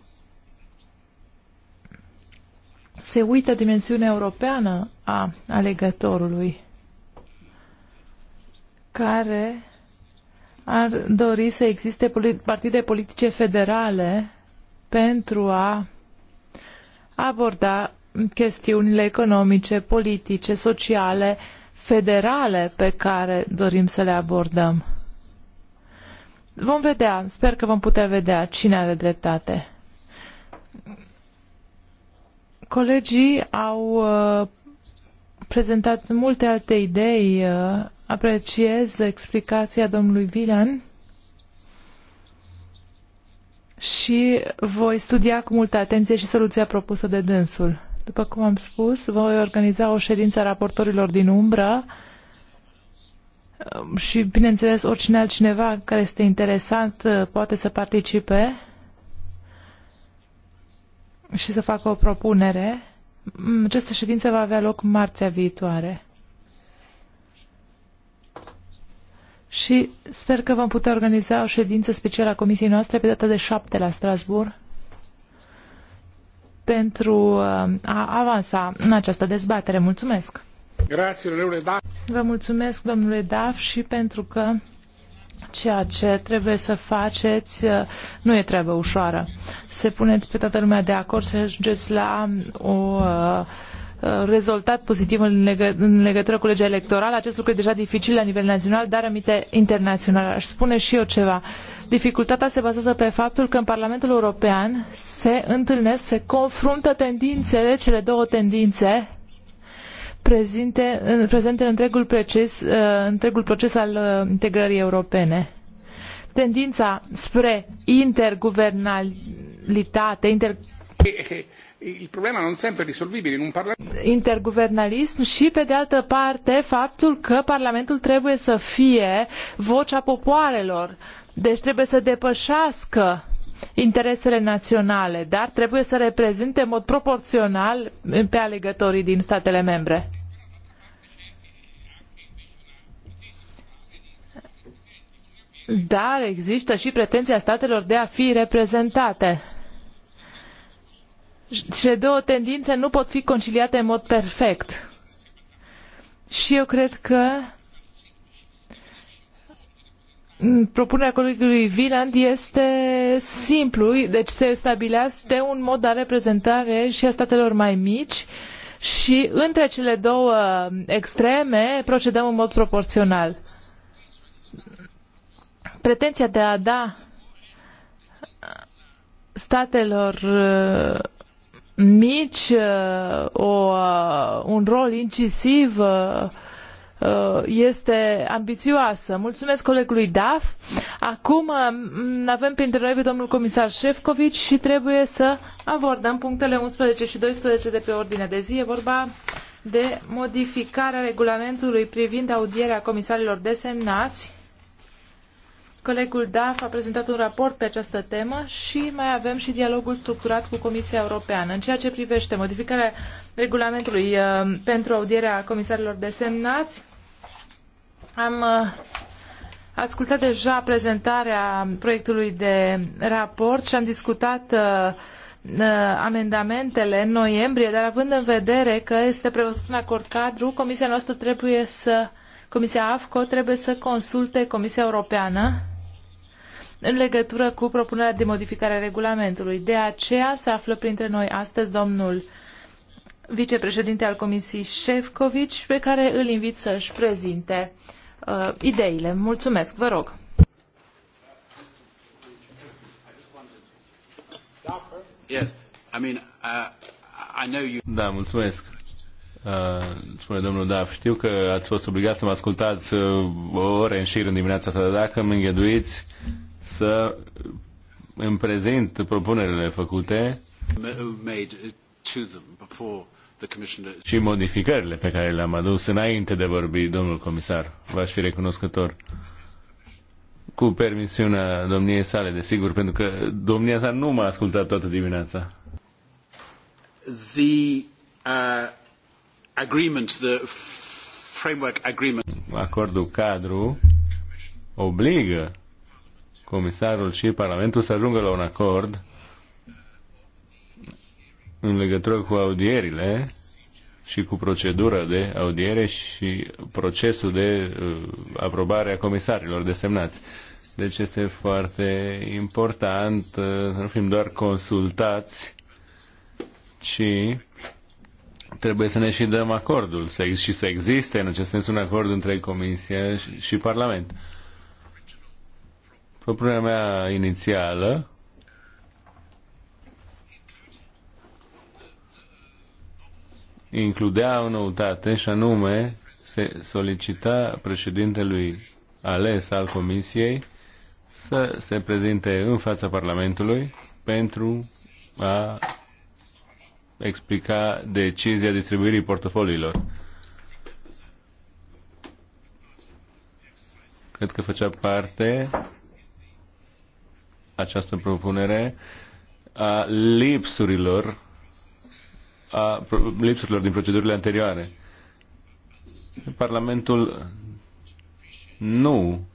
se uită dimensiunea europeană a alegătorului care ar dori să existe partide politice federale pentru a aborda chestiunile economice, politice, sociale, federale pe care dorim să le abordăm. Vom vedea, sper că vom putea vedea cine are dreptate. Colegii au uh, prezentat multe alte idei. Uh, apreciez explicația domnului Vilan și voi studia cu multă atenție și soluția propusă de dânsul. După cum am spus, voi organiza o ședință a raportorilor din umbră um, și, bineînțeles, oricine altcineva care este interesant uh, poate să participe și să facă o propunere. Mm, această ședință va avea loc marțea viitoare. și sper că vom putea organiza o ședință specială a comisiei noastre pe data de 7 la Strasbourg pentru uh, a avansa în această dezbatere. Mulțumesc! Grazie, Vă mulțumesc, domnule Daf, și pentru că ceea ce trebuie să faceți uh, nu e treabă ușoară. Se puneți pe toată lumea de acord să ajungeți la o uh, Uh, rezultat pozitiv în, legă- în legătură cu legea electorală. Acest lucru e deja dificil la nivel național, dar aminte internațional. Aș spune și eu ceva. Dificultatea se bazează pe faptul că în Parlamentul European se întâlnesc, se confruntă tendințele, cele două tendințe prezente, prezente în întregul proces, uh, întregul proces al uh, integrării europene. Tendința spre interguvernalitate, inter il problema non sempre risolvibile in un Parlamento. Interguvernalism și, pe de altă parte, faptul că Parlamentul trebuie să fie vocea popoarelor. Deci trebuie să depășească interesele naționale, dar trebuie să reprezinte în mod proporțional pe alegătorii din statele membre. Dar există și pretenția statelor de a fi reprezentate cele două tendințe nu pot fi conciliate în mod perfect. Și eu cred că propunerea colegului Wieland este simplu, deci se stabilește un mod de reprezentare și a statelor mai mici și între cele două extreme procedăm în mod proporțional. Pretenția de a da statelor mici uh, o, uh, un rol incisiv uh, este ambițioasă. Mulțumesc colegului Daf. Acum um, avem printre noi pe domnul comisar Șefcovici și trebuie să abordăm punctele 11 și 12 de pe ordinea de zi. E vorba de modificarea regulamentului privind audierea comisarilor desemnați Colegul DAF a prezentat un raport pe această temă și mai avem și dialogul structurat cu Comisia Europeană. În ceea ce privește modificarea regulamentului uh, pentru audierea comisarilor desemnați, am uh, ascultat deja prezentarea proiectului de raport și am discutat uh, amendamentele în noiembrie, dar având în vedere că este prevăzut în acord cadru, Comisia noastră trebuie să Comisia AFCO trebuie să consulte Comisia Europeană în legătură cu propunerea de modificare a regulamentului. De aceea se află printre noi astăzi domnul vicepreședinte al Comisiei Șefcovici, pe care îl invit să-și prezinte uh, ideile. Mulțumesc, vă rog. Uh, da, mulțumesc. Uh, spune domnul Daf, știu că ați fost obligat să mă ascultați o uh, ore în șir în dimineața asta, dar dacă mă îngăduiți, să îmi prezint propunerile făcute și modificările pe care le-am adus înainte de vorbi, domnul comisar. V-aș fi recunoscător cu permisiunea domniei sale, desigur, pentru că domnia sa nu m-a ascultat toată dimineața. The uh, agreement, the framework agreement. Acordul cadru obligă Comisarul și Parlamentul să ajungă la un acord în legătură cu audierile și cu procedura de audiere și procesul de uh, aprobare a comisarilor desemnați. Deci este foarte important uh, să nu fim doar consultați, ci trebuie să ne și dăm acordul să, și să existe în acest sens un acord între Comisie și, și Parlament. Propunerea mea inițială includea o noutate și anume se solicita președintelui ales al Comisiei să se prezinte în fața Parlamentului pentru a explica decizia distribuirii portofoliilor. Cred că făcea parte această propunere a lipsurilor, a lipsurilor din procedurile anterioare. Parlamentul nu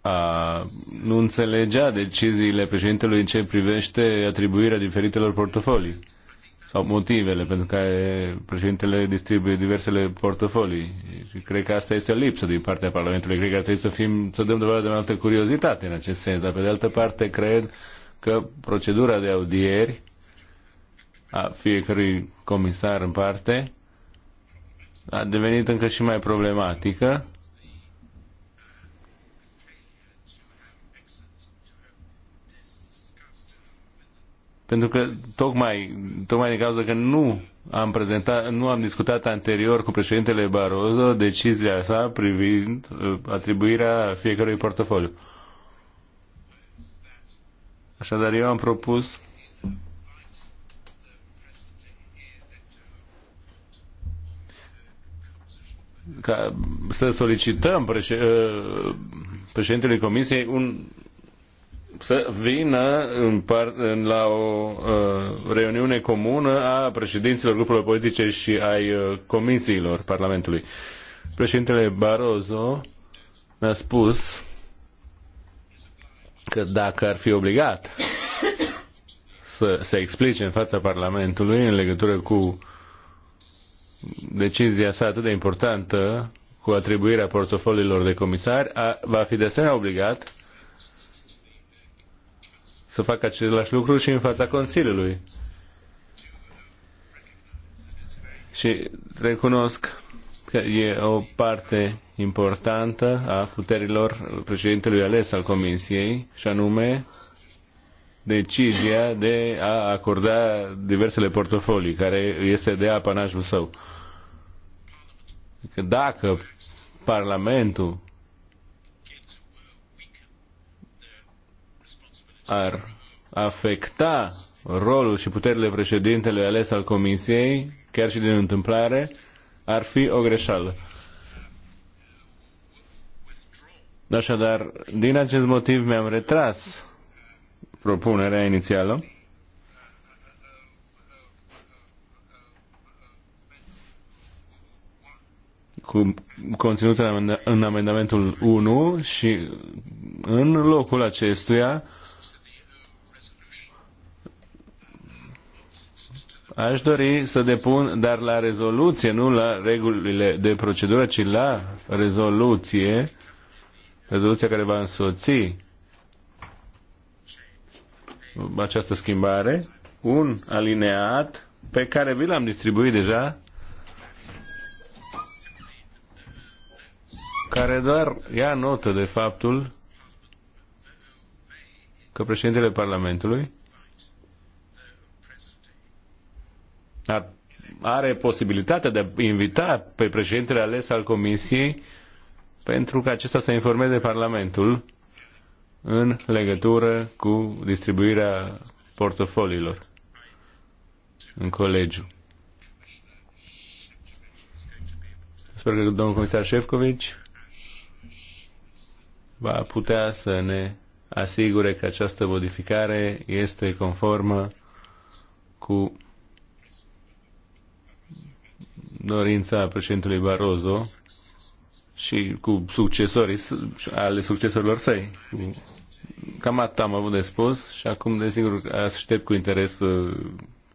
a, nu înțelegea deciziile președintelui în ce privește atribuirea diferitelor portofolii sau motivele pentru care președintele distribuie diversele portofolii. Și cred că asta este o lipsă din partea Parlamentului. Cred că ar trebui să, fim, să dăm dovadă de o altă curiozitate în acest sens. Dar, pe de altă parte, cred că procedura de audieri a fiecărui comisar în parte a devenit încă și mai problematică pentru că tocmai, tocmai din cauza că nu am prezentat, nu am discutat anterior cu președintele Barroso decizia sa privind uh, atribuirea fiecărui portofoliu. Așadar, eu am propus ca să solicităm uh, președintele Comisiei un să vină în par, la o uh, reuniune comună a președinților grupurilor politice și ai uh, comisiilor Parlamentului. Președintele Barroso a spus că dacă ar fi obligat să se explice în fața Parlamentului în legătură cu decizia sa atât de importantă cu atribuirea portofoliilor de comisari, a, va fi de asemenea obligat să facă același lucru și în fața Consiliului. Și recunosc că e o parte importantă a puterilor președintelui ales al Comisiei, și anume decizia de a acorda diversele portofolii, care este de apanajul său. dacă Parlamentul ar afecta rolul și puterile președintele ales al Comisiei, chiar și din întâmplare, ar fi o greșeală. Așadar, din acest motiv mi-am retras propunerea inițială. cu conținutul în amendamentul 1 și în locul acestuia Aș dori să depun, dar la rezoluție, nu la regulile de procedură, ci la rezoluție, rezoluția care va însoți această schimbare, un alineat pe care vi l-am distribuit deja, care doar ia notă de faptul că președintele Parlamentului ar, are posibilitatea de a invita pe președintele ales al Comisiei pentru ca acesta să informeze Parlamentul în legătură cu distribuirea portofoliilor în colegiu. Sper că domnul comisar Șefcovici va putea să ne asigure că această modificare este conformă cu dorința președintelui Barroso și cu succesorii ale succesorilor săi. Cam atât am avut de spus și acum, desigur, aștept cu interes uh,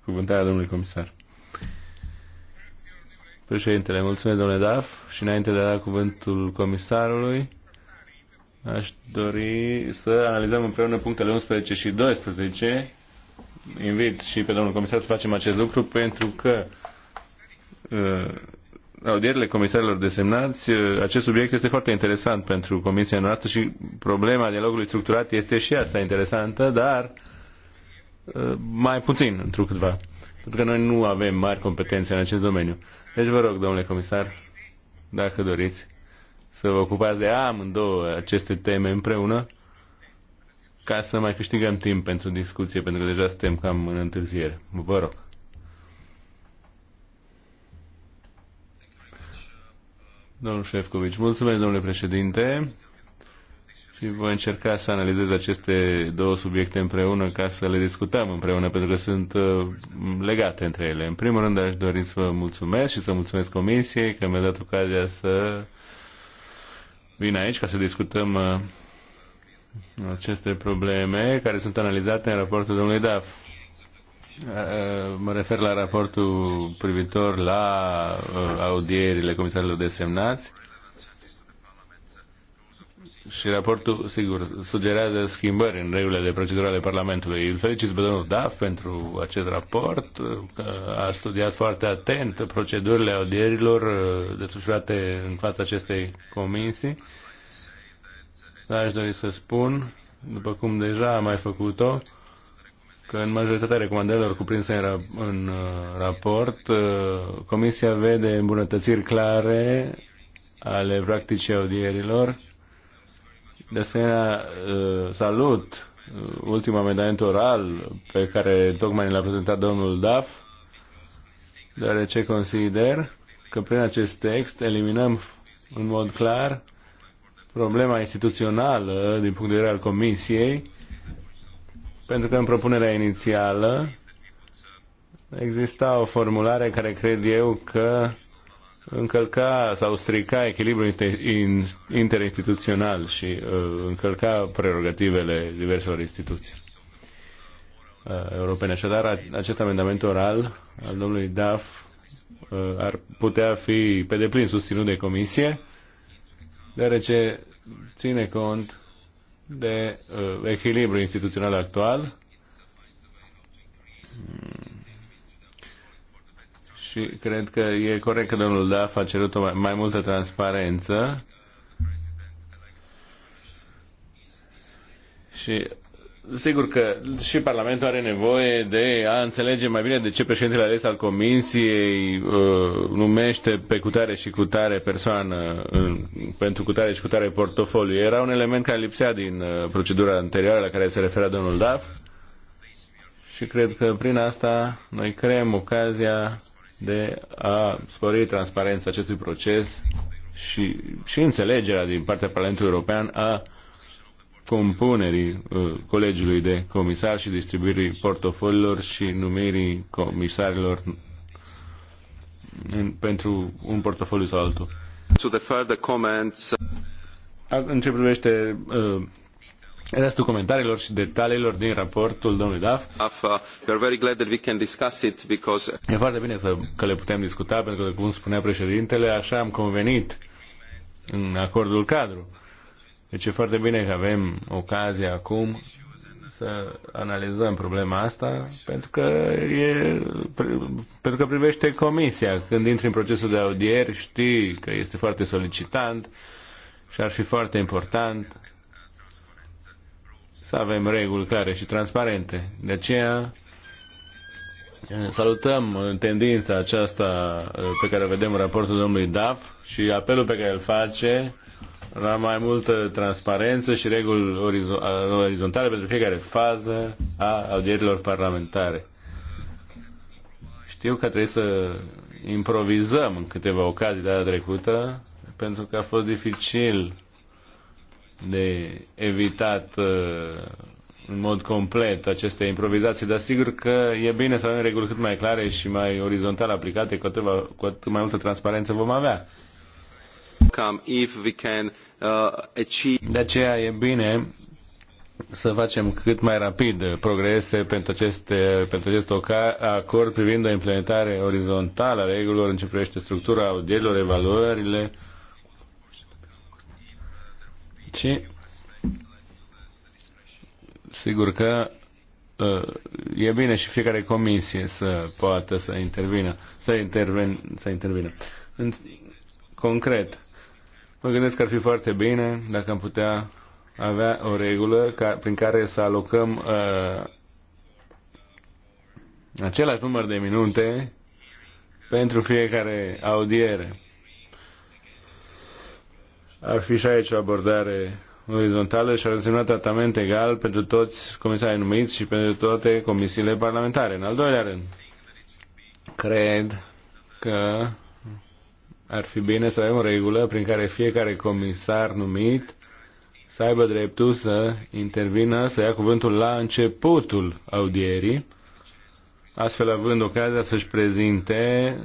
cuvântarea domnului comisar. Președintele, mulțumesc, domnule Daf, și înainte de a da cuvântul comisarului, aș dori să analizăm împreună punctele 11 și 12. Invit și pe domnul comisar să facem acest lucru pentru că Uh, audierile comisarilor desemnați, uh, acest subiect este foarte interesant pentru Comisia noastră și problema dialogului structurat este și asta interesantă, dar uh, mai puțin, câtva, Pentru că noi nu avem mari competențe în acest domeniu. Deci vă rog, domnule comisar, dacă doriți, să vă ocupați de amândouă aceste teme împreună, ca să mai câștigăm timp pentru discuție, pentru că deja suntem cam în întârziere. Vă rog. Domnul Șefcovici, mulțumesc, domnule președinte. Și voi încerca să analizez aceste două subiecte împreună ca să le discutăm împreună, pentru că sunt uh, legate între ele. În primul rând, aș dori să vă mulțumesc și să mulțumesc Comisiei că mi-a dat ocazia să vin aici ca să discutăm uh, aceste probleme care sunt analizate în raportul domnului Daf. Uh, mă refer la raportul privitor la uh, audierile comisarilor desemnați și raportul, sigur, sugerează schimbări în regulile de procedură ale Parlamentului. Îl felicit pe domnul Daf pentru acest raport. Uh, a studiat foarte atent procedurile audierilor desfășurate în fața acestei comisii. Dar aș dori să spun, după cum deja am mai făcut-o, că în majoritatea recomandărilor cuprinse în, ra- în uh, raport, uh, Comisia vede îmbunătățiri clare ale practicii audierilor. De asemenea, uh, salut ultimul amendament oral pe care tocmai l-a prezentat domnul Daf, deoarece consider că prin acest text eliminăm în mod clar problema instituțională din punct de vedere al Comisiei pentru că în propunerea inițială exista o formulare care cred eu că încălca sau strica echilibrul interinstituțional și uh, încălca prerogativele diverselor instituții uh, europene. Așadar, acest amendament oral al domnului Daf uh, ar putea fi pe deplin susținut de comisie, deoarece ține cont de uh, echilibru instituțional actual și cred că e corect că domnul Daf a cerut o mai, mai multă transparență și Sigur că și Parlamentul are nevoie de a înțelege mai bine de ce președintele ales al Comisiei uh, numește pe cutare și cutare persoană în, pentru cutare și cutare portofoliu. Era un element care lipsea din uh, procedura anterioară la care se referea domnul Daf și cred că prin asta noi creăm ocazia de a spori transparența acestui proces și, și înțelegerea din partea Parlamentului European a uh, compunerii uh, colegiului de comisar și distribuirii portofoliilor și numirii comisarilor în, pentru un portofoliu sau altul. So the further comments. În ce privește uh, restul comentariilor și detaliilor din raportul domnului Daf. E foarte bine să, că le putem discuta, pentru că, cum spunea președintele, așa am convenit în acordul cadru. Deci e foarte bine că avem ocazia acum să analizăm problema asta pentru că, e, pentru că privește comisia. Când intri în procesul de audieri știi că este foarte solicitant și ar fi foarte important să avem reguli clare și transparente. De aceea salutăm tendința aceasta pe care o vedem în raportul domnului Daf și apelul pe care îl face la mai multă transparență și reguli orizontale pentru fiecare fază a audierilor parlamentare. Știu că trebuie să improvizăm în câteva ocazii de data trecută, pentru că a fost dificil de evitat uh, în mod complet aceste improvizații, dar sigur că e bine să avem reguli cât mai clare și mai orizontal aplicate, cu atât mai multă transparență vom avea outcome if we can uh, achieve. De aceea e bine să facem cât mai rapid progrese pentru acest, pentru acest acord privind o implementare orizontală a regulilor în ce privește structura audierilor, evaluările și sigur că uh, e bine și fiecare comisie să poată să intervină, să, interven, să intervină. În, concret, Mă gândesc că ar fi foarte bine dacă am putea avea o regulă ca, prin care să alocăm uh, același număr de minute pentru fiecare audiere. Ar fi și aici o abordare orizontală și ar însemna tratament egal pentru toți comisarii numiți și pentru toate comisiile parlamentare. În al doilea rând, cred că ar fi bine să avem o regulă prin care fiecare comisar numit să aibă dreptul să intervină, să ia cuvântul la începutul audierii, astfel având ocazia să-și prezinte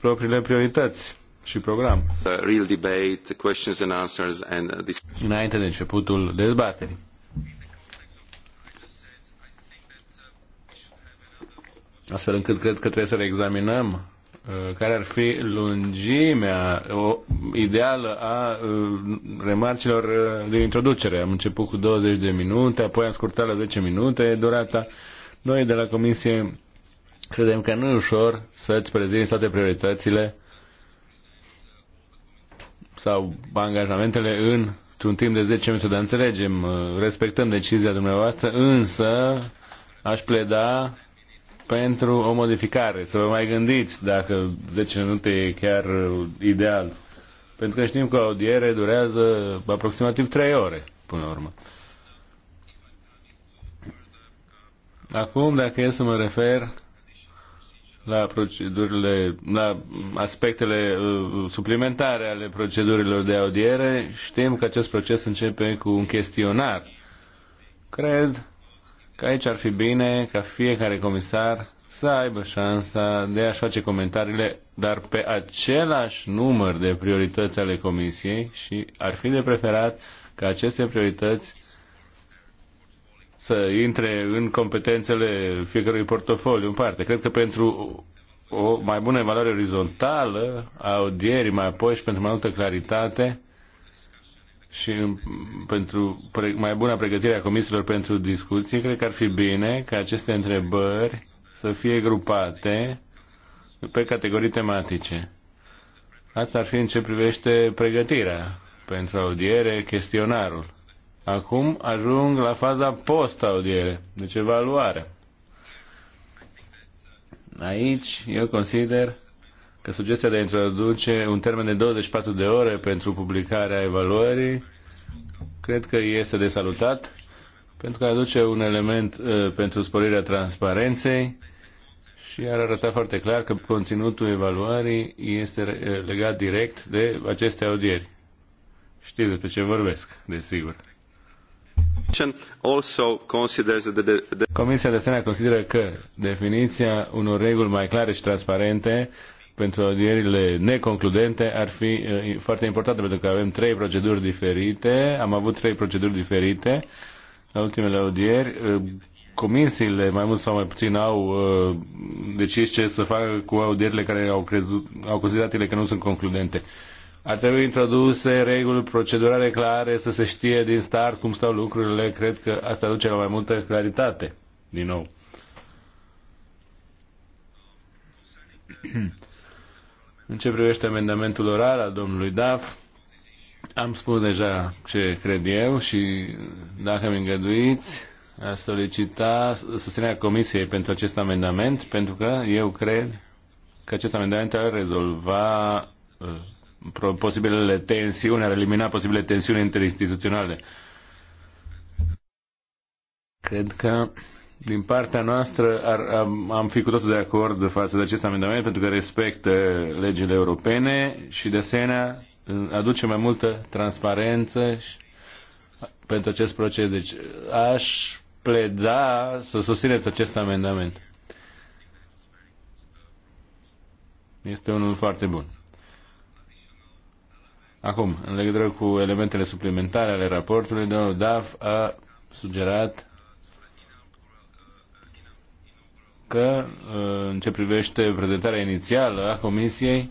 propriile priorități și program. Real debate, questions and answers and uh, this... Înainte de începutul dezbaterii. Astfel încât cred că trebuie să reexaminăm Uh, care ar fi lungimea o, ideală a uh, remarcilor uh, de introducere. Am început cu 20 de minute, apoi am scurtat la 10 minute durata. Noi de la Comisie credem că nu e ușor să-ți prezinti toate prioritățile sau angajamentele în un timp de 10 minute, dar înțelegem, respectăm decizia dumneavoastră, însă aș pleda pentru o modificare, să vă mai gândiți dacă 10 minute e chiar ideal. Pentru că știm că audiere durează aproximativ 3 ore, până la urmă. Acum, dacă e să mă refer la procedurile, la aspectele uh, suplimentare ale procedurilor de audiere, știm că acest proces începe cu un chestionar. Cred că aici ar fi bine ca fiecare comisar să aibă șansa de a-și face comentariile, dar pe același număr de priorități ale comisiei și ar fi de preferat ca aceste priorități să intre în competențele fiecărui portofoliu în parte. Cred că pentru o mai bună evaluare orizontală a audierii, mai apoi și pentru mai multă claritate, și în, pentru pre, mai bună pregătire a comisiilor pentru discuții, cred că ar fi bine ca aceste întrebări să fie grupate pe categorii tematice. Asta ar fi în ce privește pregătirea pentru audiere, chestionarul. Acum ajung la faza post-audiere, deci evaluare. Aici eu consider că sugestia de a introduce un termen de 24 de ore pentru publicarea evaluării cred că este de salutat pentru că aduce un element uh, pentru sporirea transparenței și ar arăta foarte clar că conținutul evaluării este uh, legat direct de aceste audieri. Știți despre ce vorbesc, desigur. Comisia de asemenea consideră că definiția unor reguli mai clare și transparente pentru audierile neconcludente ar fi foarte importantă, pentru că avem trei proceduri diferite, am avut trei proceduri diferite la ultimele audieri. Comisiile, mai mult sau mai puțin, au decis ce să facă cu audierile care au, crezut, au considerat ele că nu sunt concludente. Ar trebui introduse reguli procedurale clare, să se știe din start cum stau lucrurile. Cred că asta duce la mai multă claritate, din nou. În ce privește amendamentul oral al domnului Daf, am spus deja ce cred eu și, dacă mi îngăduiți, a solicita susținerea Comisiei pentru acest amendament, pentru că eu cred că acest amendament ar rezolva uh, posibilele tensiuni, ar elimina posibile tensiuni interinstituționale. Cred că din partea noastră ar, am, am fi cu totul de acord față de acest amendament pentru că respectă legile europene și de asemenea aduce mai multă transparență și, pentru acest proces. Deci aș pleda să susțineți acest amendament. Este unul foarte bun. Acum, în legătură cu elementele suplimentare ale raportului, domnul DAF a sugerat că uh, în ce privește prezentarea inițială a Comisiei,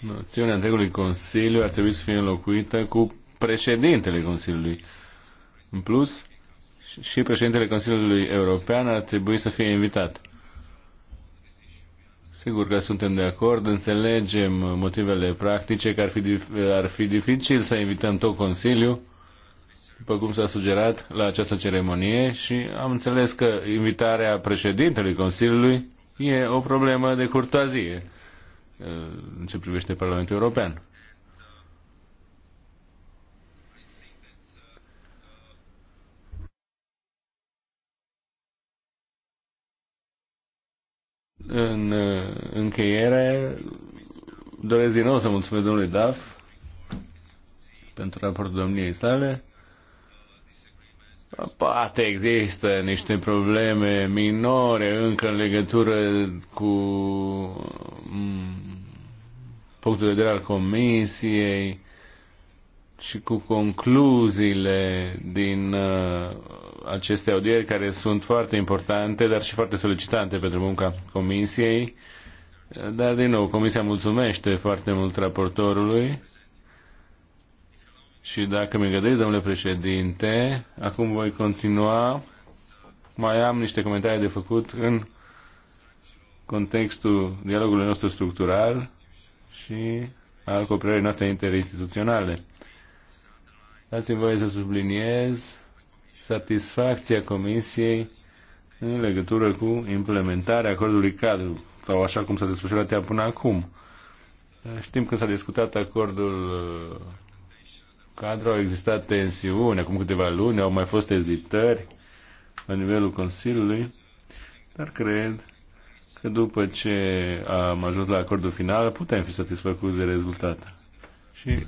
noțiunea întregului Consiliu ar trebui să fie înlocuită cu președintele Consiliului. În plus, și președintele Consiliului European ar trebui să fie invitat. Sigur că suntem de acord, înțelegem motivele practice, că ar fi, ar fi dificil să invităm tot Consiliul, după cum s-a sugerat, la această ceremonie și am înțeles că invitarea președintelui Consiliului e o problemă de curtoazie uh, în ce privește Parlamentul European. În uh, încheiere, doresc din nou să mulțumesc domnului Daf pentru raportul domniei sale Poate există niște probleme minore încă în legătură cu mm, punctul de vedere al Comisiei și cu concluziile din uh, aceste audieri care sunt foarte importante, dar și foarte solicitante pentru munca Comisiei. Dar, din nou, Comisia mulțumește foarte mult raportorului și dacă mi gădești, domnule președinte, acum voi continua. Mai am niște comentarii de făcut în contextul dialogului nostru structural și al cooperării noastre interinstituționale. Dați-mi voie să subliniez satisfacția Comisiei în legătură cu implementarea acordului cadru, sau așa cum s-a desfășurat ea până acum. Știm că s-a discutat acordul cadru au existat tensiuni, acum câteva luni au mai fost ezitări la nivelul Consiliului, dar cred că după ce am ajuns la acordul final putem fi satisfăcuți de rezultat. Și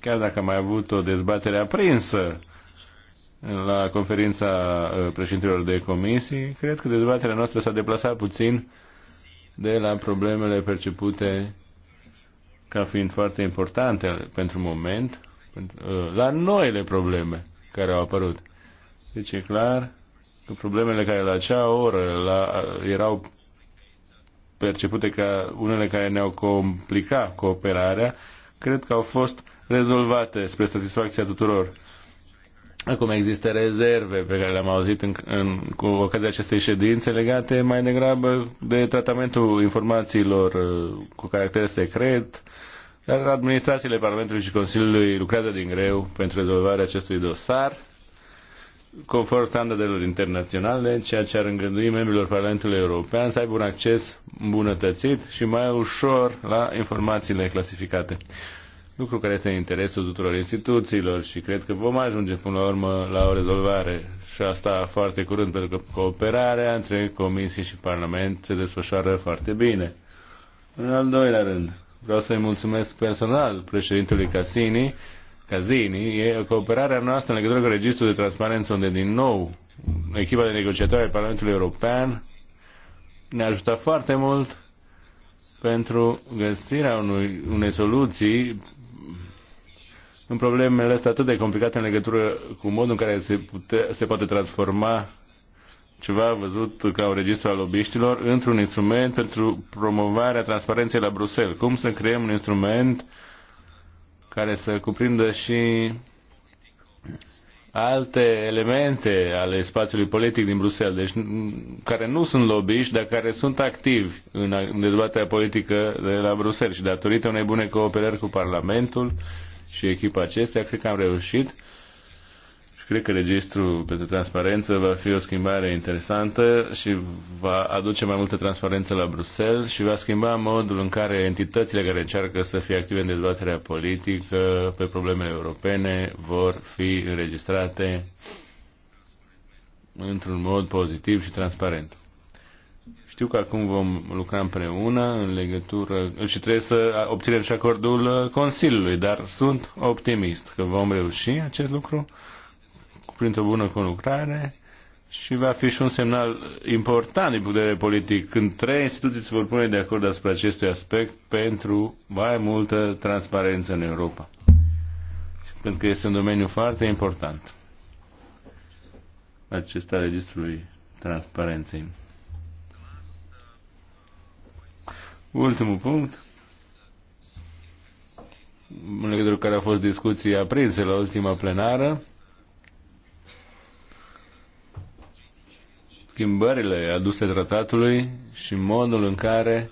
chiar dacă am mai avut o dezbatere aprinsă la conferința uh, președintelor de comisii, cred că dezbaterea noastră s-a deplasat puțin de la problemele percepute ca fiind foarte importante pentru moment uh, la noile probleme care au apărut. Deci e clar că problemele care la acea oră la, uh, erau percepute ca unele care ne-au complicat cooperarea, cred că au fost rezolvate spre satisfacția tuturor. Acum există rezerve pe care le-am auzit în, în, cu ocazia acestei ședințe legate mai degrabă de tratamentul informațiilor uh, cu caracter secret, dar administrațiile Parlamentului și Consiliului lucrează din greu pentru rezolvarea acestui dosar conform standardelor internaționale, ceea ce ar îngădui membrilor Parlamentului European să aibă un acces îmbunătățit și mai ușor la informațiile clasificate lucru care este în interesul tuturor instituțiilor și cred că vom ajunge până la urmă la o rezolvare și asta foarte curând, pentru că cooperarea între Comisie și Parlament se desfășoară foarte bine. În al doilea rând, vreau să-i mulțumesc personal președintelui Casini, Cazini, e cooperarea noastră în legătură cu registrul de transparență, unde din nou echipa de negociatori ai Parlamentului European ne-a ajutat foarte mult pentru găsirea unui, unei soluții în problemele astea atât de complicate în legătură cu modul în care se, pute, se poate transforma ceva văzut ca un registru al lobiștilor într-un instrument pentru promovarea transparenței la Bruxelles. Cum să creăm un instrument care să cuprindă și alte elemente ale spațiului politic din Bruxelles, deci care nu sunt lobbyiști, dar care sunt activi în dezbaterea politică de la Bruxelles și datorită unei bune cooperări cu Parlamentul și echipa acestea, cred că am reușit și cred că registrul pentru transparență va fi o schimbare interesantă și va aduce mai multă transparență la Bruxelles și va schimba modul în care entitățile care încearcă să fie active în dezbaterea politică pe problemele europene vor fi înregistrate într-un mod pozitiv și transparent. Știu că acum vom lucra împreună în legătură și trebuie să obținem și acordul uh, Consiliului, dar sunt optimist că vom reuși acest lucru printr-o bună conlucrare și va fi și un semnal important din punct de vedere politic când trei instituții se vor pune de acord asupra acestui aspect pentru mai multă transparență în Europa. Pentru că este un domeniu foarte important acesta registrului transparenței. Ultimul punct, în legătură cu care a fost discuții aprinsă la ultima plenară, schimbările aduse tratatului și modul în care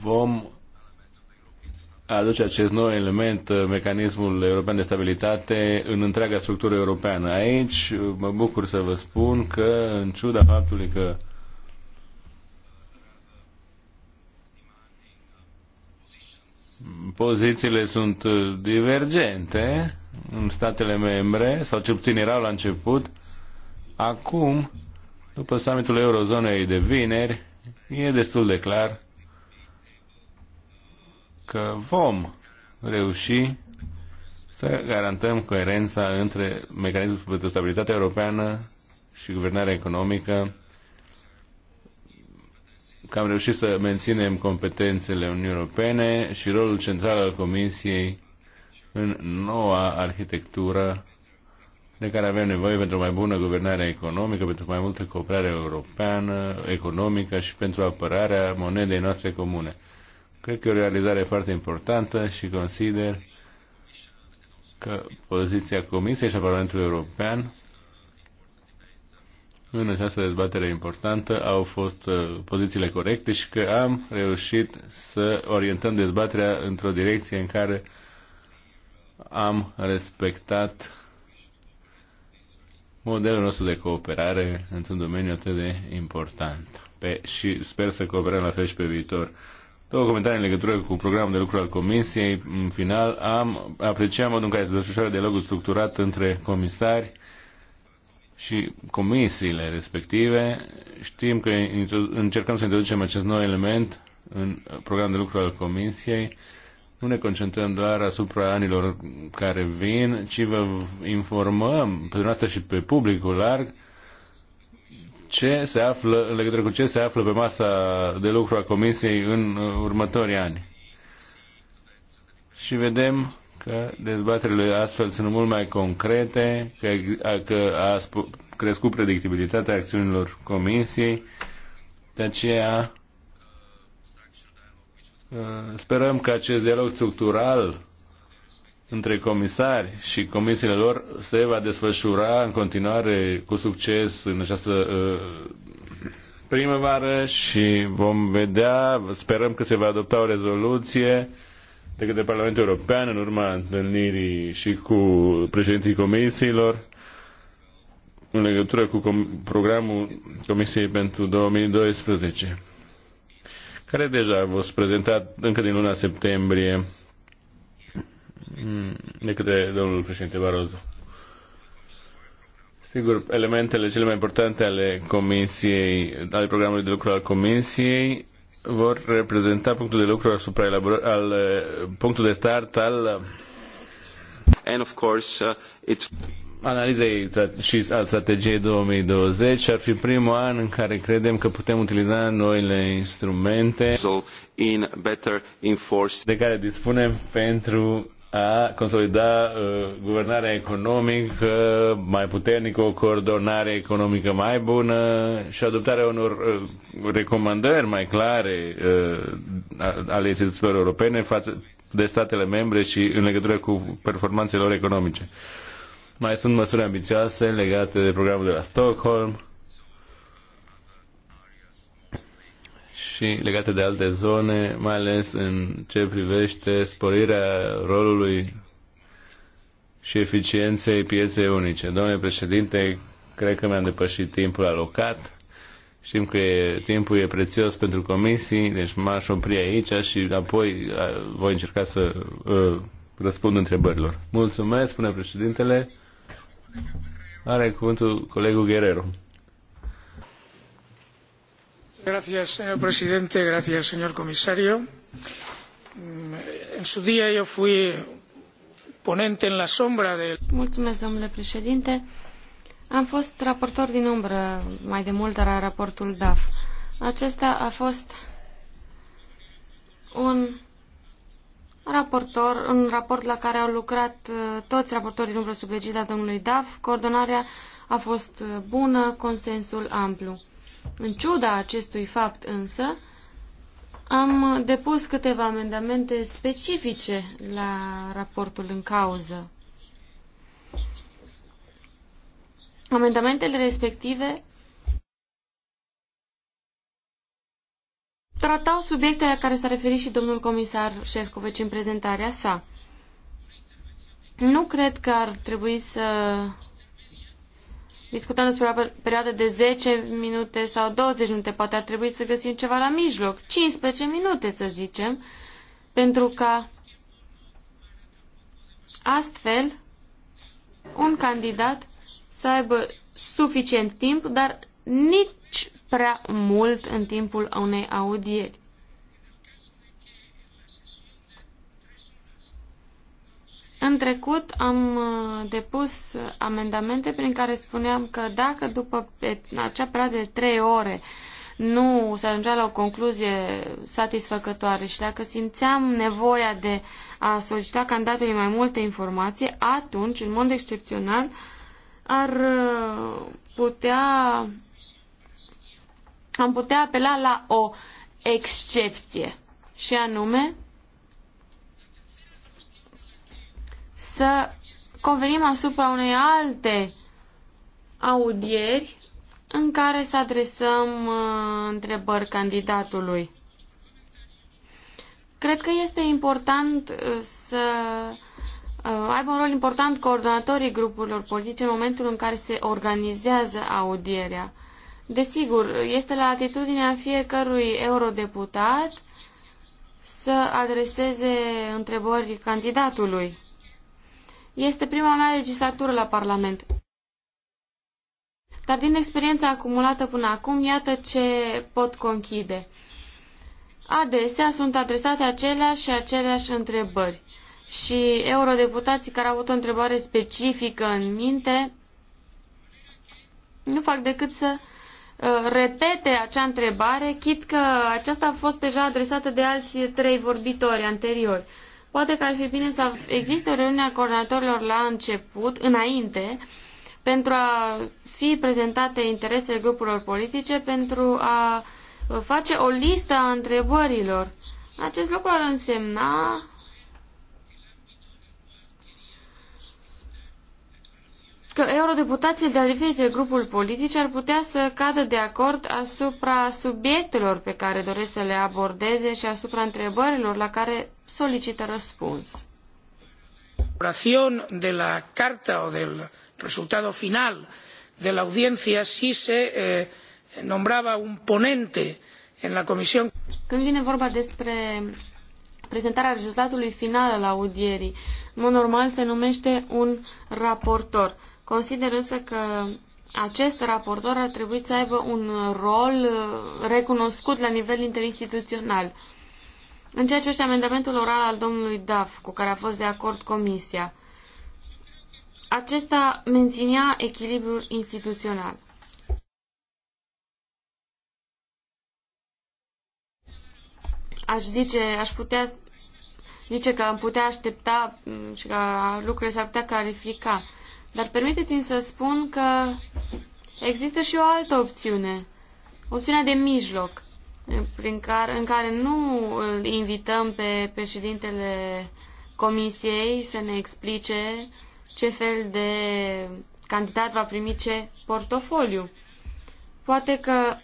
vom aduce acest nou element, uh, mecanismul european de stabilitate, în întreaga structură europeană. Aici mă bucur să vă spun că, în ciuda faptului că pozițiile sunt uh, divergente în statele membre, sau ce puțin erau la început. Acum, după summitul eurozonei de vineri, e destul de clar că vom reuși să garantăm coerența între mecanismul de stabilitate europeană și guvernarea economică că am reușit să menținem competențele Uniunii Europene și rolul central al Comisiei în noua arhitectură de care avem nevoie pentru o mai bună guvernare economică, pentru mai multă cooperare europeană, economică și pentru apărarea monedei noastre comune. Cred că e o realizare foarte importantă și consider că poziția Comisiei și a Parlamentului European în această dezbatere importantă au fost uh, pozițiile corecte și că am reușit să orientăm dezbaterea într-o direcție în care am respectat modelul nostru de cooperare într-un domeniu atât de important. Pe, și sper să cooperăm la fel și pe viitor. Două comentarii în legătură cu programul de lucru al Comisiei. În final, am apreciat modul în care se desfășoară dialogul structurat între comisari și comisiile respective. Știm că încercăm să introducem acest nou element în programul de lucru al comisiei. Nu ne concentrăm doar asupra anilor care vin, ci vă informăm pe dumneavoastră și pe publicul larg ce se află, în legătură cu ce se află pe masa de lucru a comisiei în uh, următorii ani. Și vedem că dezbaterile astfel sunt mult mai concrete, că, că a crescut predictibilitatea acțiunilor comisiei, de aceea uh, sperăm că acest dialog structural între comisari și comisiile lor se va desfășura în continuare cu succes în această uh, primăvară și vom vedea, sperăm că se va adopta o rezoluție de către Parlamentul European în urma întâlnirii și cu președintii comisiilor în legătură cu com- programul Comisiei pentru 2012, care deja a fost prezentat încă din luna septembrie de către domnul președinte Barroso. Sigur, elementele cele mai importante ale comisiei, ale programului de lucru al comisiei vor reprezenta punctul de lucru asupra al eh, punctul de start al eh, And of course, uh, it's analizei și al strategiei 2020 și ar fi primul an în care credem că putem utiliza noile instrumente de care dispunem pentru a consolida uh, guvernarea economică mai puternică, o coordonare economică mai bună și adoptarea unor uh, recomandări mai clare uh, ale instituțiilor europene față de statele membre și în legătură cu performanțele lor economice. Mai sunt măsuri ambițioase legate de programul de la Stockholm, și legate de alte zone, mai ales în ce privește sporirea rolului și eficienței pieței unice. Domnule președinte, cred că mi-am depășit timpul alocat. Știm că e, timpul e prețios pentru comisii, deci m-aș opri aici și apoi voi încerca să uh, răspund întrebărilor. Mulțumesc, spune președintele. Are cuvântul colegul Guerrero señor presidente. señor comisario. Mm, en su día yo fui ponente en la sombra del... Mulțumesc, domnule președinte. Am fost raportor din umbră mai de mult la raportul DAF. Acesta a fost un raportor, un raport la care au lucrat uh, toți raportorii din umbră sub egida domnului duff. Coordonarea a fost uh, bună, consensul amplu. În ciuda acestui fapt însă, am depus câteva amendamente specifice la raportul în cauză. Amendamentele respective tratau subiectele la care s-a referit și domnul comisar Șercoveci în prezentarea sa. Nu cred că ar trebui să discutăm despre o perioadă de 10 minute sau 20 minute, poate ar trebui să găsim ceva la mijloc, 15 minute să zicem, pentru ca astfel un candidat să aibă suficient timp, dar nici prea mult în timpul unei audieri. În trecut am uh, depus uh, amendamente prin care spuneam că dacă după acea perioadă de trei ore nu se ajungea la o concluzie satisfăcătoare și dacă simțeam nevoia de a solicita candidatului mai multe informații, atunci, în mod excepțional, ar uh, putea am putea apela la o excepție și anume să convenim asupra unei alte audieri în care să adresăm uh, întrebări candidatului. Cred că este important uh, să uh, aibă un rol important coordonatorii grupurilor politice în momentul în care se organizează audierea. Desigur, este la atitudinea fiecărui eurodeputat să adreseze întrebări candidatului. Este prima mea legislatură la Parlament. Dar din experiența acumulată până acum, iată ce pot conchide. Adesea sunt adresate aceleași și aceleași întrebări și eurodeputații care au avut o întrebare specifică în minte nu fac decât să uh, repete acea întrebare, chit că aceasta a fost deja adresată de alți trei vorbitori anteriori. Poate că ar fi bine să existe o reuniune a coordonatorilor la început, înainte, pentru a fi prezentate interesele grupurilor politice, pentru a uh, face o listă a întrebărilor. Acest lucru ar însemna că eurodeputații de diferite grupuri politice ar putea să cadă de acord asupra subiectelor pe care doresc să le abordeze și asupra întrebărilor la care solicită răspuns. de la carta o del resultado final de la audiencia si se eh, nombraba un ponente en la comisión. Când vine vorba despre prezentarea rezultatului final al audierii, în mod normal se numește un raportor. Consider însă că acest raportor ar trebui să aibă un rol uh, recunoscut la nivel interinstituțional. În ceea ce este amendamentul oral al domnului Daf, cu care a fost de acord comisia, acesta menținea echilibrul instituțional. Aș zice, aș putea zice că am putea aștepta mm, și că lucrurile s-ar putea clarifica. Dar permiteți-mi să spun că există și o altă opțiune, opțiunea de mijloc, prin care, în care nu îl invităm pe președintele comisiei să ne explice ce fel de candidat va primi ce portofoliu. Poate că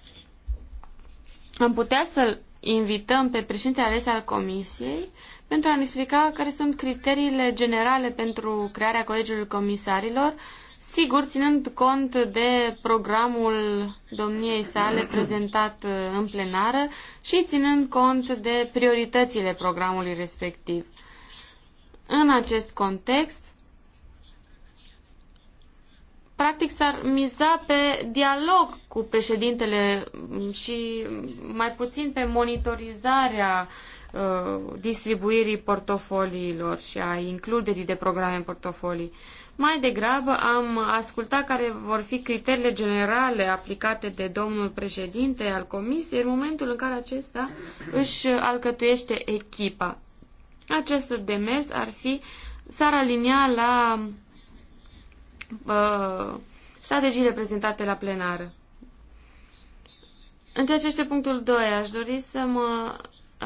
am putea să-l invităm pe președintele ales al Comisiei pentru a ne explica care sunt criteriile generale pentru crearea Colegiului Comisarilor, sigur ținând cont de programul domniei sale prezentat uh, în plenară și ținând cont de prioritățile programului respectiv. În acest context, practic s-ar miza pe dialog cu președintele și mai puțin pe monitorizarea uh, distribuirii portofoliilor și a includerii de programe în portofolii. Mai degrabă am ascultat care vor fi criteriile generale aplicate de domnul președinte al comisiei în momentul în care acesta își alcătuiește echipa. Acest demers ar fi s-ar alinia la uh, strategiile prezentate la plenară. În ceea ce este punctul 2, aș dori să mă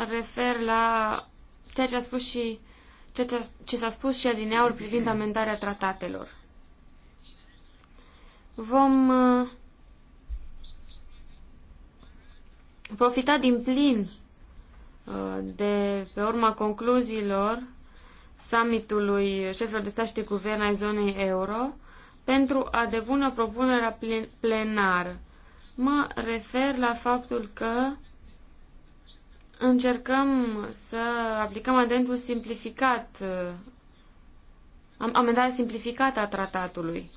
refer la ceea ce a spus și ceea ce s-a spus și alineaul privind amendarea tratatelor. Vom uh, profita din plin uh, de pe urma concluziilor summitului șefilor de stat și de guvern ai zonei euro pentru a devune o propunere plenară. Mă refer la faptul că încercăm să aplicăm adentul simplificat, uh, amendarea simplificată a tratatului.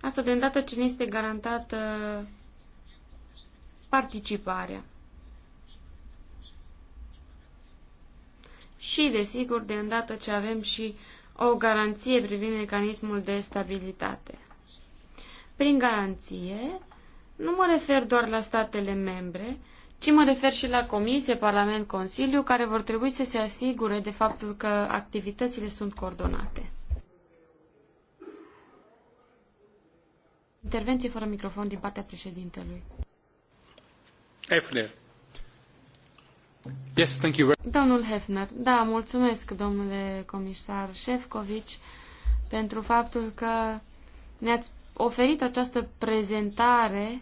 Asta de îndată ce ne este garantată participarea. Și, desigur, de îndată ce avem și o garanție privind mecanismul de stabilitate. Prin garanție, nu mă refer doar la statele membre, ci mă refer și la Comisie, Parlament, Consiliu, care vor trebui să se asigure de faptul că activitățile sunt coordonate. Intervenție fără microfon din partea președintelui. Efner. Yes, thank you. Domnul Hefner, da, mulțumesc, domnule comisar Șefcovici, pentru faptul că ne-ați oferit această prezentare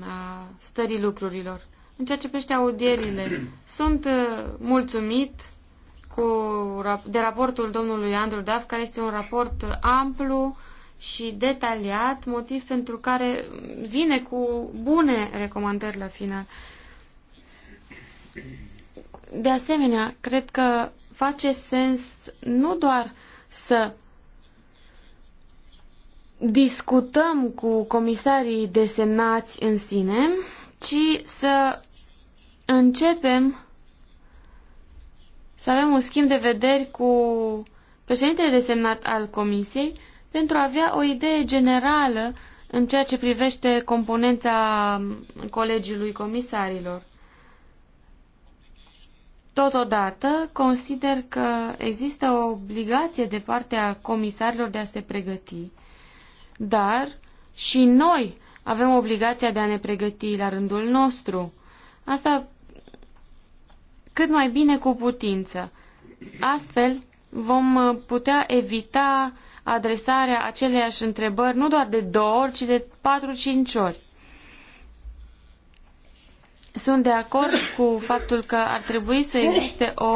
a stării lucrurilor. În ceea ce privește audierile, sunt uh, mulțumit cu, de raportul domnului Andrew Duff, care este un raport amplu și detaliat, motiv pentru care vine cu bune recomandări la final. De asemenea, cred că face sens nu doar să discutăm cu comisarii desemnați în sine, ci să începem să avem un schimb de vederi cu președintele desemnat al comisiei pentru a avea o idee generală în ceea ce privește componența colegiului comisarilor. Totodată, consider că există o obligație de partea comisarilor de a se pregăti, dar și noi avem obligația de a ne pregăti la rândul nostru. Asta cât mai bine cu putință. Astfel, vom uh, putea evita adresarea aceleiași întrebări nu doar de două ori, ci de patru-cinci ori. Sunt de acord cu faptul că ar trebui să existe o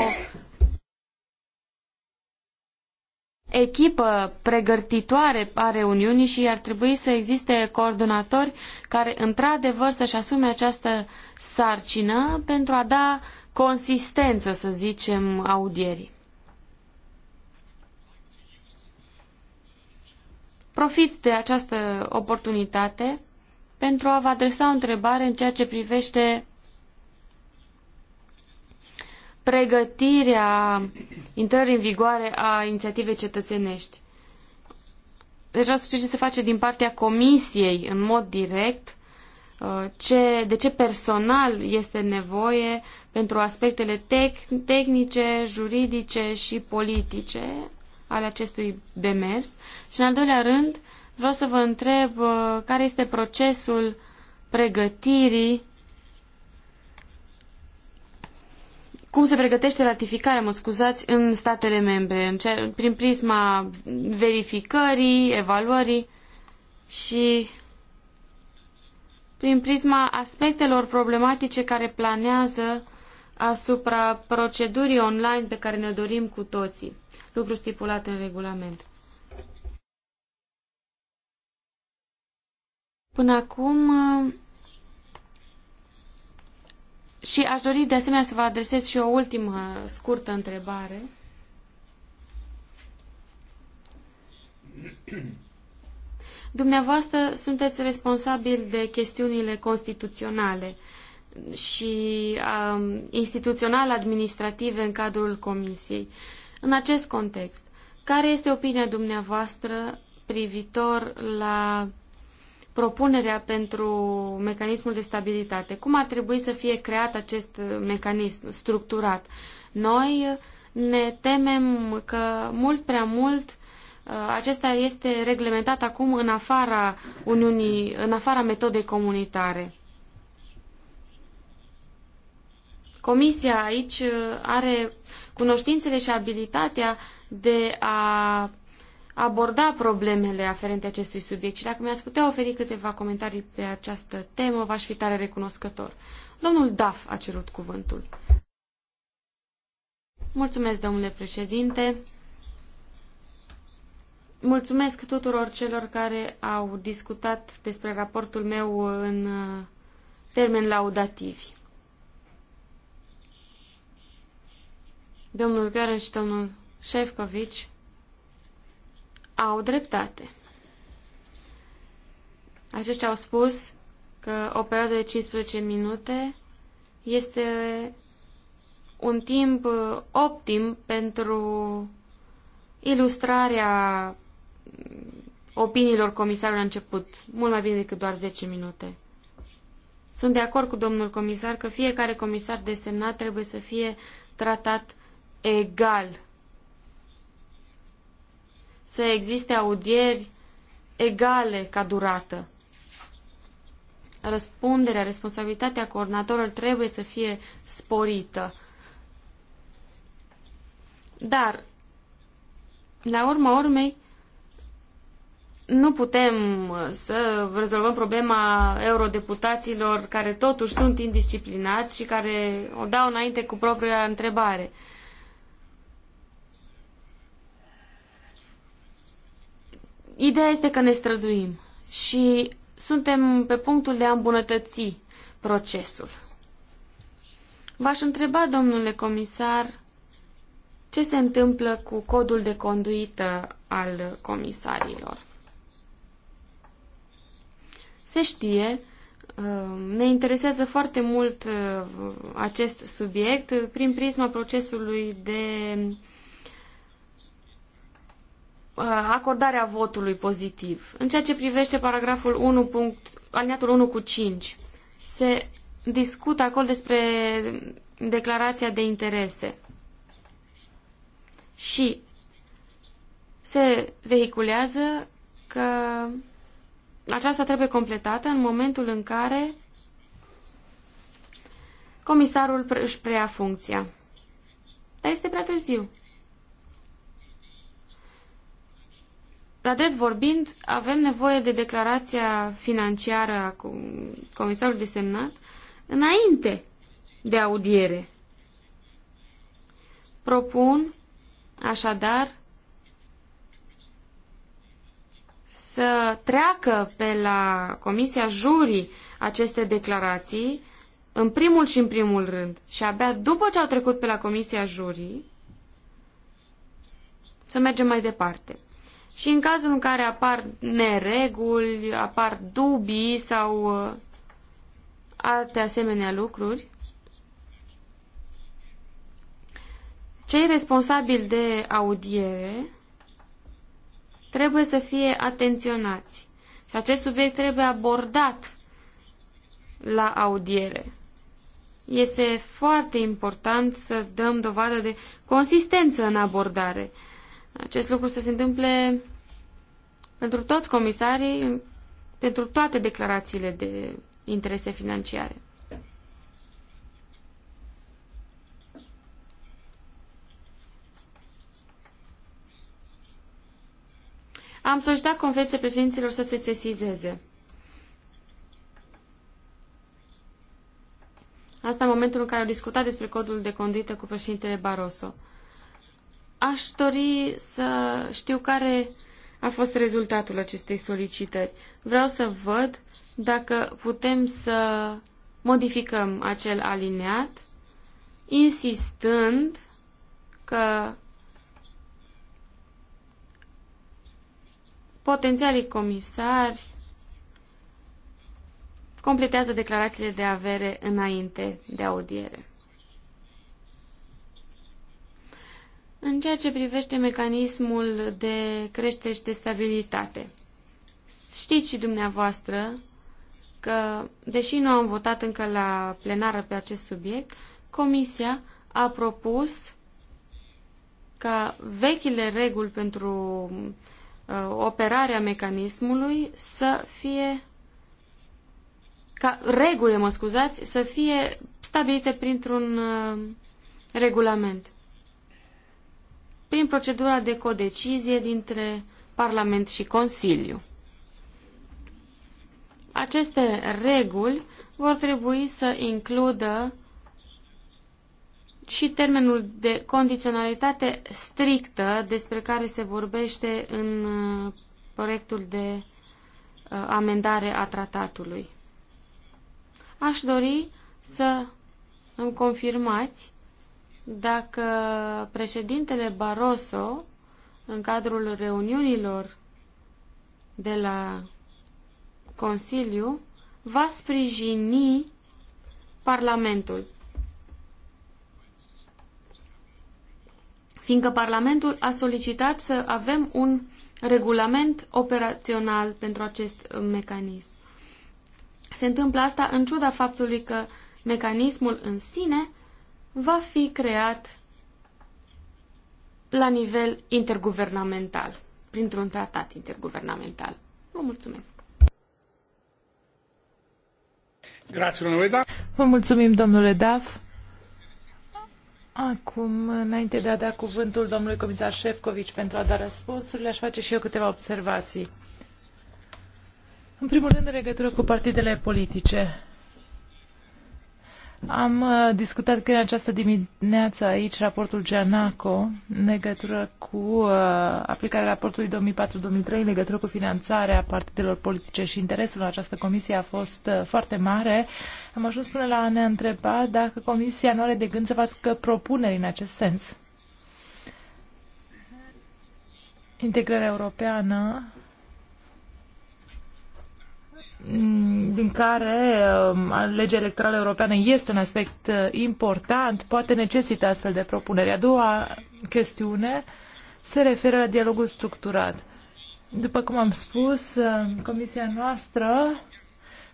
echipă pregătitoare a reuniunii și ar trebui să existe coordonatori care într-adevăr să-și asume această sarcină pentru a da consistență, să zicem, audierii. Profit de această oportunitate pentru a vă adresa o întrebare în ceea ce privește pregătirea intrării în vigoare a inițiativei cetățenești. Deci vreau să știu ce se face din partea comisiei în mod direct, uh, ce, de ce personal este nevoie pentru aspectele tec- tehnice, juridice și politice ale acestui demers. Și în al doilea rând, vreau să vă întreb uh, care este procesul pregătirii cum se pregătește ratificarea, mă scuzați, în statele membre, în ce, prin prisma verificării, evaluării și prin prisma aspectelor problematice care planează asupra procedurii online pe care ne dorim cu toții, lucru stipulat în regulament. Până acum și aș dori de asemenea să vă adresez și o ultimă uh, scurtă întrebare. Dumneavoastră sunteți responsabil de chestiunile constituționale și um, instituțional-administrative în cadrul Comisiei. În acest context, care este opinia dumneavoastră privitor la propunerea pentru mecanismul de stabilitate. Cum ar trebui să fie creat acest mecanism structurat? Noi ne temem că mult prea mult uh, acesta este reglementat acum în afara Uniunii, în afara metodei comunitare. Comisia aici uh, are cunoștințele și abilitatea de a aborda problemele aferente acestui subiect și dacă mi-ați putea oferi câteva comentarii pe această temă, v-aș fi tare recunoscător. Domnul Daf a cerut cuvântul. Mulțumesc, domnule președinte. Mulțumesc tuturor celor care au discutat despre raportul meu în uh, termeni laudativi. Domnul Garen și domnul Șefcovici au dreptate. Aceștia au spus că o perioadă de 15 minute este un timp optim pentru ilustrarea opiniilor comisarului la început, mult mai bine decât doar 10 minute. Sunt de acord cu domnul comisar că fiecare comisar desemnat trebuie să fie tratat egal să existe audieri egale ca durată. Răspunderea, responsabilitatea coordonatorilor trebuie să fie sporită. Dar, la urma urmei, nu putem uh, să rezolvăm problema eurodeputaților care totuși sunt indisciplinați și care o dau înainte cu propria întrebare. Ideea este că ne străduim și suntem pe punctul de a îmbunătăți procesul. V-aș întreba, domnule comisar, ce se întâmplă cu codul de conduită al comisarilor. Se știe, uh, ne interesează foarte mult uh, acest subiect prin prisma procesului de Uh, acordarea votului pozitiv. În ceea ce privește paragraful 1, punct, aliniatul 1 cu 5, se discută acolo despre declarația de interese. Și se vehiculează că aceasta trebuie completată în momentul în care comisarul își preia funcția. Dar este prea târziu. La drept vorbind, avem nevoie de declarația financiară a comisarului desemnat înainte de audiere. Propun, așadar, să treacă pe la Comisia Jurii aceste declarații, în primul și în primul rând, și abia după ce au trecut pe la Comisia Jurii, să mergem mai departe și în cazul în care apar nereguli, apar dubii sau uh, alte asemenea lucruri, cei responsabili de audiere trebuie să fie atenționați. Și acest subiect trebuie abordat la audiere. Este foarte important să dăm dovadă de consistență în abordare acest lucru să se întâmple pentru toți comisarii, pentru toate declarațiile de interese financiare. Am solicitat conferinței președinților să se sesizeze. Asta în momentul în care au discutat despre codul de conduită cu președintele Barroso. Aș dori să știu care a fost rezultatul acestei solicitări. Vreau să văd dacă putem să modificăm acel alineat, insistând că potențialii comisari completează declarațiile de avere înainte de audiere. În ceea ce privește mecanismul de creștere și de stabilitate, știți și dumneavoastră că, deși nu am votat încă la plenară pe acest subiect, Comisia a propus ca vechile reguli pentru uh, operarea mecanismului să fie ca regulile, mă scuzați, să fie stabilite printr-un uh, regulament prin procedura de codecizie dintre Parlament și Consiliu. Aceste reguli vor trebui să includă și termenul de condiționalitate strictă despre care se vorbește în uh, proiectul de uh, amendare a tratatului. Aș dori să îmi confirmați dacă președintele Barroso, în cadrul reuniunilor de la Consiliu, va sprijini Parlamentul. Fiindcă Parlamentul a solicitat să avem un regulament operațional pentru acest mecanism. Se întâmplă asta în ciuda faptului că mecanismul în sine va fi creat la nivel interguvernamental, printr-un tratat interguvernamental. Vă mulțumesc! Grazie, domnule Daf. Vă mulțumim, domnule Daf. Acum, înainte de a da cuvântul domnului comisar Șefcovici pentru a da răspunsurile, aș face și eu câteva observații. În primul rând, în legătură cu partidele politice. Am uh, discutat chiar această dimineață aici raportul Gianaco în legătură cu uh, aplicarea raportului 2004-2003 în legătură cu finanțarea partidelor politice și interesul în această comisie a fost uh, foarte mare. Am ajuns până la a ne întreba dacă comisia nu are de gând să facă propuneri în acest sens. Integrarea europeană Mm, din care um, legea electorală europeană este un aspect uh, important, poate necesită astfel de propuneri. A doua chestiune se referă la dialogul structurat. După cum am spus, uh, comisia noastră,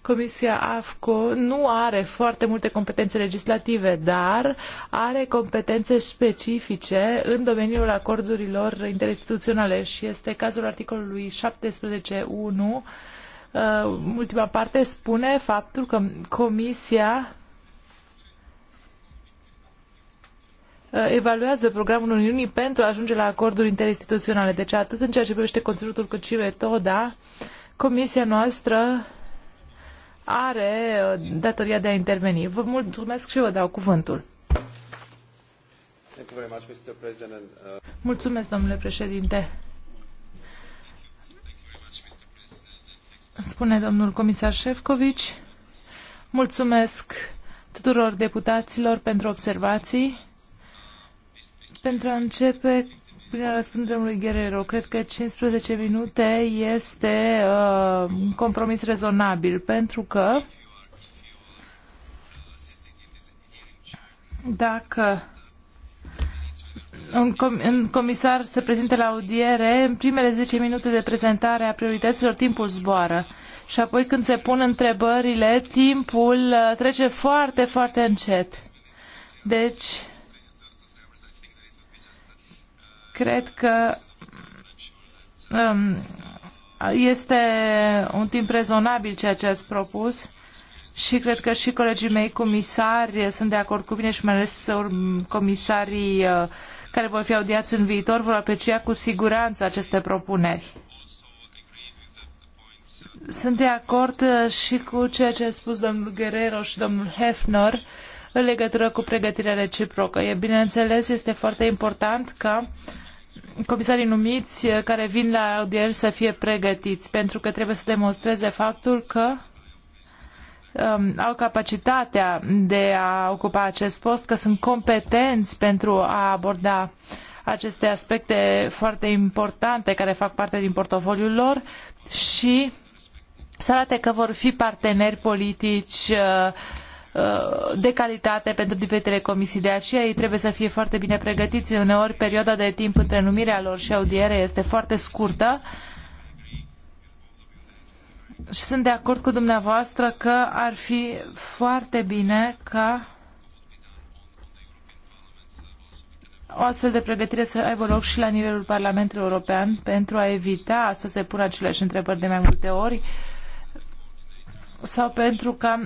comisia AFCO, nu are foarte multe competențe legislative, dar are competențe specifice în domeniul acordurilor interinstituționale și este cazul articolului 17.1 Uh, ultima parte spune faptul că Comisia uh, evaluează programul Uniunii pentru a ajunge la acorduri interinstituționale. Deci atât în ceea ce privește conținutul cât și metoda, Comisia noastră are uh, datoria de a interveni. Vă mulțumesc și vă dau cuvântul. Mulțumesc, domnule președinte. spune domnul comisar Șefcovici. Mulțumesc tuturor deputaților pentru observații. Pentru a începe prin a răspunde domnului Guerrero, cred că 15 minute este uh, un compromis rezonabil, pentru că dacă un, com un comisar se prezinte la audiere, în primele 10 minute de prezentare a priorităților, timpul zboară. Și apoi când se pun întrebările, timpul uh, trece foarte, foarte încet. Deci, cred că um, este un timp rezonabil ceea ce ați propus și cred că și colegii mei comisari sunt de acord cu mine și mai ales comisarii uh, care vor fi audiați în viitor vor aprecia cu siguranță aceste propuneri. Sunt de acord uh, și cu ceea ce a spus domnul Guerrero și domnul Hefner în legătură cu pregătirea reciprocă. E bineînțeles, este foarte important ca comisarii numiți uh, care vin la audieri să fie pregătiți, pentru că trebuie să demonstreze faptul că um, au capacitatea de a ocupa acest post, că sunt competenți pentru a aborda aceste aspecte foarte importante care fac parte din portofoliul lor și să arate că vor fi parteneri politici uh, uh de calitate pentru diferitele comisii. De aceea ei trebuie să fie foarte bine pregătiți. Uneori perioada de timp între numirea lor și audiere este foarte scurtă și sunt de acord cu dumneavoastră că ar fi foarte bine ca o astfel de pregătire să aibă loc și la nivelul Parlamentului European pentru a evita să se pună aceleași întrebări de mai multe ori sau pentru ca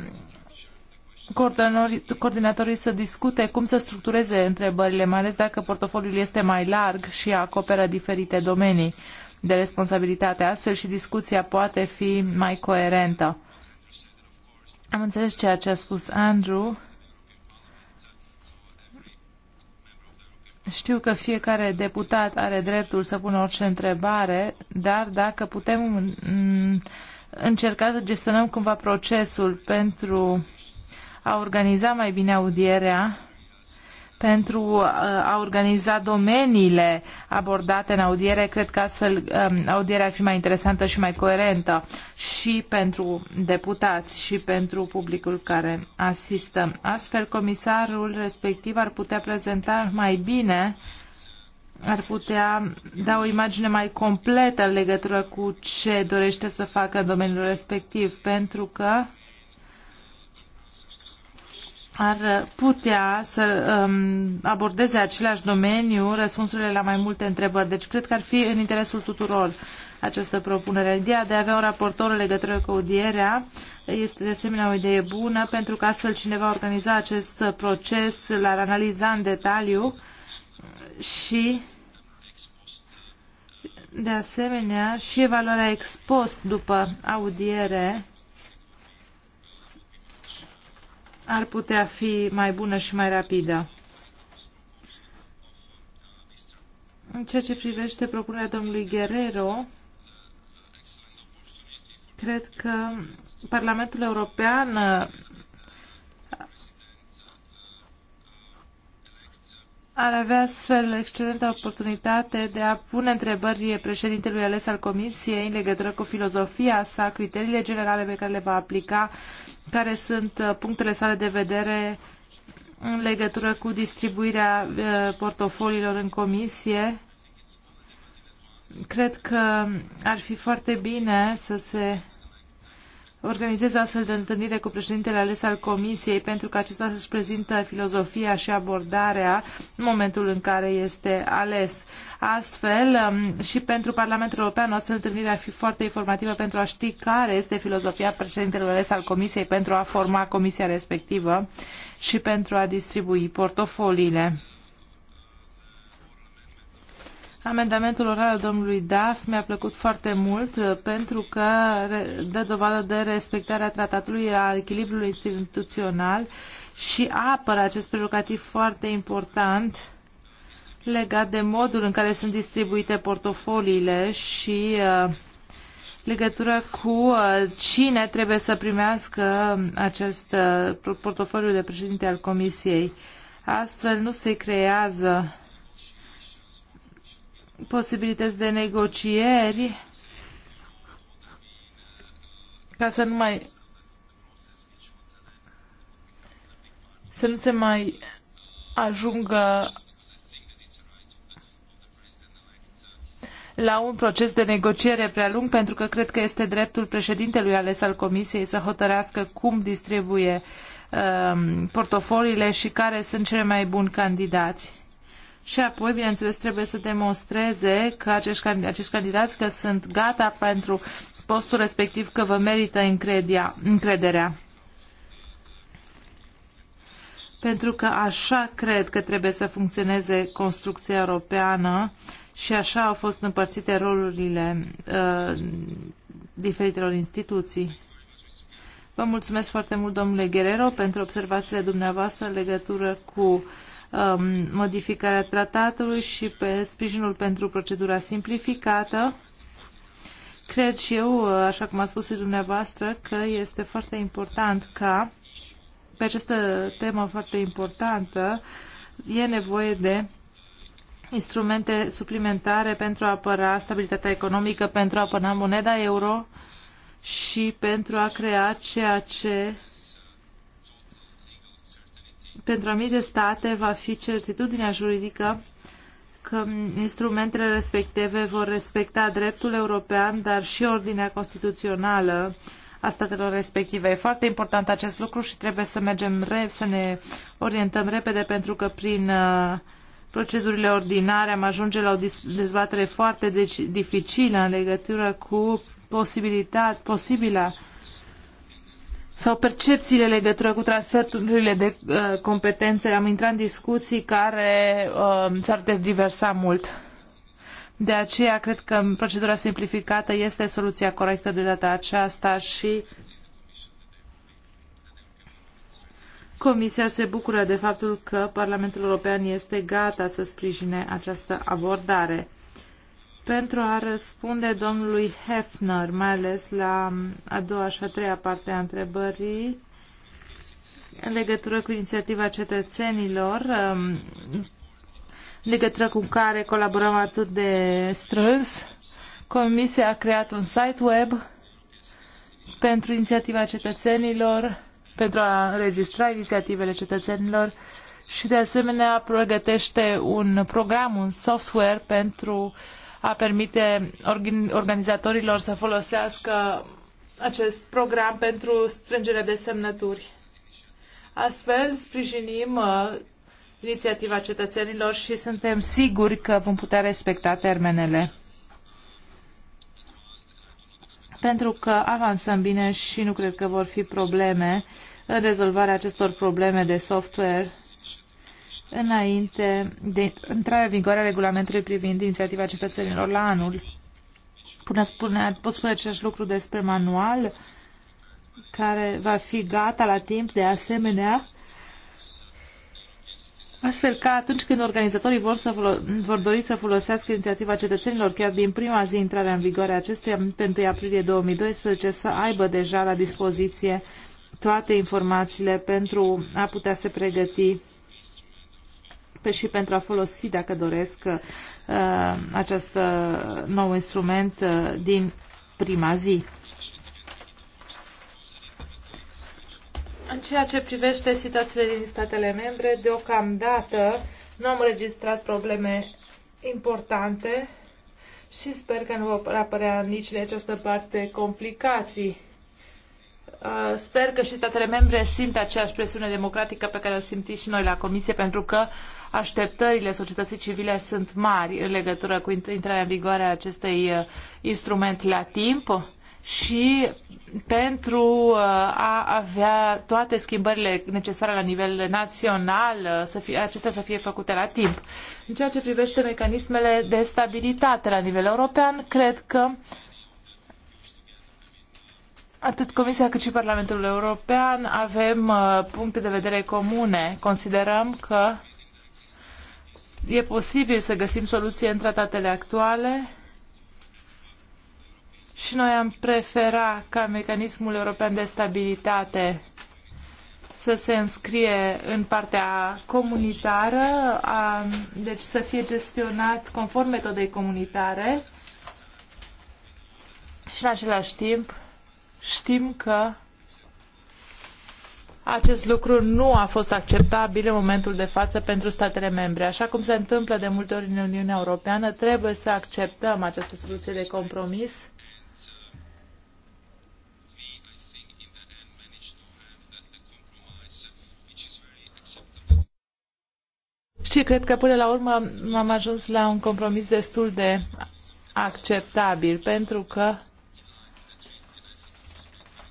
coordonatorii să discute cum să structureze întrebările, mai ales dacă portofoliul este mai larg și acoperă diferite domenii de responsabilitate. Astfel și discuția poate fi mai coerentă. Am înțeles ceea ce a spus Andrew. Știu că fiecare deputat are dreptul să pună orice întrebare, dar dacă putem mm, încerca să gestionăm cumva procesul pentru a organiza mai bine audierea, pentru uh, a organiza domeniile abordate în audiere. Cred că astfel um, audierea ar fi mai interesantă și mai coerentă și pentru deputați și pentru publicul care asistă. Astfel, comisarul respectiv ar putea prezenta mai bine ar putea da o imagine mai completă în legătură cu ce dorește să facă în domeniul respectiv, pentru că ar putea să um, abordeze același domeniu, răspunsurile la mai multe întrebări. Deci cred că ar fi în interesul tuturor această propunere. Ideea de a avea un raportor în legătură cu audierea este de asemenea o idee bună pentru că astfel cineva organiza acest proces, l-ar analiza în detaliu și de asemenea și evaluarea ex post după audiere ar putea fi mai bună și mai rapidă. În ceea ce privește propunerea domnului Guerrero, cred că Parlamentul European ar avea astfel excelentă oportunitate de a pune întrebări președintelui ales al Comisiei în legătură cu filozofia sa, criteriile generale pe care le va aplica, care sunt uh, punctele sale de vedere în legătură cu distribuirea uh, portofoliilor în comisie. Cred că ar fi foarte bine să se organizez astfel de întâlnire cu președintele ales al Comisiei pentru că acesta să-și prezintă filozofia și abordarea în momentul în care este ales. Astfel, um, și pentru Parlamentul European, o astfel de întâlnire ar fi foarte informativă pentru a ști care este filozofia președintelui ales al Comisiei pentru a forma comisia respectivă și pentru a distribui portofoliile. Amendamentul oral al domnului Daf mi-a plăcut foarte mult uh, pentru că dă dovadă de respectarea tratatului a echilibrului instituțional și apără acest prerogativ foarte important legat de modul în care sunt distribuite portofoliile și uh, legătură cu uh, cine trebuie să primească acest portofoliu de președinte al Comisiei. Astfel nu se creează posibilități de negocieri ca să nu mai să nu se mai ajungă la un proces de negociere prea lung, pentru că cred că este dreptul președintelui ales al Comisiei să hotărească cum distribuie um, portofoliile și care sunt cele mai buni candidați și apoi, bineînțeles, trebuie să demonstreze că acești, acești candidați că sunt gata pentru postul respectiv, că vă merită încredia, încrederea. Pentru că așa cred că trebuie să funcționeze construcția europeană și așa au fost împărțite rolurile uh, diferitelor instituții. Vă mulțumesc foarte mult, domnule Guerrero, pentru observațiile dumneavoastră în legătură cu uh, Um, modificarea tratatului și pe sprijinul pentru procedura simplificată. Cred și eu, uh, așa cum a spus și dumneavoastră, că este foarte important ca pe această temă foarte importantă e nevoie de instrumente suplimentare pentru a apăra stabilitatea economică, pentru a apăra moneda euro și pentru a crea ceea ce pentru anumite state va fi certitudinea juridică că instrumentele respective vor respecta dreptul european, dar și ordinea constituțională a statelor respective. E foarte important acest lucru și trebuie să mergem re, să ne orientăm repede pentru că prin uh, procedurile ordinare am ajunge la o dezbatere foarte deci-, dificilă în legătură cu posibilitate, posibilă sau percepțiile legătură cu transferurile de uh, competențe. Am intrat în discuții care uh, s-ar tergiversa mult. De aceea cred că procedura simplificată este soluția corectă de data aceasta și Comisia se bucură de faptul că Parlamentul European este gata să sprijine această abordare pentru a răspunde domnului Hefner, mai ales la a doua și a treia parte a întrebării în legătură cu inițiativa cetățenilor, um, în legătură cu care colaborăm atât de strâns. Comisia a creat un site web pentru inițiativa cetățenilor, pentru a înregistra inițiativele cetățenilor și de asemenea pregătește un program, un software pentru uh, a permite organizatorilor să folosească acest program pentru strângere de semnături. Astfel, sprijinim uh, inițiativa cetățenilor și suntem siguri că vom putea respecta termenele. Pentru că avansăm bine și nu cred că vor fi probleme în rezolvarea acestor probleme de software înainte de intrarea în vigoare a regulamentului privind inițiativa cetățenilor la anul. Până spune, pot spune același lucru despre manual, care va fi gata la timp de asemenea, astfel că atunci când organizatorii vor, să vor dori să folosească inițiativa cetățenilor chiar din prima zi intrarea în vigoare a acestuia, pe 1 aprilie 2012, să aibă deja la dispoziție toate informațiile pentru a putea se pregăti și pentru a folosi, dacă doresc, uh, acest uh, nou instrument uh, din prima zi. În ceea ce privește situațiile din statele membre, deocamdată nu am registrat probleme importante și sper că nu vor apărea nici în această parte complicații sper că și statele membre simt aceeași presiune democratică pe care o simți și noi la Comisie, pentru că așteptările societății civile sunt mari în legătură cu intrarea în vigoare a acestui uh, instrument la timp și pentru uh, a avea toate schimbările necesare la nivel național, uh, să fie, acestea să fie făcute la timp. În ceea ce privește mecanismele de stabilitate la nivel european, cred că Atât Comisia cât și Parlamentul European avem uh, puncte de vedere comune. Considerăm că e posibil să găsim soluție în tratatele actuale și noi am prefera ca mecanismul european de stabilitate să se înscrie în partea comunitară, a, deci să fie gestionat conform metodei comunitare și în același timp Știm că acest lucru nu a fost acceptabil în momentul de față pentru statele membre. Așa cum se întâmplă de multe ori în Uniunea Europeană, trebuie să acceptăm această soluție de compromis. Și cred că până la urmă am ajuns la un compromis destul de acceptabil, pentru că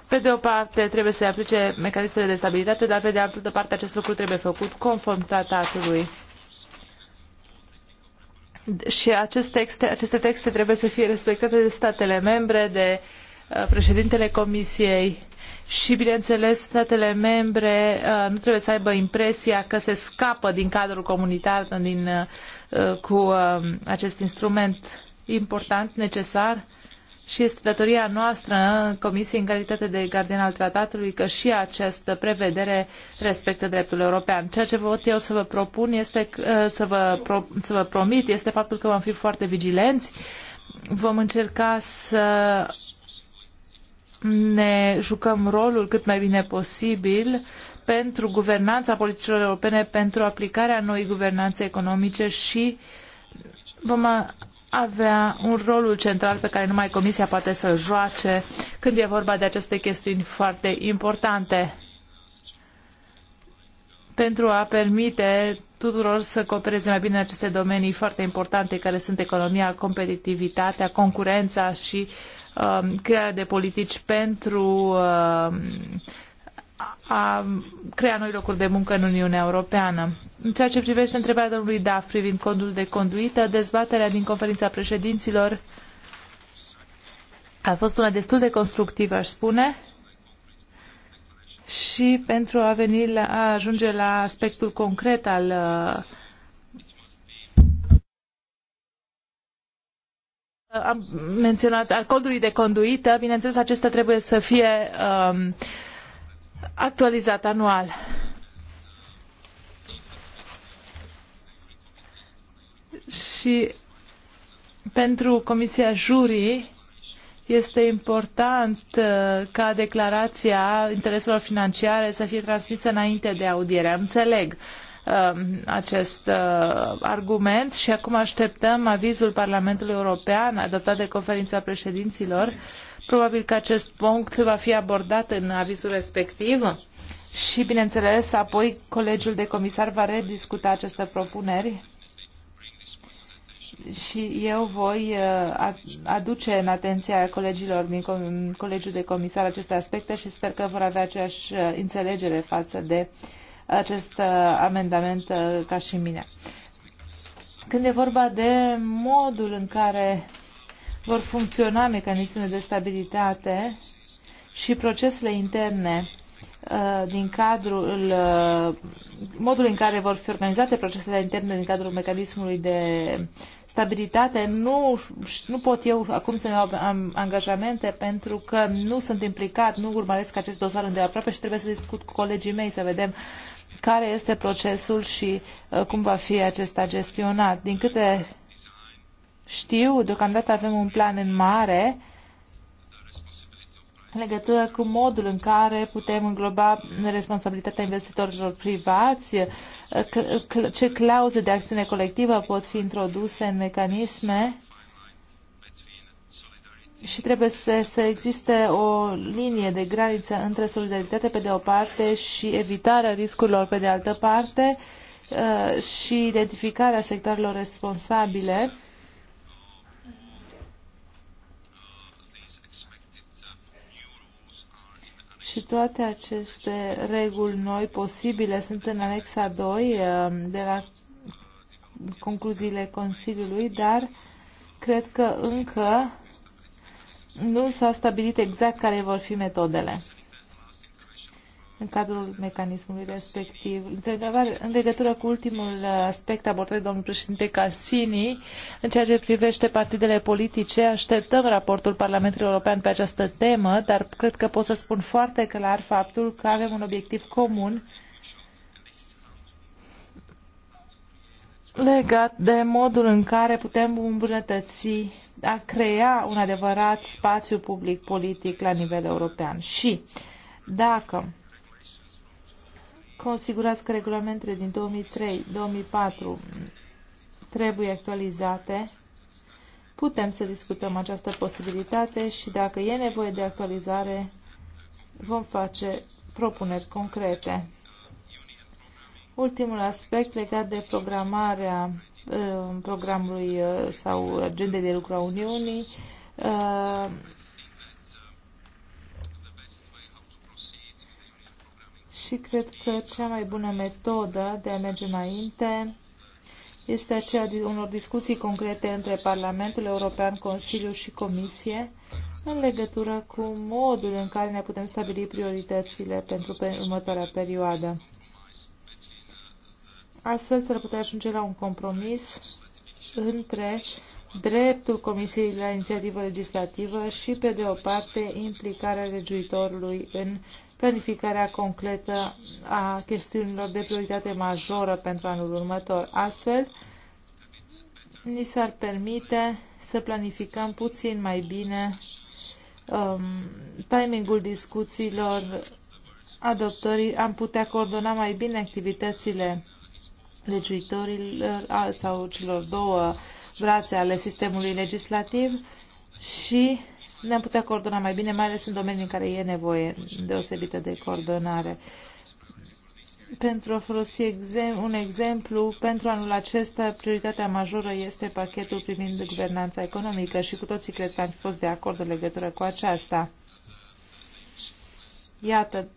pe de o parte trebuie să aplice mecanismele de stabilitate, dar pe de altă parte acest lucru trebuie făcut conform tratatului. Și aceste texte, aceste texte trebuie să fie respectate de statele membre, de uh, președintele Comisiei și, bineînțeles, statele membre uh, nu trebuie să aibă impresia că se scapă din cadrul comunitar din, uh, cu acest instrument important, necesar și este datoria noastră, Comisiei, în calitate de gardian al tratatului, că și această prevedere respectă dreptul european. Ceea ce vă eu să vă propun este, uh, să vă, pro, să vă promit, este faptul că vom fi foarte vigilenți, vom încerca să ne jucăm rolul cât mai bine posibil pentru guvernanța politicilor europene, pentru aplicarea noii guvernanțe economice și vom uh, avea un rolul central pe care numai Comisia poate să-l joace când e vorba de aceste chestiuni foarte importante pentru a permite tuturor să coopereze mai bine în aceste domenii foarte importante care sunt economia, competitivitatea, concurența și uh, crearea de politici pentru uh, a crea noi locuri de muncă în Uniunea Europeană. În ceea ce privește întrebarea domnului Daf privind codul de conduită, dezbaterea din conferința președinților a fost una destul de constructivă, aș spune, și pentru a, veni la, a ajunge la aspectul concret al uh, am menționat al codului de conduită, bineînțeles acesta trebuie să fie um, actualizat anual. Și pentru Comisia Jurii este important uh, ca declarația intereselor financiare să fie transmisă înainte de audiere. Înțeleg um, acest uh, argument și acum așteptăm avizul Parlamentului European adoptat de conferința președinților Probabil că acest punct va fi abordat în avizul respectiv și, bineînțeles, apoi colegiul de comisar va rediscuta aceste propuneri și eu voi uh, aduce în atenția colegilor din Colegiul de Comisar aceste aspecte și sper că vor avea aceeași uh, înțelegere față de acest uh, amendament ca și mine. Când e vorba de modul în care vor funcționa mecanismele de stabilitate și procesele interne uh, din cadrul uh, modul în care vor fi organizate procesele interne din cadrul mecanismului de stabilitate, nu, nu pot eu acum să-mi iau angajamente pentru că nu sunt implicat, nu urmăresc acest dosar îndeaproape și trebuie să discut cu colegii mei să vedem care este procesul și uh, cum va fi acesta gestionat. Din câte știu, deocamdată avem un plan în mare în legătură cu modul în care putem îngloba responsabilitatea investitorilor privați, ce clauze de acțiune colectivă pot fi introduse în mecanisme și trebuie să, să existe o linie de graniță între solidaritate pe de o parte și evitarea riscurilor pe de altă parte uh, și identificarea sectorilor responsabile Și toate aceste reguli noi posibile sunt în anexa 2 um, de la concluziile Consiliului, dar cred că încă nu s-a stabilit exact care vor fi metodele în cadrul mecanismului respectiv. Întrebare în legătură cu ultimul aspect abordat de domnul președinte Cassini, în ceea ce privește partidele politice, așteptăm raportul Parlamentului European pe această temă, dar cred că pot să spun foarte clar faptul că avem un obiectiv comun legat de modul în care putem îmbunătăți, a crea un adevărat spațiu public politic la nivel european. Și dacă Consigurați că regulamentele din 2003-2004 trebuie actualizate. Putem să discutăm această posibilitate și dacă e nevoie de actualizare, vom face propuneri concrete. Ultimul aspect legat de programarea uh, programului uh, sau agendei de lucru a Uniunii uh, și cred că cea mai bună metodă de a merge înainte este aceea de unor discuții concrete între Parlamentul European, Consiliu și Comisie în legătură cu modul în care ne putem stabili prioritățile pentru pe următoarea perioadă. Astfel s-ar putea ajunge la un compromis între dreptul Comisiei la inițiativă legislativă și, pe de o parte, implicarea legiuitorului în planificarea concretă a chestiunilor de prioritate majoră pentru anul următor. Astfel, ni s-ar permite să planificăm puțin mai bine um, timingul discuțiilor adoptării, am putea coordona mai bine activitățile legiuitorilor sau celor două brațe ale sistemului legislativ și ne-am putea coordona mai bine, mai ales în domenii în care e nevoie deosebită de coordonare. Pentru a folosi exem un exemplu, pentru anul acesta prioritatea majoră este pachetul privind guvernanța economică și cu toții cred că am fost de acord în legătură cu aceasta. Iată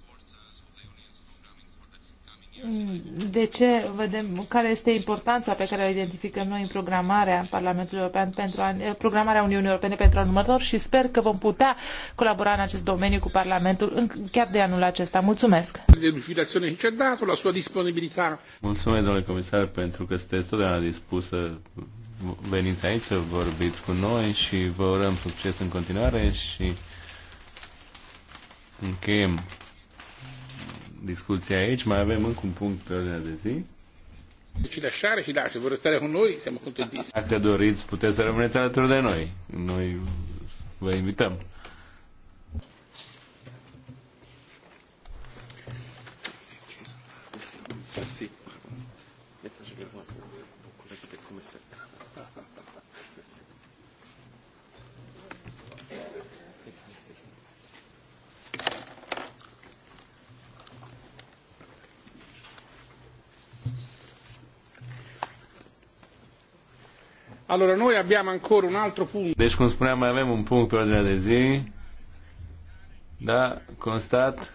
de ce vedem care este importanța pe care o identificăm noi în programarea Parlamentului European pentru an, programarea Uniunii Europene pentru anul următor și sper că vom putea colabora în acest domeniu cu Parlamentul în, chiar de anul acesta. Mulțumesc! Mulțumesc, domnule comisar, pentru că sunteți totdeauna dispusă veniți aici să vorbiți cu noi și vă urăm succes în continuare și încheiem discuția aici. Mai avem încă un punct pe ordinea de zi. Ci lasciare, ci lasciare, vor stare cu noi, siamo contentissimi. Dacă doriți, puteți să rămâneți alături de noi. Noi vă invităm. Allora noi abbiamo ancora un altro punto. Deci cum spuneam mai avem un punct pe ordinea de zi. Da, constat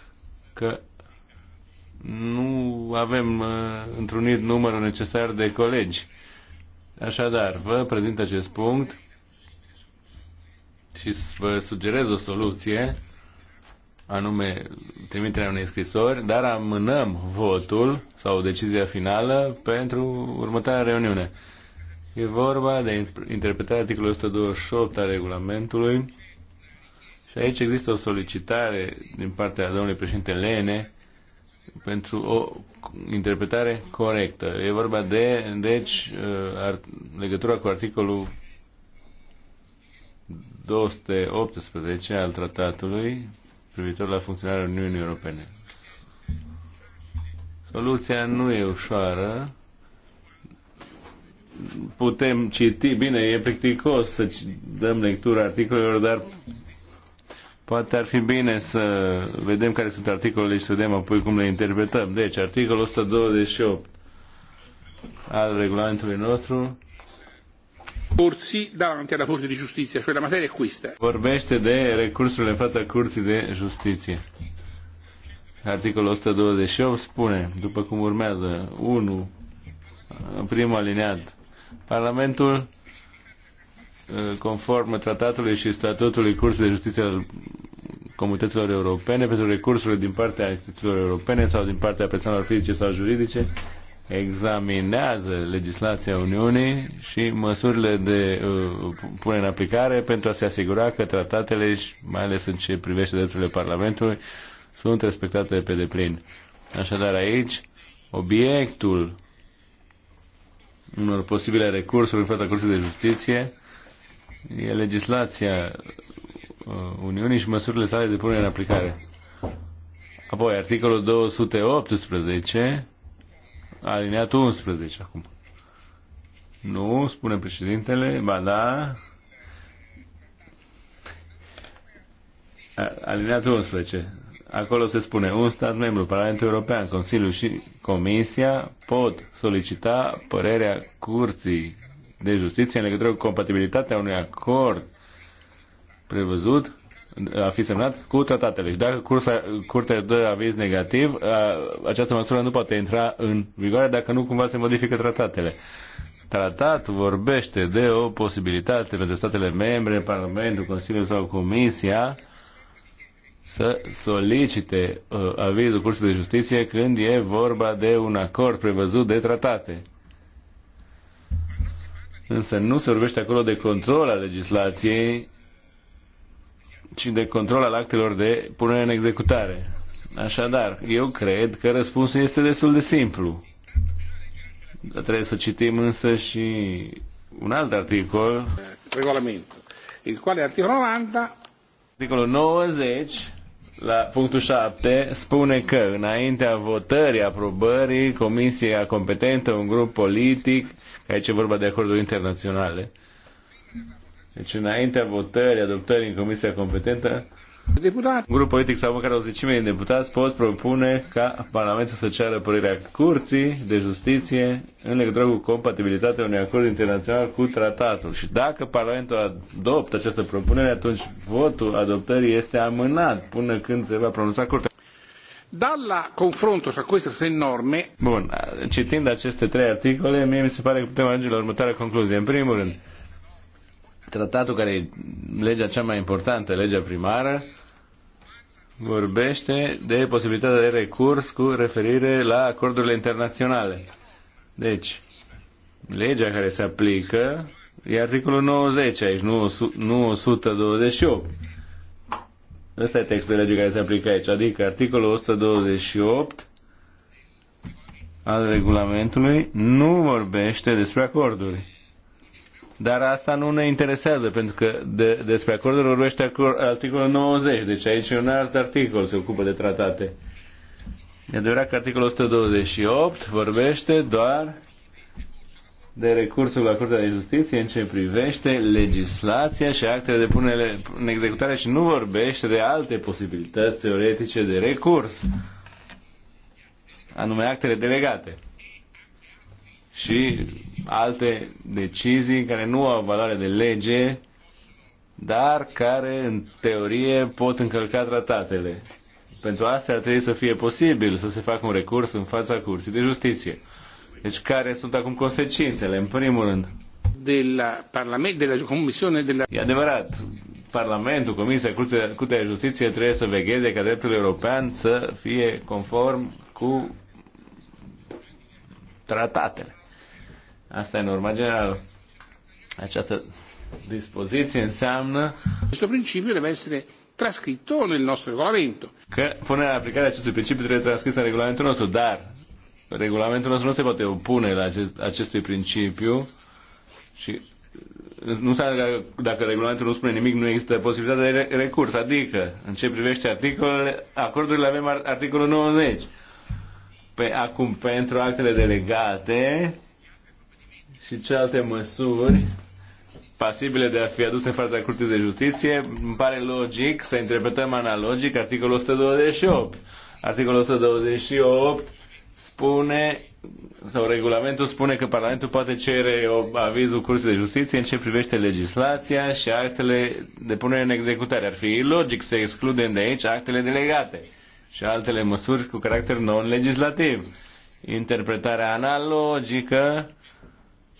că nu avem uh, întrunit numărul necesar de colegi. Așadar, vă prezint acest punct și vă sugerez o soluție, anume trimiterea unei scrisori, dar amânăm votul sau decizia finală pentru următoarea reuniune. E vorba de interpretarea articolului 128 a regulamentului și aici există o solicitare din partea domnului președinte Lene pentru o interpretare corectă. E vorba de, deci, uh, legătura cu articolul 218 al tratatului privitor la funcționarea Uniunii Europene. Soluția nu e ușoară, putem citi, bine, e plicticos să dăm lectura articolelor, dar poate ar fi bine să vedem care sunt articolele și să vedem apoi cum le interpretăm. Deci, articolul 128 al regulamentului nostru corsi davanti alla Corte di Giustizia, cioè la materia è questa. Vorbește de recursurile în fața Curții de Justiție. Articolul 128 spune, după cum urmează, 1, primul alineat, Parlamentul, ă, conform tratatului și statutului Cursului de Justiție al Comunităților Europene, pentru recursurile din partea instituțiilor europene sau din partea persoanelor fizice sau juridice, examinează legislația Uniunii și măsurile de uh, ă, pune în aplicare pentru a se asigura că tratatele, și mai ales în ce privește drepturile Parlamentului, sunt respectate pe deplin. Așadar aici, obiectul unor posibile recursuri în fața Curții de Justiție e legislația uh, Uniunii și măsurile sale de punere în aplicare. Apoi, articolul 218, alineatul 11 acum. Nu, spune președintele, ba da. Alineatul 11 acolo se spune un stat membru, Parlamentul European, Consiliul și Comisia pot solicita părerea Curții de Justiție în legătură cu compatibilitatea unui acord prevăzut a fi semnat cu tratatele. Și deci dacă cursa, curtea își dă aviz negativ, a, această măsură nu poate intra în vigoare dacă nu cumva se modifică tratatele. Tratat vorbește de o posibilitate pentru statele membre, Parlamentul, Consiliul sau Comisia să solicite uh, avizul Cursului de Justiție când e vorba de un acord prevăzut de tratate. Însă nu se vorbește acolo de control al legislației, ci de control al actelor de punere în executare. Așadar, eu cred că răspunsul este destul de simplu. Trebuie să citim însă și un alt articol. Regulament. Il quale articolo 90 Articolul 90 la punctul 7 spune că înaintea votării, aprobării, comisia competentă, un grup politic, aici e vorba de acorduri internaționale, deci înaintea votării, adoptării în comisia competentă, Deputat. Un grup politic sau măcar o zecime de deputați pot propune ca Parlamentul să ceară părerea Curții de Justiție în legătură cu compatibilitatea unui acord internațional cu tratatul. Și dacă Parlamentul adoptă această propunere, atunci votul adoptării este amânat până când se va pronunța Curtea. Dalla confronto tra queste tre norme. Bun, citind aceste trei articole, mie mi se pare că putem ajunge la următoarea concluzie. În primul rând, tratatul care e legea cea mai importantă, legea primară, vorbește de posibilitatea de recurs cu referire la acordurile internaționale. Deci, legea care se aplică e articolul 90 aici, nu, 128. Ăsta e textul de lege care se aplică aici, adică articolul 128 al regulamentului nu vorbește despre acorduri dar asta nu ne interesează, pentru că de, despre acordul vorbește articolul 90, deci aici e un alt articol se ocupă de tratate. E adevărat că articolul 128 vorbește doar de recursul la Curtea de Justiție în ce privește legislația și actele de punere în executare și nu vorbește de alte posibilități teoretice de recurs, anume actele delegate și alte decizii care nu au valoare de lege, dar care, în teorie, pot încălca tratatele. Pentru asta ar trebui să fie posibil să se facă un recurs în fața Curții de Justiție. Deci care sunt acum consecințele, în primul rând? De la Parlament, de la Comisiune, de la... E adevărat, Parlamentul, Comisia, Curtea, Curtea de Justiție trebuie să vegheze ca dreptul european să fie conform cu tratatele. Asta e norma generală. Această dispoziție înseamnă... Acest principiu deve essere trascritto nel nostro regolamento. Că punerea în aplicare acestui principiu trebuie transcris în regulamentul nostru, dar regulamentul nostru nu se poate opune la acest, acestui principiu și nu că dacă regulamentul nu spune nimic, nu există posibilitatea de recurs. Adică, în ce privește articolele, acordurile avem articolul 90. Pe, acum, pentru actele delegate, și ce alte măsuri pasibile de a fi aduse în fața Curții de Justiție, îmi pare logic să interpretăm analogic articolul 128. Articolul 128 spune sau regulamentul spune că Parlamentul poate cere avizul Curții de Justiție în ce privește legislația și actele de punere în executare. Ar fi logic să excludem de aici actele delegate și altele măsuri cu caracter non-legislativ. Interpretarea analogică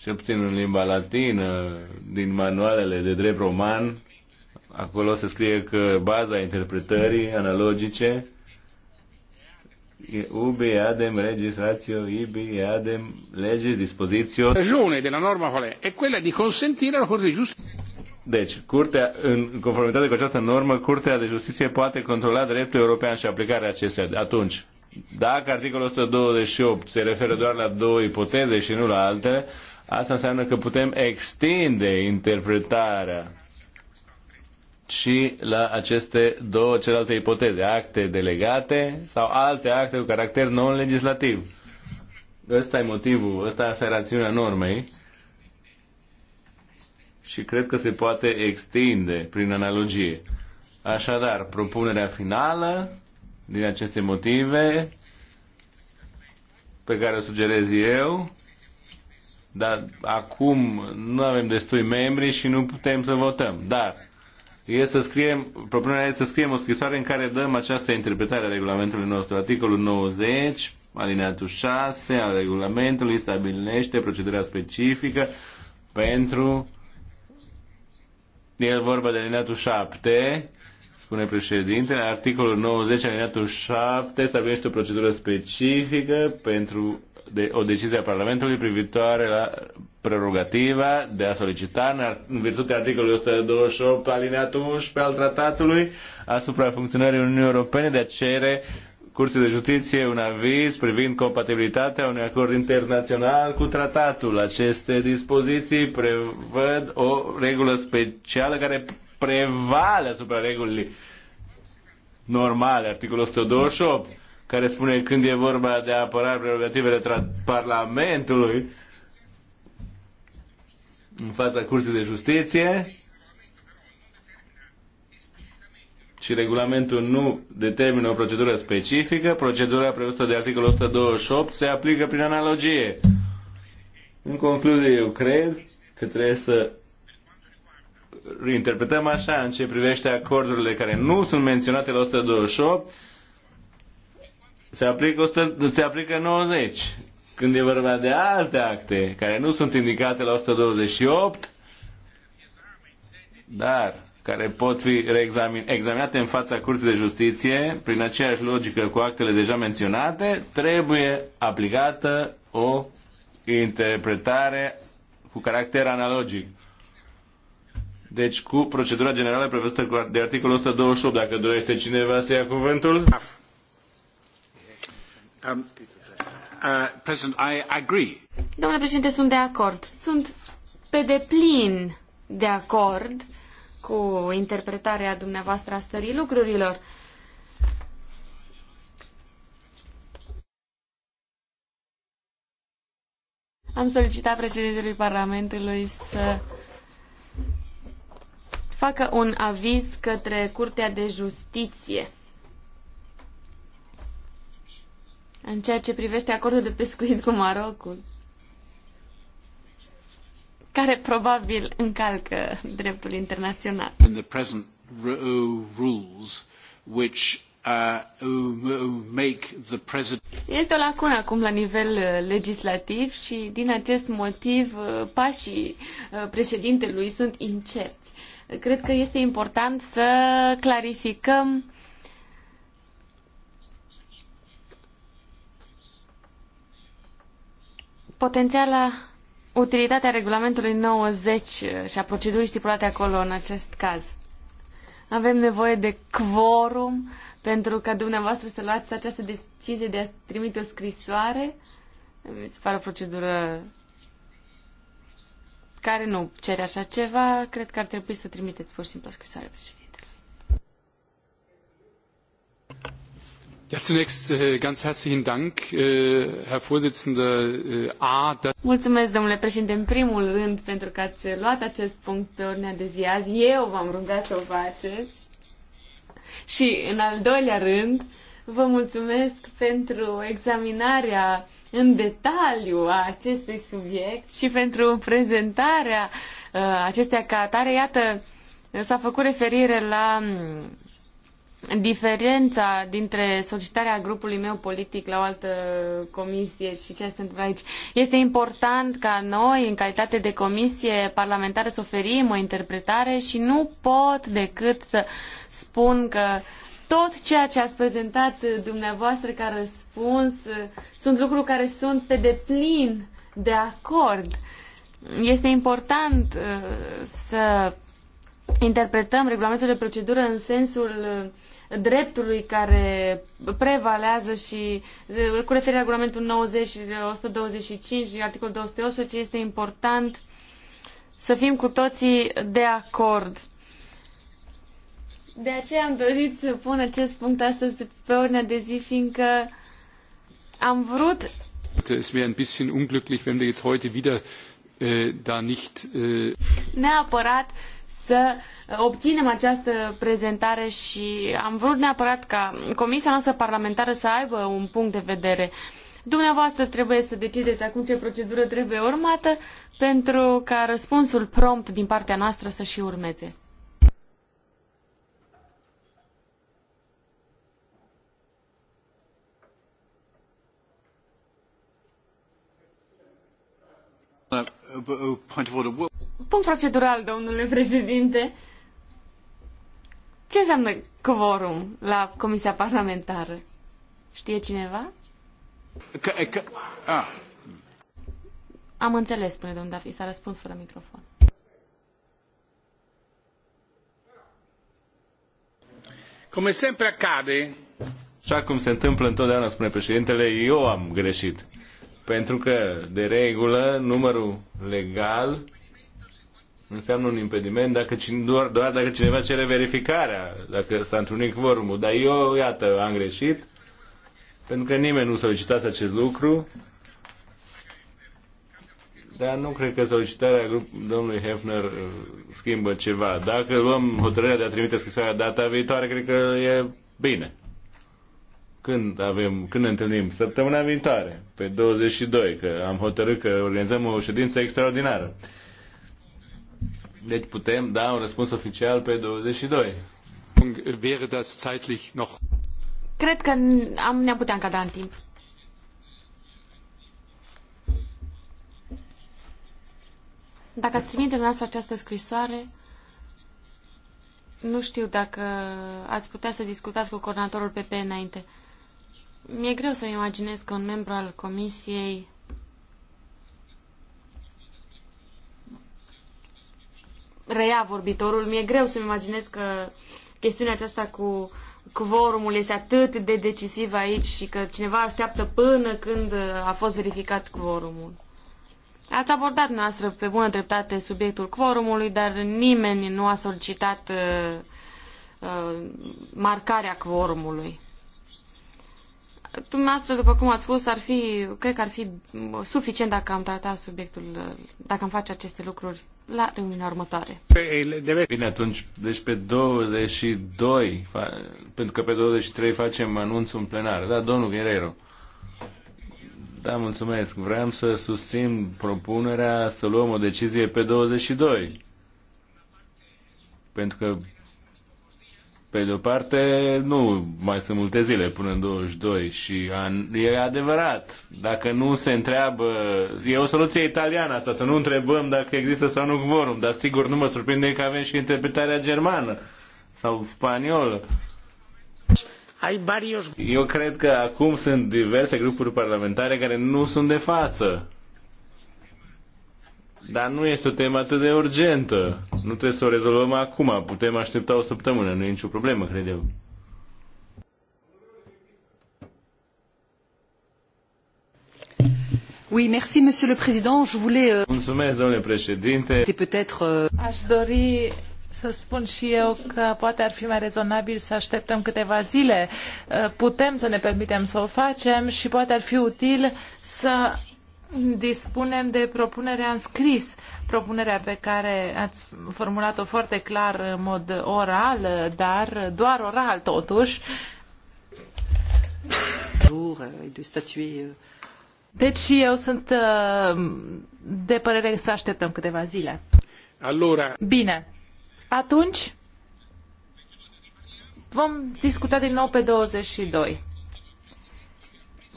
cel puțin în limba latină, din manualele de drept roman, acolo se scrie că baza interpretării analogice e ubi adem legis ratio ibi adem legis dispozițio. de la norma qual e? E quella di consentire la Corte di Giustizia deci, curtea, în conformitate cu această normă, Curtea de Justiție poate controla dreptul european și aplicarea acestuia. Atunci, dacă articolul 128 se referă doar la două ipoteze și nu la altele, Asta înseamnă că putem extinde interpretarea și la aceste două celelalte ipoteze, acte delegate sau alte acte cu caracter non-legislativ. Ăsta e motivul, ăsta e rațiunea normei și cred că se poate extinde prin analogie. Așadar, propunerea finală din aceste motive pe care o sugerez eu dar acum nu avem destui membri și nu putem să votăm. Dar e să scriem, propunerea este să scriem o scrisoare în care dăm această interpretare a regulamentului nostru. Articolul 90, alineatul 6 al regulamentului stabilește procedura specifică pentru E vorba de alineatul 7 spune președintele, articolul 90 alineatul 7 stabilește o procedură specifică pentru de, o decizie a Parlamentului privitoare la prerogativa de a solicita, în virtutea articolului 128 alineatul 11 al tratatului, asupra funcționării Uniunii Europene de a cere Curții de Justiție un aviz privind compatibilitatea unui acord internațional cu tratatul. Aceste dispoziții prevăd o regulă specială care prevale asupra regulii normale, articolul 128 care spune când e vorba de a apăra prerogativele Parlamentului în fața Curții de Justiție și regulamentul nu determină o procedură specifică, procedura prevăzută de articolul 128 se aplică prin analogie. În concluzie, eu cred că trebuie să reinterpretăm așa în ce privește acordurile care nu sunt menționate la 128 se aplică, 100, se aplică 90. Când e vorba de alte acte care nu sunt indicate la 128, dar care pot fi examinate în fața Curții de Justiție prin aceeași logică cu actele deja menționate, trebuie aplicată o interpretare cu caracter analogic. Deci cu procedura generală prevăzută de articolul 128, dacă dorește cineva să ia cuvântul. Af. Um, uh, Domnule președinte, sunt de acord. Sunt pe deplin de acord cu interpretarea dumneavoastră a stării lucrurilor. Am solicitat președintelui Parlamentului să facă un aviz către Curtea de Justiție în ceea ce privește acordul de pescuit cu Marocul, care probabil încalcă dreptul internațional. In the present rules which uh, make the president... Este o lacună acum la nivel uh, legislativ și din acest motiv uh, pașii președintelui sunt incerți. Cred că este important să clarificăm potențiala utilitatea regulamentului 90 și a procedurii stipulate acolo în acest caz. Avem nevoie de quorum pentru ca dumneavoastră să luați această decizie de a trimite o scrisoare. Mi se pare o procedură care nu cere așa ceva. Cred că ar trebui să trimiteți pur și simplu o scrisoare președinte. Ja, zunächst äh, ganz herzlichen Dank, äh, Herr Vorsitzender. Äh, a, Mulțumesc, domnule președinte, în primul rând, pentru că ați luat acest punct pe ordinea de zi azi. Eu v-am rugat să o faceți. Și, în al doilea rând, vă mulțumesc pentru examinarea în detaliu a acestui subiect și pentru prezentarea uh, acestea ca atare. Iată, s-a făcut referire la diferența dintre solicitarea grupului meu politic la o altă comisie și ce se întâmplă aici. Este important ca noi, în calitate de comisie parlamentară, să oferim o interpretare și nu pot decât să spun că tot ceea ce ați prezentat dumneavoastră ca răspuns sunt lucruri care sunt pe deplin de acord. Este important uh, să interpretăm regulamentul de procedură în sensul uh, dreptului care prevalează și uh, cu referire la regulamentul 90, 125 și articolul 218 este important să fim cu toții de acord. De aceea am dorit să pun acest punct astăzi pe ordinea de zi, fiindcă am vrut es wäre ein bisschen unglücklich, wenn wir jetzt heute wieder äh, da nicht äh Neapărat să obținem această prezentare și am vrut neapărat ca Comisia noastră parlamentară să aibă un punct de vedere. Dumneavoastră trebuie să decideți acum ce procedură trebuie urmată pentru ca răspunsul prompt din partea noastră să și urmeze. Uh, uh, uh, punct procedural, domnule președinte. Ce înseamnă quorum la Comisia Parlamentară? Știe cineva? Că, că, a. Am înțeles, spune domnul Dafi, s-a răspuns fără microfon. Come sempre accade, Așa cum se întâmplă întotdeauna, spune președintele, eu am greșit. Pentru că, de regulă, numărul legal înseamnă un impediment dacă, doar, doar dacă cineva cere verificarea, dacă s-a întrunit vorumul. Dar eu, iată, am greșit, pentru că nimeni nu solicitat acest lucru, dar nu cred că solicitarea grup, domnului Hefner uh, schimbă ceva. Dacă luăm hotărârea de a trimite scrisoarea data viitoare, cred că e bine. Când avem, când ne întâlnim? Săptămâna viitoare, pe 22, că am hotărât că organizăm o ședință extraordinară. Deci putem da un răspuns oficial pe 22. Wäre das zeitlich noch... Cred că am, ne-am putea încadra în timp. Dacă ați trimite dumneavoastră această scrisoare, nu știu dacă ați putea să discutați cu coordonatorul PP înainte. Mi-e greu să-mi imaginez că un membru al comisiei reia vorbitorul. Mi-e greu să-mi imaginez că chestiunea aceasta cu quorumul este atât de decisiv aici și că cineva așteaptă până când uh, a fost verificat quorumul. Ați abordat noastră pe bună dreptate subiectul quorumului, dar nimeni nu a solicitat uh, uh, marcarea quorumului. Dumneavoastră, după cum ați spus, ar fi, cred că ar fi uh, suficient dacă am tratat subiectul, uh, dacă am face aceste lucruri la reuniunea următoare. Bine, atunci, deci pe 22, pentru că pe 23 facem anunțul în plenar. Da, domnul Guerrero. Da, mulțumesc. Vreau să susțin propunerea să luăm o decizie pe 22. Pentru că pe de o parte, nu mai sunt multe zile până în 22 și an, e adevărat. Dacă nu se întreabă, e o soluție italiană asta, să nu întrebăm dacă există sau nu vorum, dar sigur nu mă surprinde că avem și interpretarea germană sau spaniolă. Eu cred că acum sunt diverse grupuri parlamentare care nu sunt de față dar nu este o temă atât de urgentă. Nu trebuie să o rezolvăm acum. Putem aștepta o săptămână. Nu e nicio problemă, cred eu. Oui, merci, monsieur le président. Je voulais... Euh, Mulțumesc, domnule președinte. Peut-être... Euh, Aș dori să spun și eu că poate ar fi mai rezonabil să așteptăm câteva zile. Uh, putem să ne permitem să o facem și poate ar fi util să dispunem de propunerea în scris, propunerea pe care ați formulat-o foarte clar în mod oral, dar doar oral totuși. Euh, deci eu sunt uh, de părere să așteptăm câteva zile. Allora. Bine. Atunci vom discuta din nou pe 22.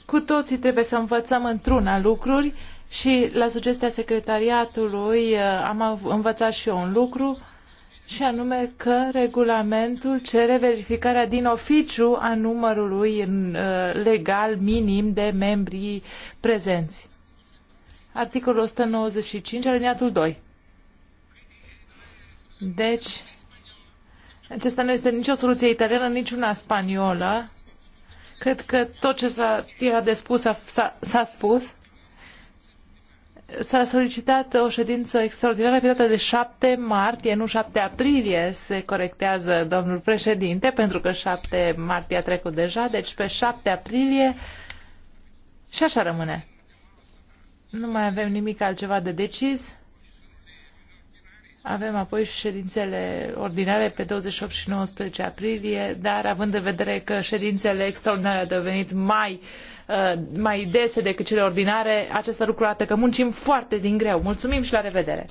Cu toții trebuie să învățăm într-una lucruri și la sugestia secretariatului uh, am învățat și eu un lucru și anume că regulamentul cere verificarea din oficiu a numărului uh, legal minim de membri prezenți. Articolul 195, aliniatul 2. Deci, acesta nu este nicio soluție italiană, nici una spaniolă. Cred că tot ce s-a, era de spus s-a, spus. S-a solicitat o ședință extraordinară pe data de 7 martie, nu 7 aprilie, se corectează domnul președinte, pentru că 7 martie a trecut deja, deci pe 7 aprilie și așa rămâne. Nu mai avem nimic altceva de decis. Avem apoi ședințele ordinare pe 28 și 19 aprilie, dar având în vedere că ședințele extraordinare au devenit mai, uh, mai dese decât cele ordinare, acest lucru arată că muncim foarte din greu. Mulțumim și la revedere!